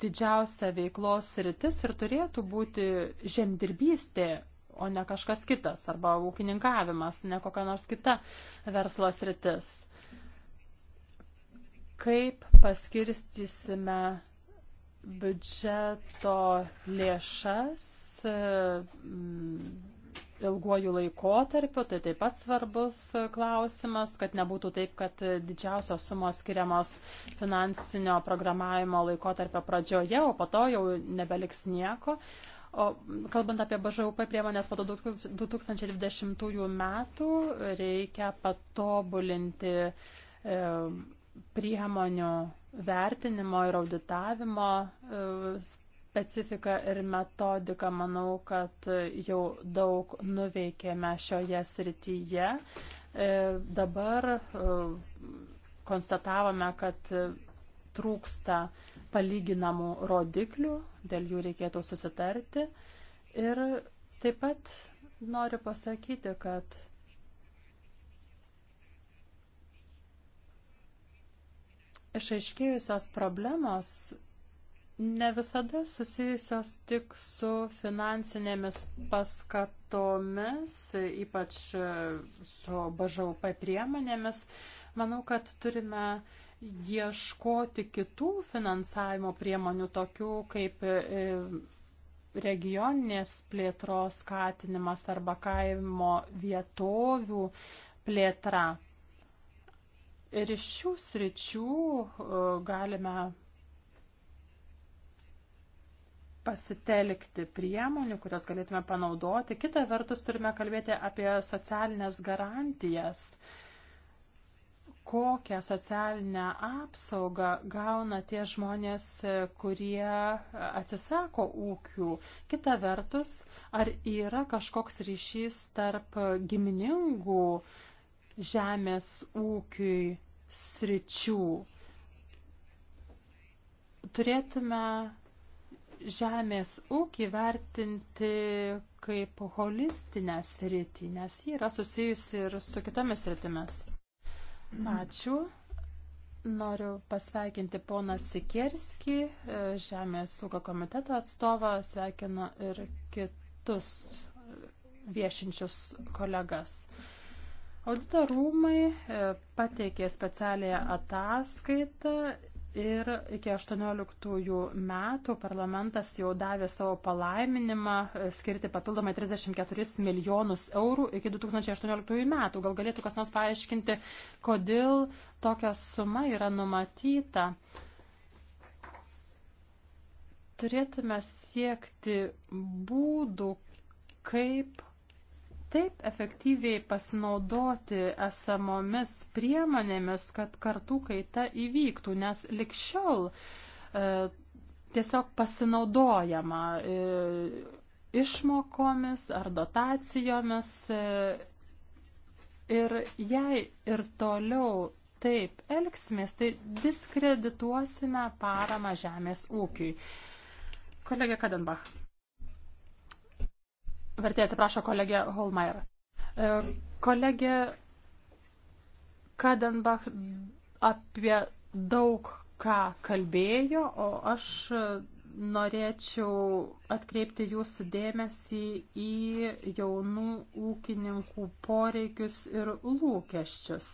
didžiausia veiklos sritis ir turėtų būti žemdirbystė, o ne kažkas kitas arba ūkininkavimas, ne kokia nors kita verslo sritis kaip paskirstysime biudžeto lėšas mm, ilguoju laikotarpiu, tai taip pat svarbus klausimas, kad nebūtų taip, kad didžiausios sumos skiriamos finansinio programavimo laikotarpio pradžioje, o po to jau nebeliks nieko. O kalbant apie BŽUP priemonės po 2020 metų, reikia patobulinti e, priemonių vertinimo ir auditavimo e, specifika ir metodika, manau, kad jau daug nuveikėme šioje srityje. E, dabar e, konstatavome, kad trūksta palyginamų rodiklių, dėl jų reikėtų susitarti. Ir taip pat noriu pasakyti, kad išaiškėjusios problemos ne visada susijusios tik su finansinėmis paskatomis, ypač e, su BŽUP priemonėmis. Manau, kad turime ieškoti kitų finansavimo priemonių, tokių kaip e, regioninės plėtros skatinimas arba kaimo vietovių plėtra. Ir iš šių sričių e, galime pasitelkti priemonių, kurias galėtume panaudoti. Kita vertus, turime kalbėti apie socialinės garantijas. Kokią socialinę apsaugą gauna tie žmonės, kurie atsisako ūkių. Kita vertus, ar yra kažkoks ryšys tarp giminingų uh, žemės ūkiui sričių. Turėtume žemės ūkį vertinti kaip holistinę sritį, nes ji yra susijusi ir su kitomis sritimis. Ačiū. Noriu pasveikinti poną Sikerskį, e, Žemės ūkio komiteto atstovą, sveikinu ir kitus e, viešinčius kolegas. Audito rūmai e, pateikė specialiąją ataskaitą ir iki 18 metų parlamentas jau davė savo palaiminimą e, skirti papildomai 34 milijonus eurų iki 2018 metų. Gal galėtų kas nors paaiškinti, kodėl tokia suma yra numatyta? Turėtume siekti būdų, kaip taip efektyviai pasinaudoti esamomis priemonėmis, kad kartų kaita įvyktų, nes likščiol e, tiesiog pasinaudojama e, išmokomis ar dotacijomis e, ir jei ir toliau taip elgsimės, tai diskredituosime paramą žemės ūkiui. Kolega Kadenbach. Vertė atsiprašo kolegė Holmeier. E, kolegė Kadenbach apie daug ką kalbėjo, o aš norėčiau atkreipti jūsų dėmesį į jaunų ūkininkų poreikius ir lūkesčius.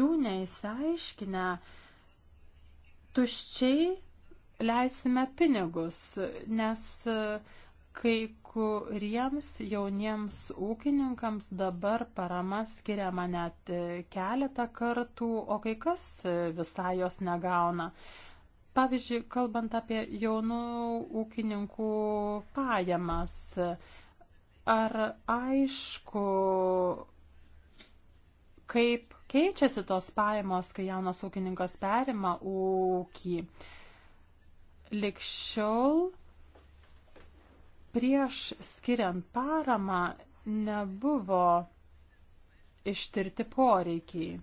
Jų neįsiaiškinę tuščiai leisime pinigus, nes uh, Kai kuriems jauniems ūkininkams dabar parama skiriama net keletą kartų, o kai kas visai jos negauna. Pavyzdžiui, kalbant apie jaunų ūkininkų pajamas, ar aišku, kaip keičiasi tos pajamos, kai jaunas ūkininkas perima ūkį. Likščiol prieš skiriant paramą nebuvo ištirti poreikiai.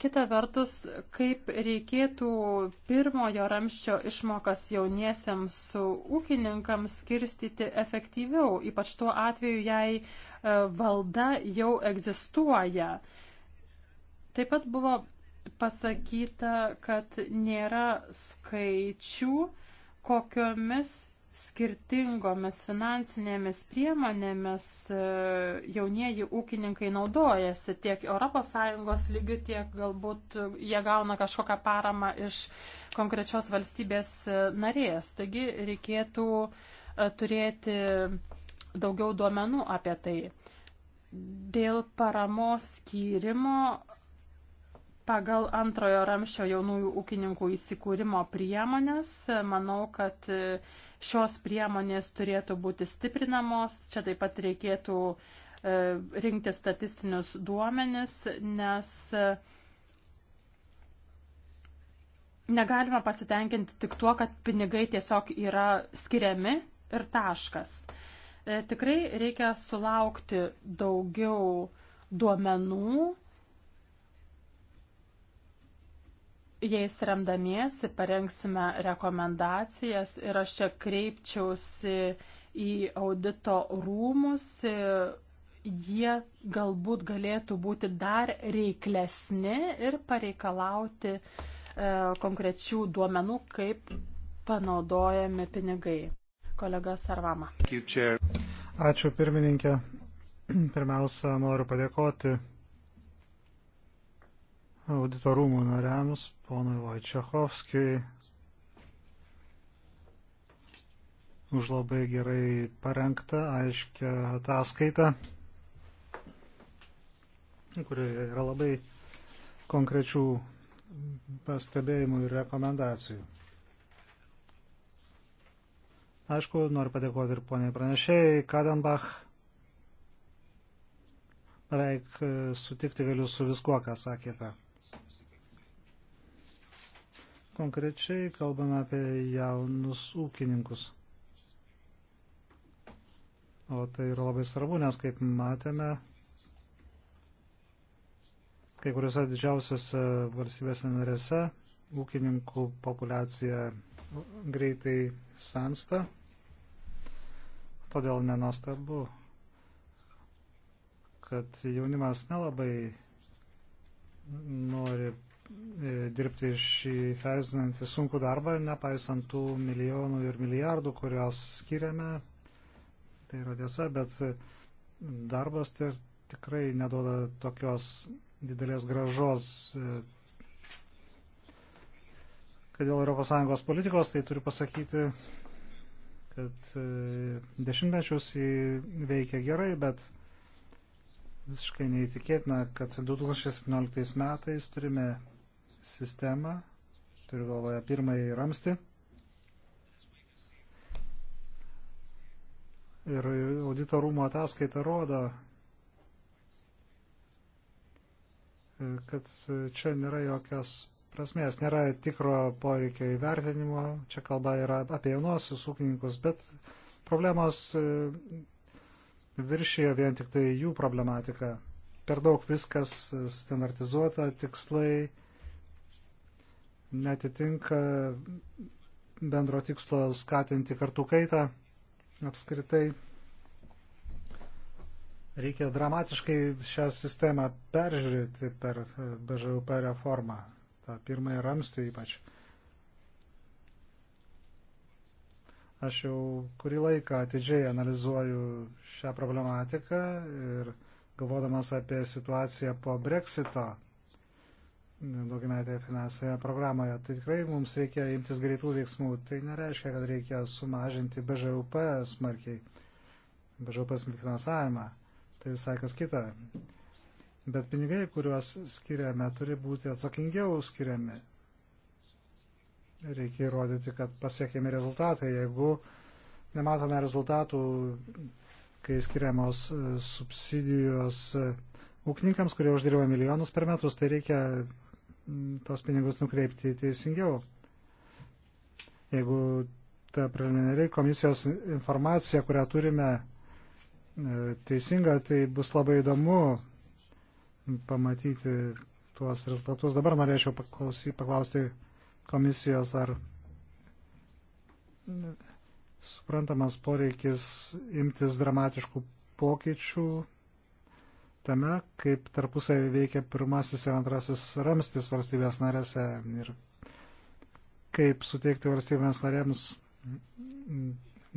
Kita vertus, kaip reikėtų pirmojo ramščio išmokas jauniesiems su ūkininkams skirstyti efektyviau, ypač tuo atveju, jei e, valda jau egzistuoja. Taip pat buvo pasakyta, kad nėra skaičių, kokiomis skirtingomis finansinėmis priemonėmis e, jaunieji ūkininkai naudojasi tiek ES lygių, tiek galbūt jie gauna kažkokią paramą iš konkrečios valstybės e, narės. Taigi reikėtų e, turėti daugiau duomenų apie tai. Dėl paramos skyrimo pagal antrojo ramščio jaunųjų ūkininkų įsikūrimo priemonės. Manau, kad e, šios priemonės turėtų būti stiprinamos. Čia taip pat reikėtų e, rinkti statistinius duomenis, nes e, negalima pasitenkinti tik tuo, kad pinigai tiesiog yra skiriami ir taškas. Tikrai reikia sulaukti daugiau duomenų jais remdamiesi parengsime rekomendacijas ir aš čia kreipčiausi į audito rūmus. Jie galbūt galėtų būti dar reiklesni ir pareikalauti e, konkrečių duomenų, kaip panaudojami pinigai. Kolega Sarvama. Ačiū pirmininkė. (clears throat) Pirmiausia, noriu padėkoti auditorumų nariams, ponui Vojčiachovskijui, už labai gerai parengtą, aiškę ataskaitą, kurioje yra labai konkrečių pastebėjimų ir rekomendacijų. Aišku, noriu padėkoti ir poniai pranešėjai Kadenbach. Beveik e, sutikti galiu su viskuo, ką sakėte. Konkrečiai kalbame apie jaunus ūkininkus. O tai yra labai svarbu, nes kaip matėme, kai kuriuose didžiausiose valstybėse narėse ūkininkų populiacija greitai sensta. Todėl nenostabu, kad jaunimas nelabai nori e, dirbti šį erzinantį sunkų darbą, nepaisant tų milijonų ir milijardų, kurios skiriame. Tai yra tiesa, bet darbas tai tikrai neduoda tokios didelės gražos. E, kad dėl ES politikos, tai turiu pasakyti, kad e, dešimtmečius jį veikia gerai, bet visiškai neįtikėtina, kad 2017 metais turime sistemą, turiu galvoje pirmąjį ramstį. Ir audito rūmo ataskaita rodo, kad čia nėra jokios prasmės, nėra tikro poreikio įvertinimo, čia kalba yra apie jaunosius ūkininkus, bet problemos viršyje vien tik tai jų problematika. Per daug viskas standartizuota, tikslai netitinka bendro tikslo skatinti kartų kaitą. Apskritai reikia dramatiškai šią sistemą peržiūrėti per BŽUP reformą, tą pirmąją ramstį ypač. Aš jau kurį laiką atidžiai analizuoju šią problematiką ir galvodamas apie situaciją po breksito daugiametėje finansinėje programoje. Tai tikrai mums reikia imtis greitų veiksmų. Tai nereiškia, kad reikia sumažinti BŽUP smarkiai, BŽUP finansavimą. Tai visai kas kita. Bet pinigai, kuriuos skiriame, turi būti atsakingiau skiriami reikia įrodyti, kad pasiekėme rezultatai. Jeigu nematome rezultatų, kai skiriamos e, subsidijos e, ūkininkams, kurie uždirba milijonus per metus, tai reikia tos pinigus nukreipti teisingiau. Jeigu ta preliminariai komisijos informacija, kurią turime, e, teisinga, tai bus labai įdomu pamatyti tuos rezultatus. Dabar norėčiau paklausyti, paklausti komisijos ar suprantamas poreikis imtis dramatiškų pokyčių tame, kaip tarpusai veikia pirmasis ir antrasis ramstis valstybės narėse ir kaip suteikti valstybės narėms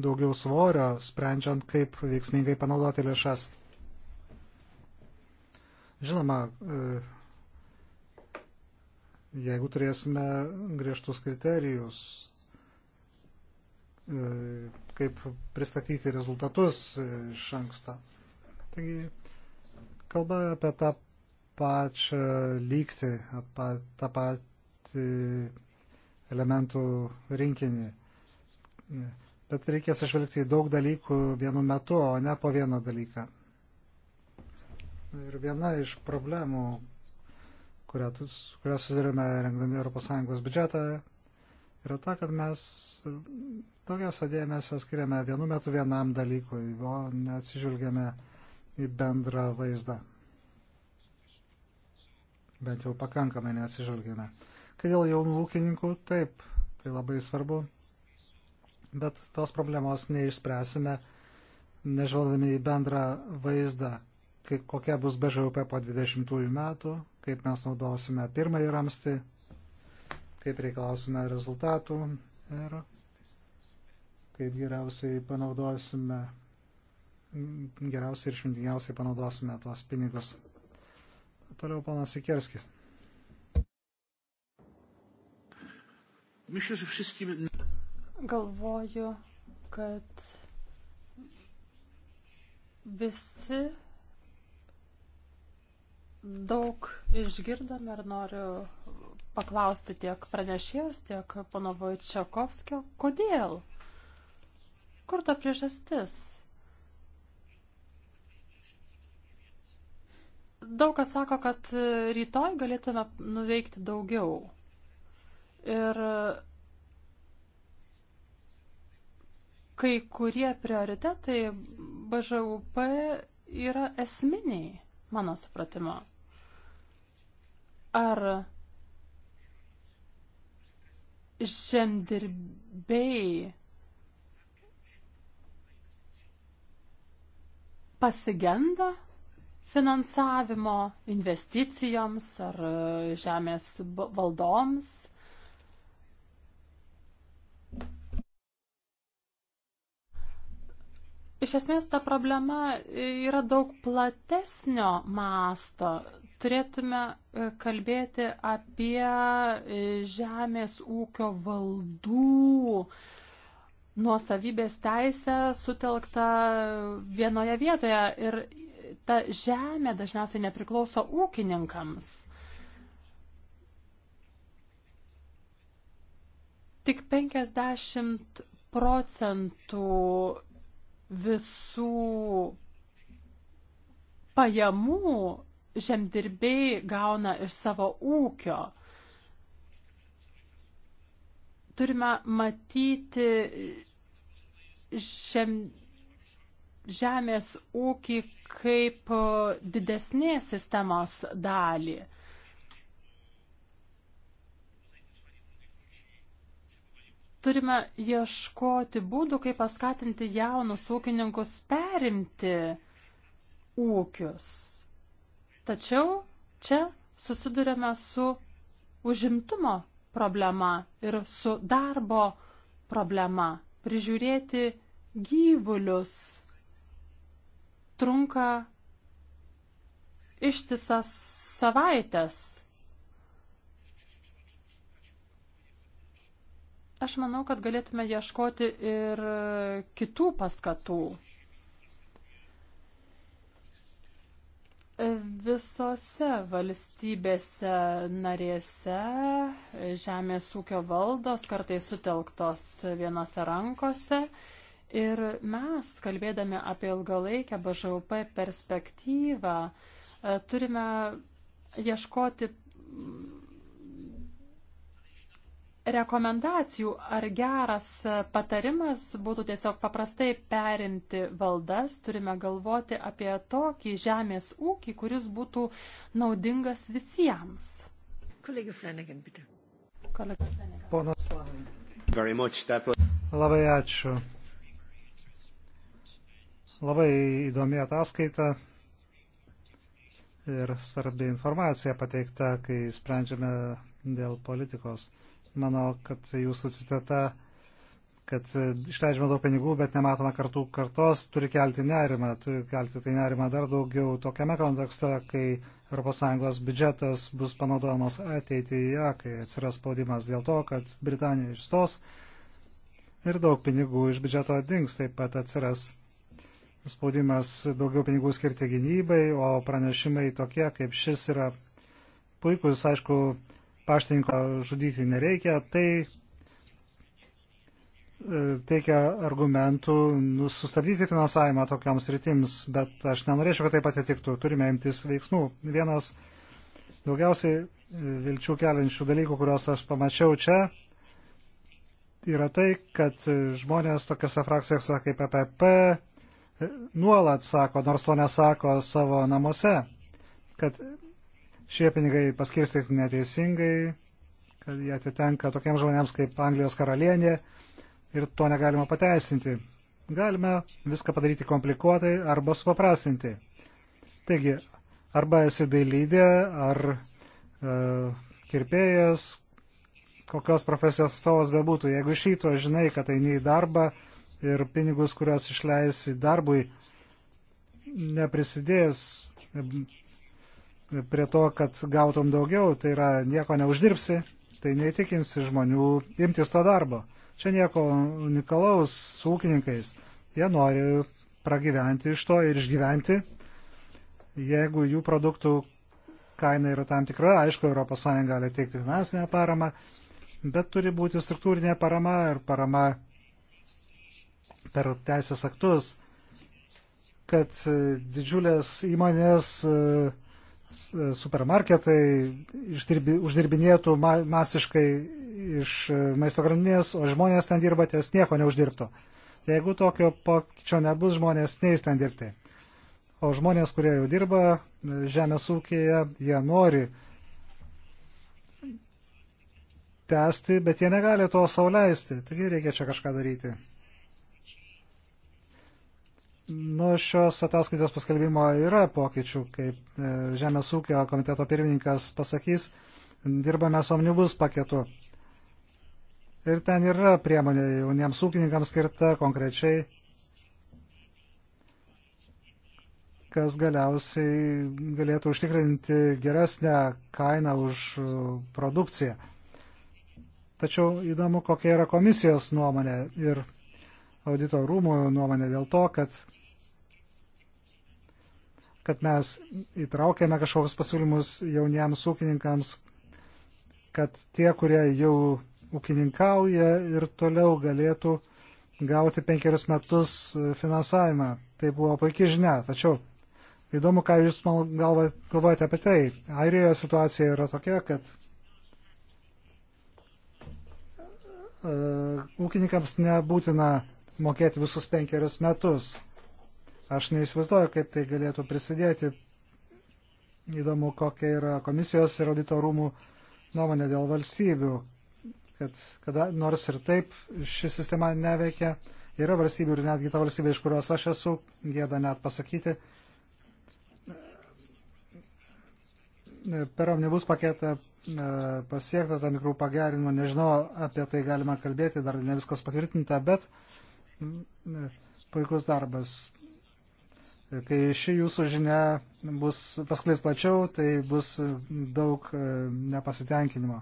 daugiau svorio, sprendžiant, kaip veiksmingai panaudoti lėšas. Žinoma, Jeigu turėsime griežtus kriterijus, e, kaip pristatyti rezultatus iš anksto. Taigi, kalba apie tą pačią lygti, apie tą patį elementų rinkinį. Bet reikės išvelgti į daug dalykų vienu metu, o ne po vieną dalyką. Ir viena iš problemų, kurią, kurią susidurime rengdami ES biudžetą, yra ta, kad mes daugiausia dėmesio skiriame vienu metu vienam dalykui, o neatsižvelgiame į bendrą vaizdą. Bent jau pakankamai neatsižvelgiame. Kai dėl jaunų ūkininkų, taip, tai labai svarbu, bet tos problemos neišspręsime, nežvelgdami į bendrą vaizdą, kai kokia bus BŽUP po 20 metų, kaip mes naudosime pirmąjį ramstį, kaip reikalausime rezultatų ir kaip geriausiai panaudosime, geriausiai ir šimtingiausiai panaudosime tuos pinigus. Toliau panas Sikerskis. Myślę, że wszystkim. Galvoju, kad visi daug išgirdome ir noriu paklausti tiek pranešėjos, tiek pono Vojčiakovskio, kodėl? Kur ta priežastis? Daug kas sako, kad rytoj galėtume nuveikti daugiau. Ir kai kurie prioritetai BŽUP yra esminiai, mano supratimo ar žemdirbiai pasigenda finansavimo investicijoms ar žemės valdoms. Iš esmės ta problema yra daug platesnio masto turėtume e, kalbėti apie e, žemės ūkio valdų nuosavybės teisę sutelktą vienoje vietoje ir ta žemė dažniausiai nepriklauso ūkininkams. Tik 50 procentų visų pajamų žemdirbiai gauna iš savo ūkio. Turime matyti žem, žemės ūkį kaip didesnės sistemos dalį. turime ieškoti būdų, kaip paskatinti jaunus ūkininkus perimti ūkius. Tačiau čia susidurėme su užimtumo problema ir su darbo problema. Prižiūrėti gyvulius trunka ištisas savaitės. Aš manau, kad galėtume ieškoti ir kitų paskatų. Visose valstybėse narėse žemės ūkio valdos kartai sutelktos vienose rankose ir mes, kalbėdami apie ilgalaikę BŽUP perspektyvą, turime ieškoti rekomendacijų ar geras patarimas būtų tiesiog paprastai perimti valdas, turime galvoti apie tokį žemės ūkį, kuris būtų naudingas visiems. Kolegė Flanagan, bitė. Kolega Flanagan. Ponas Flanagan. Labai ačiū. Labai įdomi ataskaita ir svarbi informacija pateikta, kai sprendžiame dėl politikos manau, kad jūsų citata, kad išleidžiame daug pinigų, bet nematome kartų kartos, turi kelti nerimą, turi kelti tai nerimą dar daugiau tokiame kontekste, kai ES biudžetas bus panaudojamas ateityje, kai atsiras spaudimas dėl to, kad Britanija išstos ir daug pinigų iš biudžeto dings, taip pat atsiras spaudimas daugiau pinigų skirti gynybai, o pranešimai tokie kaip šis yra puikus, aišku, paštininko žudyti nereikia, tai e, teikia argumentų nu, sustabdyti finansavimą tokiams rytims, bet aš nenorėčiau, kad taip atitiktų. Turime imtis veiksmų. Vienas daugiausiai e, vilčių keliančių dalykų, kuriuos aš pamačiau čia, yra tai, kad e, žmonės tokiose frakcijose kaip EPP nuolat sako, nors to nesako savo namuose, kad šie pinigai paskirstyti neteisingai, kad jie atitenka tokiems žmonėms kaip Anglijos karalienė ir to negalima pateisinti. Galime viską padaryti komplikuotai arba supaprastinti. Taigi, arba esi dailydė, ar e, kirpėjas, kokios profesijos atstovas bebūtų. Jeigu iš ryto žinai, kad eini į darbą ir pinigus, kuriuos išleisi darbui, neprisidės prie to, kad gautum daugiau, tai yra nieko neuždirbsi, tai neįtikinsi žmonių imtis to darbo. Čia nieko unikalaus su ūkininkais. Jie nori pragyventi iš to ir išgyventi, jeigu jų produktų kaina yra tam tikra, aišku, ES gali teikti finansinę paramą, bet turi būti struktūrinė parama ir parama per teisės aktus, kad didžiulės įmonės uh, supermarketai išdirbi, uždirbinėtų ma, masiškai iš e, maisto grandinės, o žmonės ten dirba ties nieko neuždirbtų. Jeigu tokio pokyčio nebus, žmonės neįs ten dirbti. O žmonės, kurie jau dirba e, žemės ūkėje, jie nori tęsti, bet jie negali to sauliaisti. Taigi reikia čia kažką daryti. Nuo šios ataskaitos paskelbimo yra pokyčių, kaip e, Žemės ūkio komiteto pirmininkas pasakys, dirbame su omnibus paketu. Ir ten yra priemonė jauniems ūkininkams skirta konkrečiai, kas galiausiai galėtų užtikrinti geresnę kainą už e, produkciją. Tačiau įdomu, kokia yra komisijos nuomonė ir audito rūmų nuomonė dėl to, kad kad mes įtraukėme kažkokius pasiūlymus jauniems ūkininkams, kad tie, kurie jau ūkininkauja ir toliau galėtų gauti penkerius metus finansavimą. Tai buvo puikiai žinia, tačiau įdomu, ką Jūs man galvojate apie tai. Airijoje situacija yra tokia, kad uh, ūkininkams nebūtina mokėti visus penkerius metus. Aš neįsivaizduoju, kaip tai galėtų prisidėti. Įdomu, kokia yra komisijos ir audito rūmų nuomonė dėl valstybių. Kad, kada, nors ir taip ši sistema neveikia, yra valstybių ir netgi ta valstybė, iš kurios aš esu, gėda net pasakyti. Per omnibus paketą e, pasiekta tam tikrų pagerinimų, nežinau, apie tai galima kalbėti, dar ne viskas patvirtinta, bet puikus darbas. Kai ši jūsų žinia bus paskleis plačiau, tai bus daug e, nepasitenkinimo.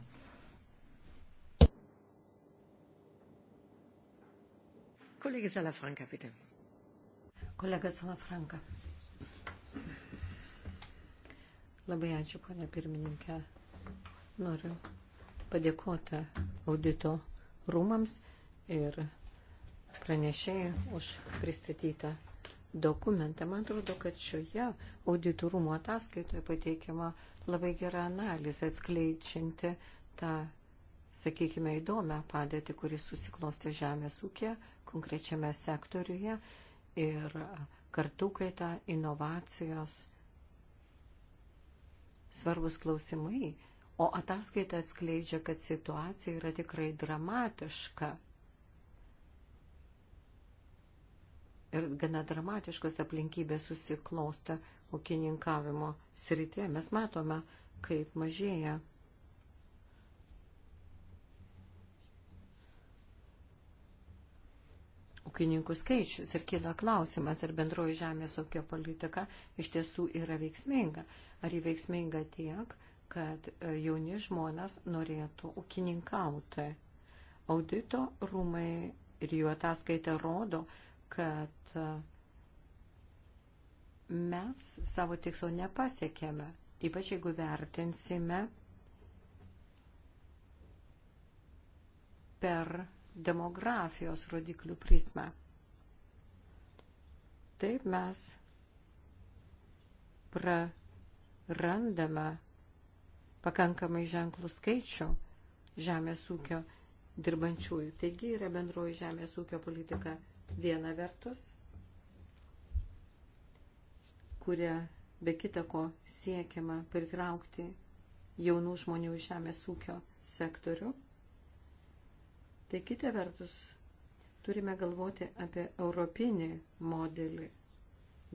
Kollege Salafranca, bitte. Kolega Salafranca. Labai ačiū, ponia pirmininkė. Noriu padėkoti audito rūmams ir pranešėjai už pristatytą dokumentą. Man atrodo, kad šioje auditorumo ataskaitoje pateikiama labai gera analizė atskleidžianti tą, sakykime, įdomią padėtį, kuris susiklosti žemės ūkė konkrečiame sektoriuje ir kartu kaita inovacijos svarbus klausimai. O ataskaita atskleidžia, kad situacija yra tikrai dramatiška ir gana dramatiškas aplinkybės susiklosta ūkininkavimo srityje. Mes matome, kaip mažėja ūkininkų skaičius ir kyla klausimas, ar bendroji žemės ūkio politika iš tiesų yra veiksminga. Ar ji veiksminga tiek, kad e, jauni žmonės norėtų ūkininkauti. Audito rūmai ir jų ataskaita rodo, kad e, mes savo tikslo nepasiekėme, ypač jeigu vertinsime per demografijos rodiklių prizmę. Taip mes prarandame pakankamai ženklų skaičių žemės ūkio dirbančiųjų. Taigi yra bendroji žemės ūkio politika viena vertus, kuria be kita ko siekiama pritraukti jaunų žmonių žemės ūkio sektorių. Tai kita vertus, turime galvoti apie europinį modelį,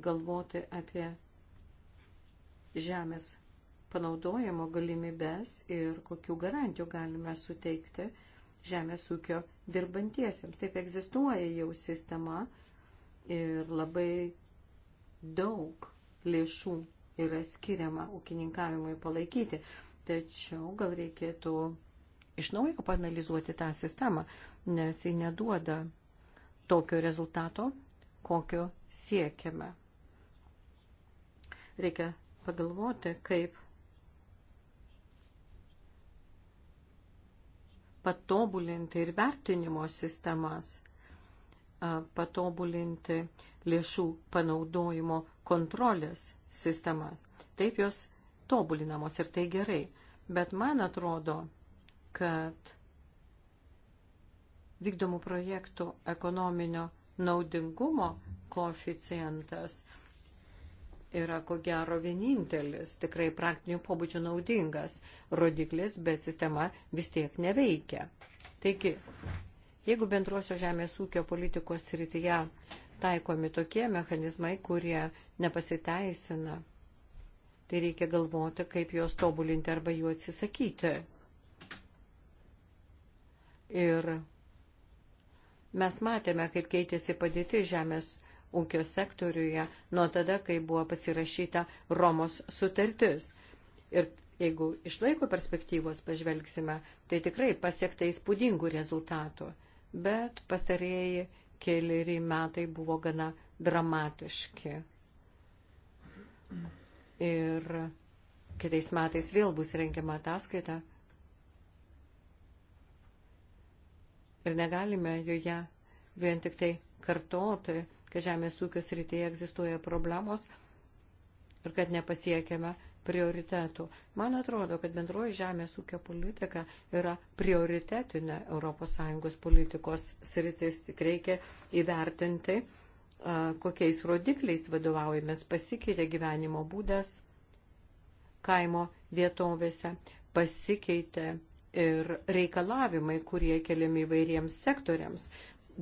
galvoti apie žemės panaudojimo galimybės ir kokių garantijų galime suteikti žemės ūkio dirbantiesiems. Taip egzistuoja jau sistema ir labai daug lėšų yra skiriama ūkininkavimui palaikyti. Tačiau gal reikėtų iš naujo panalizuoti tą sistemą, nes ji neduoda tokio rezultato, kokio siekiame. Reikia pagalvoti, kaip patobulinti ir vertinimo sistemas, patobulinti lėšų panaudojimo kontrolės sistemas. Taip jos tobulinamos ir tai gerai. Bet man atrodo, kad vykdomų projektų ekonominio naudingumo koeficientas yra ko gero vienintelis, tikrai praktinių pobūdžių naudingas rodiklis, bet sistema vis tiek neveikia. Taigi, jeigu bendruosios žemės ūkio politikos srityje taikomi tokie mechanizmai, kurie nepasiteisina, tai reikia galvoti, kaip juos tobulinti arba jų atsisakyti. Ir mes matėme, kaip keitėsi padėti žemės ūkio sektoriuje nuo tada, kai buvo pasirašyta Romos sutartis. Ir jeigu iš laiko perspektyvos pažvelgsime, tai tikrai pasiekta įspūdingų rezultatų. Bet pastarėjai keliari metai buvo gana dramatiški. Ir kitais metais vėl bus rengiama ataskaita. Ir negalime joje vien tik tai kartoti kad žemės ūkio srityje egzistuoja problemos ir kad nepasiekiame prioritetų. Man atrodo, kad bendroji žemės ūkio politika yra prioritetinė ES politikos sritis. Tik reikia įvertinti, kokiais rodikliais vadovaujamės pasikeitė gyvenimo būdas kaimo vietovėse, pasikeitė ir reikalavimai, kurie keliami įvairiems sektoriams.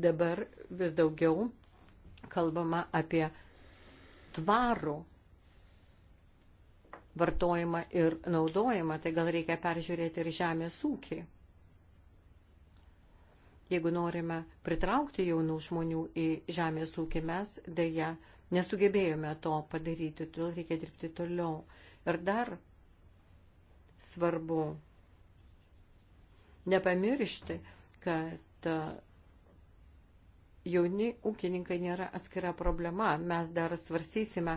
Dabar vis daugiau kalbama apie tvarų vartojimą ir naudojimą, tai gal reikia peržiūrėti ir žemės ūkį. Jeigu norime pritraukti jaunų žmonių į žemės ūkį, mes dėja nesugebėjome to padaryti, todėl reikia dirbti toliau. Ir dar svarbu nepamiršti, kad jauni ūkininkai nėra atskira problema. Mes dar svarstysime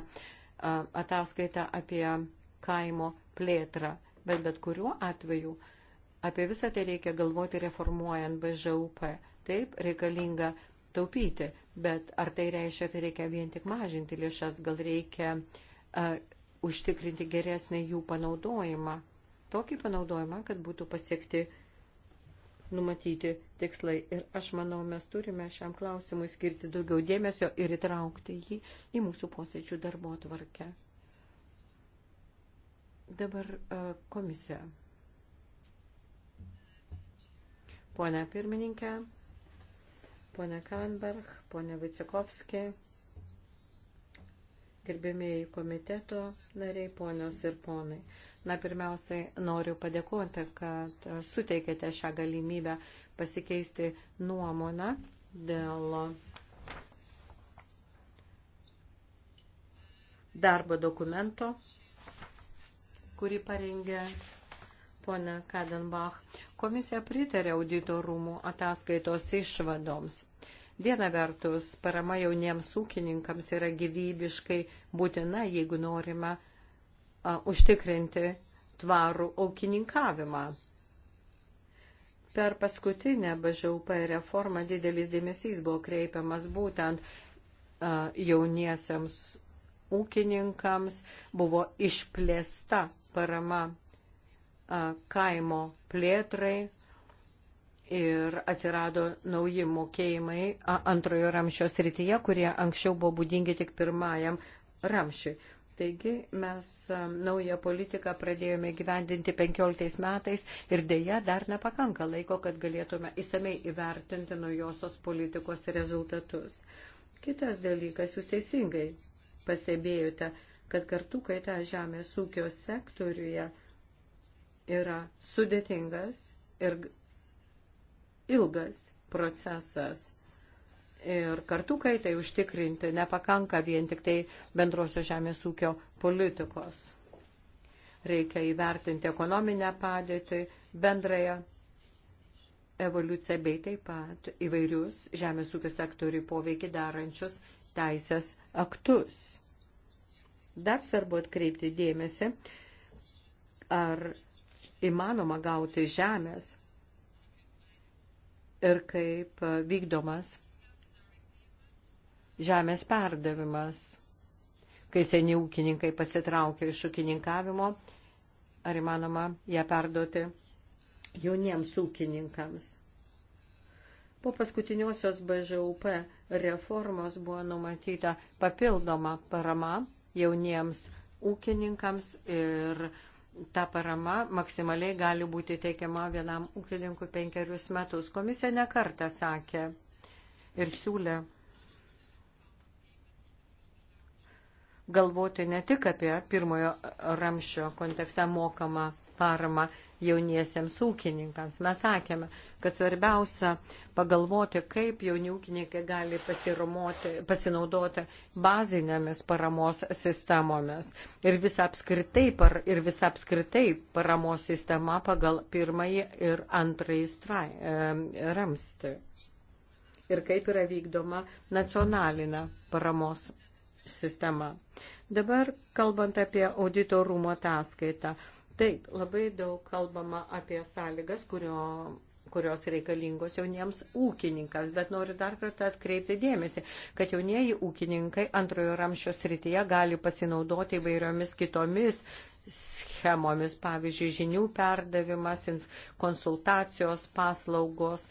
ataskaitą apie kaimo plėtrą, bet bet kuriuo atveju apie visą tai reikia galvoti reformuojant BŽUP. Taip, reikalinga taupyti, bet ar tai reiškia, kad reikia vien tik mažinti lėšas, gal reikia uh, užtikrinti geresnį jų panaudojimą. Tokį panaudojimą, kad būtų pasiekti numatyti tikslai. Ir aš manau, mes turime šiam klausimui skirti daugiau dėmesio ir įtraukti jį į mūsų posėdžių darbo tvarkę. Dabar e, komisija. Pone pirmininkė, pone Kalenberg, pone Vicekovskiai gerbėmėjai komiteto nariai, ponios ir ponai. Na, pirmiausiai noriu padėkoti, kad suteikėte šią galimybę pasikeisti nuomonę dėl darbo dokumento, kurį parengė ponia Kadenbach. Komisija pritarė audito rūmų ataskaitos išvadoms. Viena vertus, parama jauniems ūkininkams yra gyvybiškai būtina, jeigu norima a, užtikrinti tvarų ūkininkavimą. Per paskutinę BŽUP reformą didelis dėmesys buvo kreipiamas būtent a, jauniesiams ūkininkams, buvo išplėsta parama a, kaimo plėtrai, ir atsirado nauji mokėjimai antrojo ramščio srityje, kurie anksčiau buvo būdingi tik pirmajam ramščiui. Taigi mes naują politiką pradėjome gyvendinti 15 metais ir dėja dar nepakanka laiko, kad galėtume įsamei įvertinti naujosios politikos rezultatus. Kitas dalykas, jūs teisingai pastebėjote, kad kartu kaita žemės ūkio sektoriuje yra sudėtingas ir ilgas procesas. Ir kartu, kai tai užtikrinti, nepakanka vien tik tai bendrosios žemės ūkio politikos. Reikia įvertinti ekonominę padėtį, bendrąją evoliuciją bei taip pat įvairius žemės ūkio sektorių poveikį darančius teisės aktus. Dar svarbu atkreipti dėmesį, ar įmanoma gauti žemės ir kaip e, vykdomas žemės perdavimas, kai seni ūkininkai pasitraukia iš ūkininkavimo, ar įmanoma ją perduoti jauniems ūkininkams. Po paskutiniosios BŽUP reformos buvo numatyta papildoma parama jauniems ūkininkams ir ūkininkams ta parama maksimaliai gali būti teikiama vienam ūkininkui penkerius metus. Komisija nekartą sakė ir siūlė galvoti ne tik apie pirmojo ramščio kontekste mokamą paramą, jauniesiems ūkininkams. Mes sakėme, kad svarbiausia pagalvoti, kaip jauni ūkininkai gali pasinaudoti bazinėmis paramos sistemomis ir visa apskritai, par, ir visa apskritai paramos sistema pagal pirmąjį ir antrąjį strai, e, ramsti. Ir kaip yra vykdoma nacionalinė paramos sistema. Dabar kalbant apie audito rūmo ataskaitą. Taip, labai daug kalbama apie sąlygas, kurio, kurios reikalingos jauniems ūkininkams, bet noriu dar kartą atkreipti dėmesį, kad jaunieji ūkininkai antrojo ramščio srityje gali pasinaudoti įvairiomis kitomis schemomis, pavyzdžiui, žinių perdavimas, konsultacijos, paslaugos,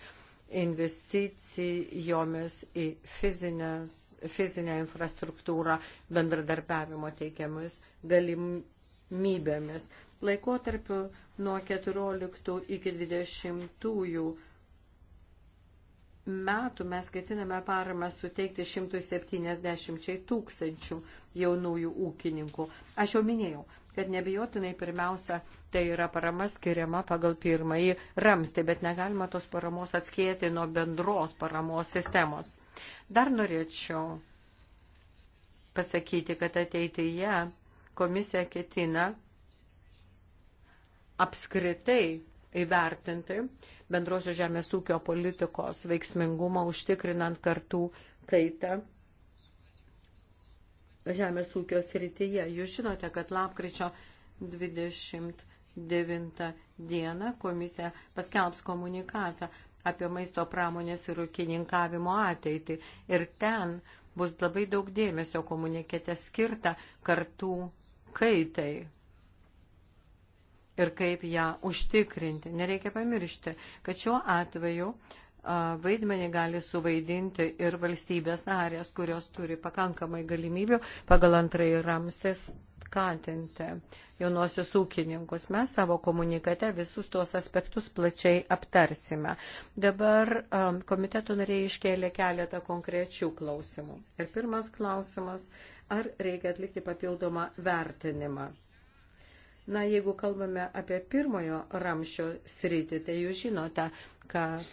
investicijomis į fizinės, fizinę infrastruktūrą, bendradarbiavimo teikiamis galimybėmis laikotarpiu nuo 14 iki 20 metų mes ketiname paramą suteikti 170 tūkstančių jaunųjų ūkininkų. Aš jau minėjau, kad nebijotinai pirmiausia tai yra parama skiriama pagal pirmąjį ramstį, bet negalima tos paramos atskėti nuo bendros paramos sistemos. Dar norėčiau pasakyti, kad ateityje komisija ketina apskritai įvertinti bendrosios žemės ūkio politikos veiksmingumą, užtikrinant kartų kaitą žemės ūkio srityje. Jūs žinote, kad lapkričio 29 dieną komisija paskelbs komunikatą apie maisto pramonės ir ūkininkavimo ateitį. Ir ten bus labai daug dėmesio komunikete skirta kartų kaitai ir kaip ją užtikrinti. Nereikia pamiršti, kad šiuo atveju vaidmenį gali suvaidinti ir valstybės narės, kurios turi pakankamai galimybių pagal antrąjį ramstis skatinti jaunosius ūkininkus. Mes savo komunikate visus tuos aspektus plačiai aptarsime. Dabar um, komiteto nariai iškėlė keletą konkrečių klausimų. Ir pirmas klausimas, ar reikia atlikti papildomą vertinimą Na, jeigu kalbame apie pirmojo ramščio sritį, tai jūs žinote, kad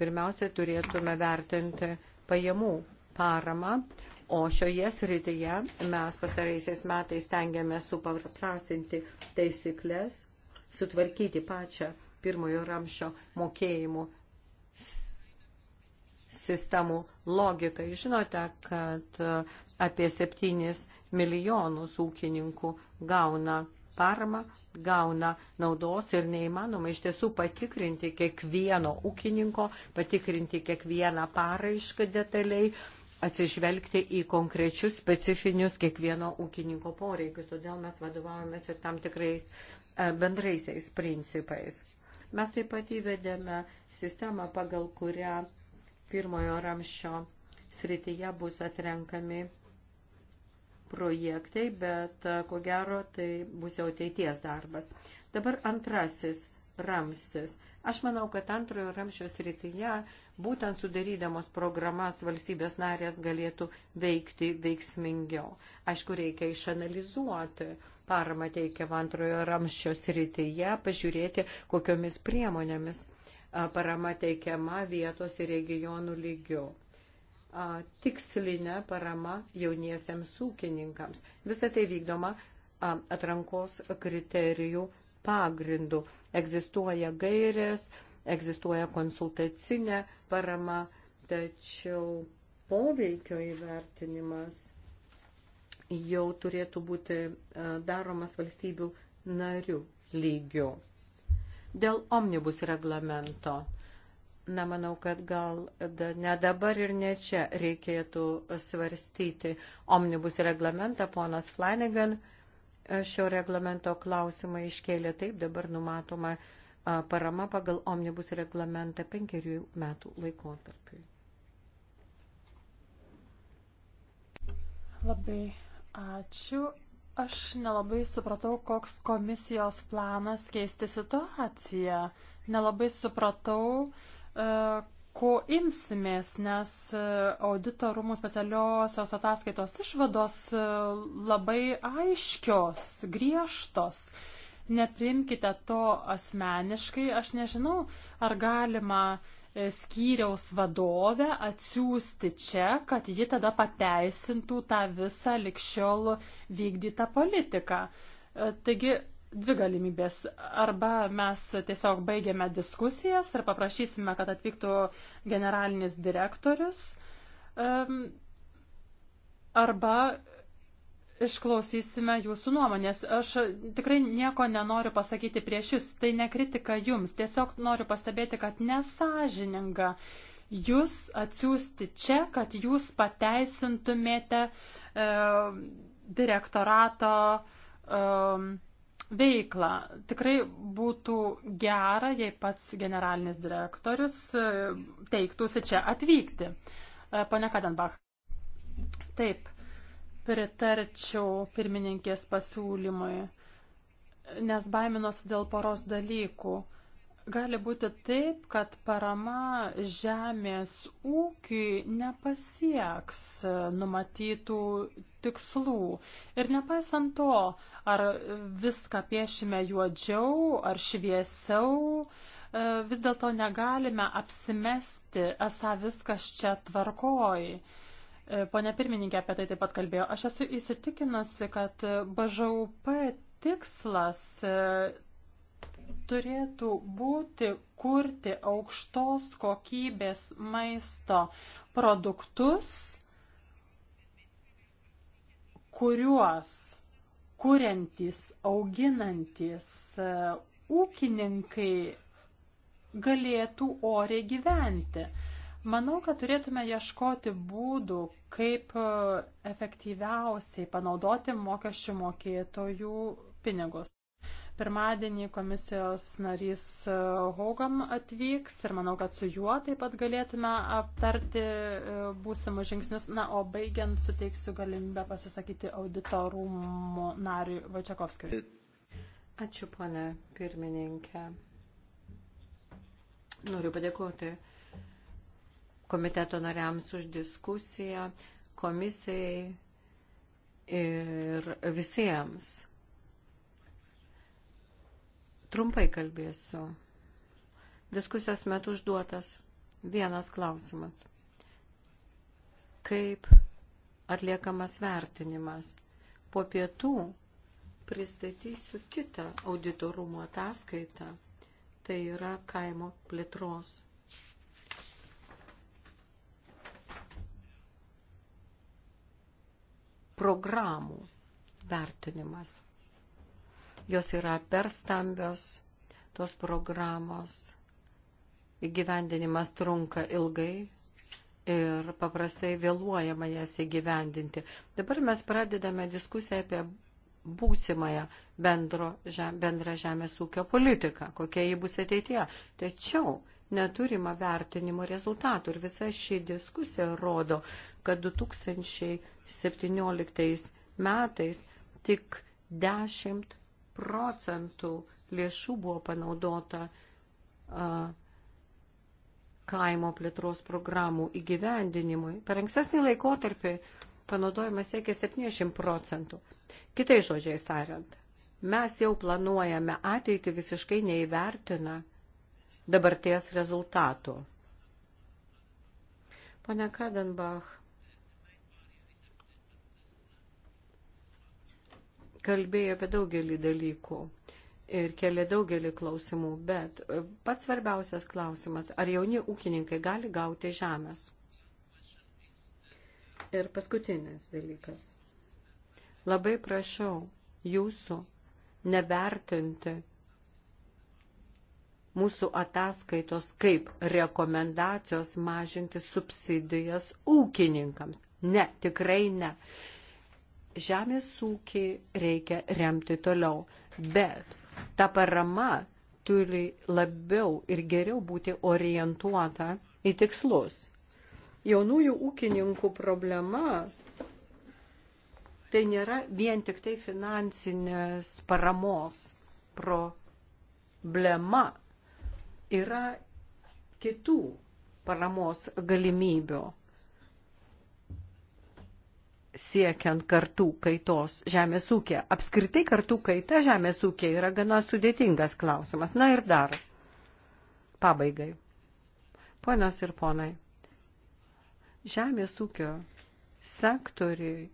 pirmiausia turėtume vertinti pajamų paramą, o šioje srityje mes pastaraisiais metais tengiame supaprastinti taisyklės, sutvarkyti pačią pirmojo ramščio mokėjimų sistemų logiką. Žinote, kad apie 7 milijonus ūkininkų gauna parama, gauna naudos ir neįmanoma iš tiesų patikrinti kiekvieno ūkininko, patikrinti kiekvieną paraišką detaliai, atsižvelgti į konkrečius specifinius kiekvieno ūkininko poreikius. Todėl mes vadovaujamės ir tam tikrais e, bendraisiais principais. Mes taip pat įvedėme sistemą, pagal kurią pirmojo ramščio srityje bus atrenkami projektai, bet e, ko gero tai bus jau ateities darbas. Dabar antrasis ramstis. Aš manau, kad antrojo ramščio srityje būtent sudarydamos programas valstybės narės galėtų veikti veiksmingiau. Aišku, reikia išanalizuoti paramą teikiamą antrojo ramščio srityje, pažiūrėti, kokiomis priemonėmis e, parama teikiama vietos ir regionų lygių tikslinė parama jauniesiems ūkininkams. Visą tai vykdoma atrankos kriterijų pagrindų. Egzistuoja gairės, egzistuoja konsultacinė parama, tačiau poveikio įvertinimas jau turėtų būti daromas valstybių narių lygių. Dėl omnibus reglamento na, manau, kad gal da, ne dabar ir ne čia reikėtų svarstyti omnibus reglamentą. Ponas Flanagan e, šio reglamento klausimą iškėlė taip, dabar numatoma e, parama pagal omnibus reglamentą penkerių metų laikotarpiui. Labai ačiū. Aš nelabai supratau, koks komisijos planas keisti situaciją. Nelabai supratau, uh, E, ko imsimės, nes e, audito rūmų specialiosios ataskaitos išvados e, labai aiškios, griežtos. Neprimkite to asmeniškai. Aš nežinau, ar galima skyriaus vadovę atsiųsti čia, kad ji tada pateisintų tą visą likščiol vykdytą politiką. Taigi dvi galimybės. Arba mes tiesiog baigiame diskusijas ir paprašysime, kad atvyktų generalinis direktorius. Arba išklausysime jūsų nuomonės. Aš tikrai nieko nenoriu pasakyti prieš jūs, tai ne kritika jums. Tiesiog noriu pastebėti, kad nesažininga jūs atsiųsti čia, kad jūs pateisintumėte e, direktorato e, veiklą. Tikrai būtų gera, jei pats generalinis direktorius e, teiktųsi čia atvykti. E, Pone Kadenbach. Taip, pritarčiau pirmininkės pasiūlymui, nes baiminos dėl poros dalykų gali būti taip, kad parama žemės ūkiui nepasieks numatytų tikslų. Ir nepaisant to, ar viską piešime juodžiau ar šviesiau, e, vis dėlto negalime apsimesti, esą viskas čia tvarkoj. E, Pone pirmininkė apie tai taip pat kalbėjo. Aš esu įsitikinusi, kad BŽUP tikslas e, turėtų būti kurti aukštos kokybės maisto produktus, kuriuos kuriantys, auginantys e, ūkininkai galėtų oriai gyventi. Manau, kad turėtume ieškoti būdų, kaip e, efektyviausiai panaudoti mokesčių mokėtojų pinigus. Pirmadienį komisijos narys e, Hogam atvyks ir manau, kad su juo taip pat galėtume aptarti e, būsimus žingsnius. Na, o baigiant suteiksiu galimybę pasisakyti auditorumų nariui Vačiakovskijui. Ačiū, ponė pirmininkė. Noriu padėkoti komiteto nariams už diskusiją, komisijai ir visiems Trumpai kalbėsiu. Diskusijos metu užduotas vienas klausimas. Kaip atliekamas vertinimas? Po pietų pristatysiu kitą auditorumo ataskaitą. Tai yra kaimo plėtros programų vertinimas jos yra per stambios, tos programos įgyvendinimas trunka ilgai ir paprastai vėluojama jas įgyvendinti. Dabar mes pradedame diskusiją apie būsimąją bendro, žem, bendrą žemės ūkio politiką, kokia ji bus ateityje. Tačiau neturima vertinimo rezultatų ir visa ši diskusija rodo, kad 2017 metais tik 10 procentų lėšų buvo panaudota a, kaimo plėtros programų įgyvendinimui. Per ankstesnį laikotarpį panaudojimas siekia 70 procentų. Kitai žodžiai tariant, mes jau planuojame ateitį visiškai neįvertina dabarties rezultatų. Pane Kadenbach, kalbėjo apie daugelį dalykų ir kelia daugelį klausimų, bet e, pats svarbiausias klausimas, ar jauni ūkininkai gali gauti žemės? Ir paskutinis dalykas. Labai prašau jūsų nevertinti mūsų ataskaitos kaip rekomendacijos mažinti subsidijas ūkininkams. Ne, tikrai ne žemės ūkį reikia remti toliau, bet ta parama turi labiau ir geriau būti orientuota į tikslus. Jaunųjų ūkininkų problema tai nėra vien tik tai finansinės paramos problema. Yra kitų paramos galimybių siekiant kartų kaitos žemės ūkė. Apskritai kartų kaita žemės ūkė yra gana sudėtingas klausimas. Na ir dar. Pabaigai. Ponios ir ponai, žemės ūkio sektoriui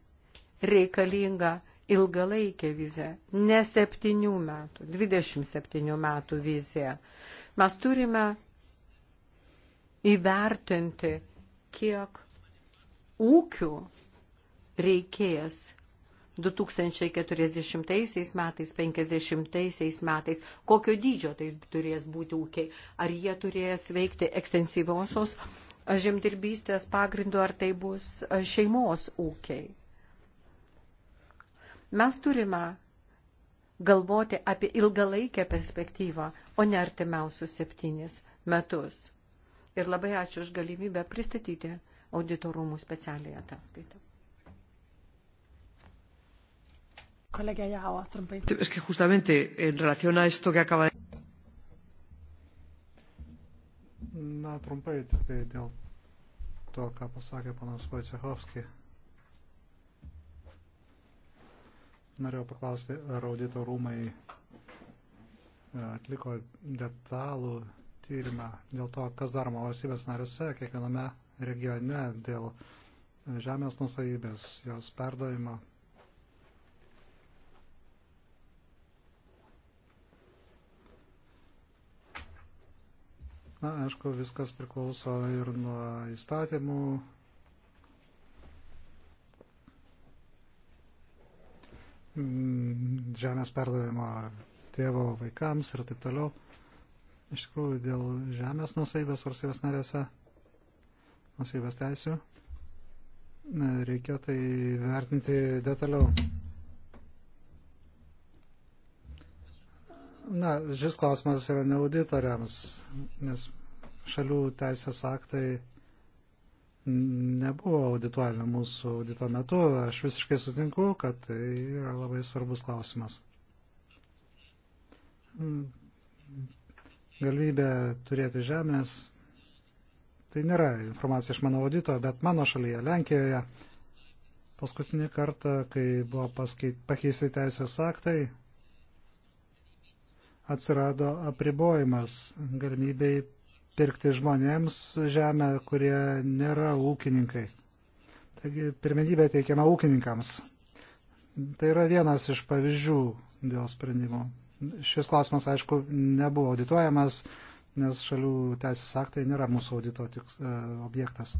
reikalinga ilgalaikė vizija, ne septynių metų, 27 metų vizija. Mes turime įvertinti, kiek ūkių reikės 2040 metais, 50 metais, kokio dydžio tai turės būti ūkiai, ar jie turės veikti ekstensyviosios žemdirbystės pagrindu, ar tai bus šeimos ūkiai. Mes turime galvoti apie ilgalaikę perspektyvą, o ne artimiausius septynis metus. Ir labai ačiū už galimybę pristatyti auditorumų specialiai ataskaitą. Kolegė Jauo, trumpai. Es que justamente en relación a esto que acaba de. Na, trumpai tik tai dėl to, ką pasakė panas Vojcehovski. Norėjau paklausti, ar audito rūmai e, atliko detalų tyrimą dėl to, kas daroma valstybės narėse, kiekviename regione dėl žemės nusavybės, jos perdavimo Na, aišku, viskas priklauso ir nuo įstatymų. Mm, žemės perdavimo tėvo vaikams ir taip toliau. Iš tikrųjų, dėl žemės nusaibės varsybės narėse, nusaibės teisių, reikia tai vertinti detaliau. Na, šis klausimas yra ne auditoriams, nes šalių teisės aktai nebuvo audituojami mūsų audito metu. Aš visiškai sutinku, kad tai yra labai svarbus klausimas. Galimybė turėti žemės. Tai nėra informacija iš mano audito, bet mano šalyje, Lenkijoje, paskutinį kartą, kai buvo pakeisti teisės aktai, atsirado apribojimas galimybei pirkti žmonėms žemę, kurie nėra ūkininkai. Taigi pirmenybė teikiama ūkininkams. Tai yra vienas iš pavyzdžių dėl sprendimo. Šis klausimas, aišku, nebuvo audituojamas, nes šalių teisės aktai nėra mūsų audito tiks, e, objektas.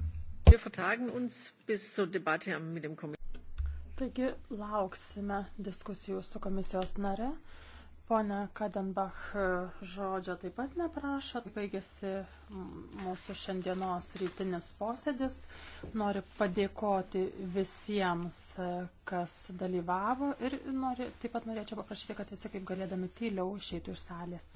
Taigi lauksime diskusijų su komisijos nare. Pone Kadenbach žodžio taip pat neprašo. Baigėsi mūsų šiandienos rytinis posėdis. Noriu padėkoti visiems, kas dalyvavo ir noriu, taip pat norėčiau paprašyti, kad visi kaip galėdami tyliau išeitų iš salės.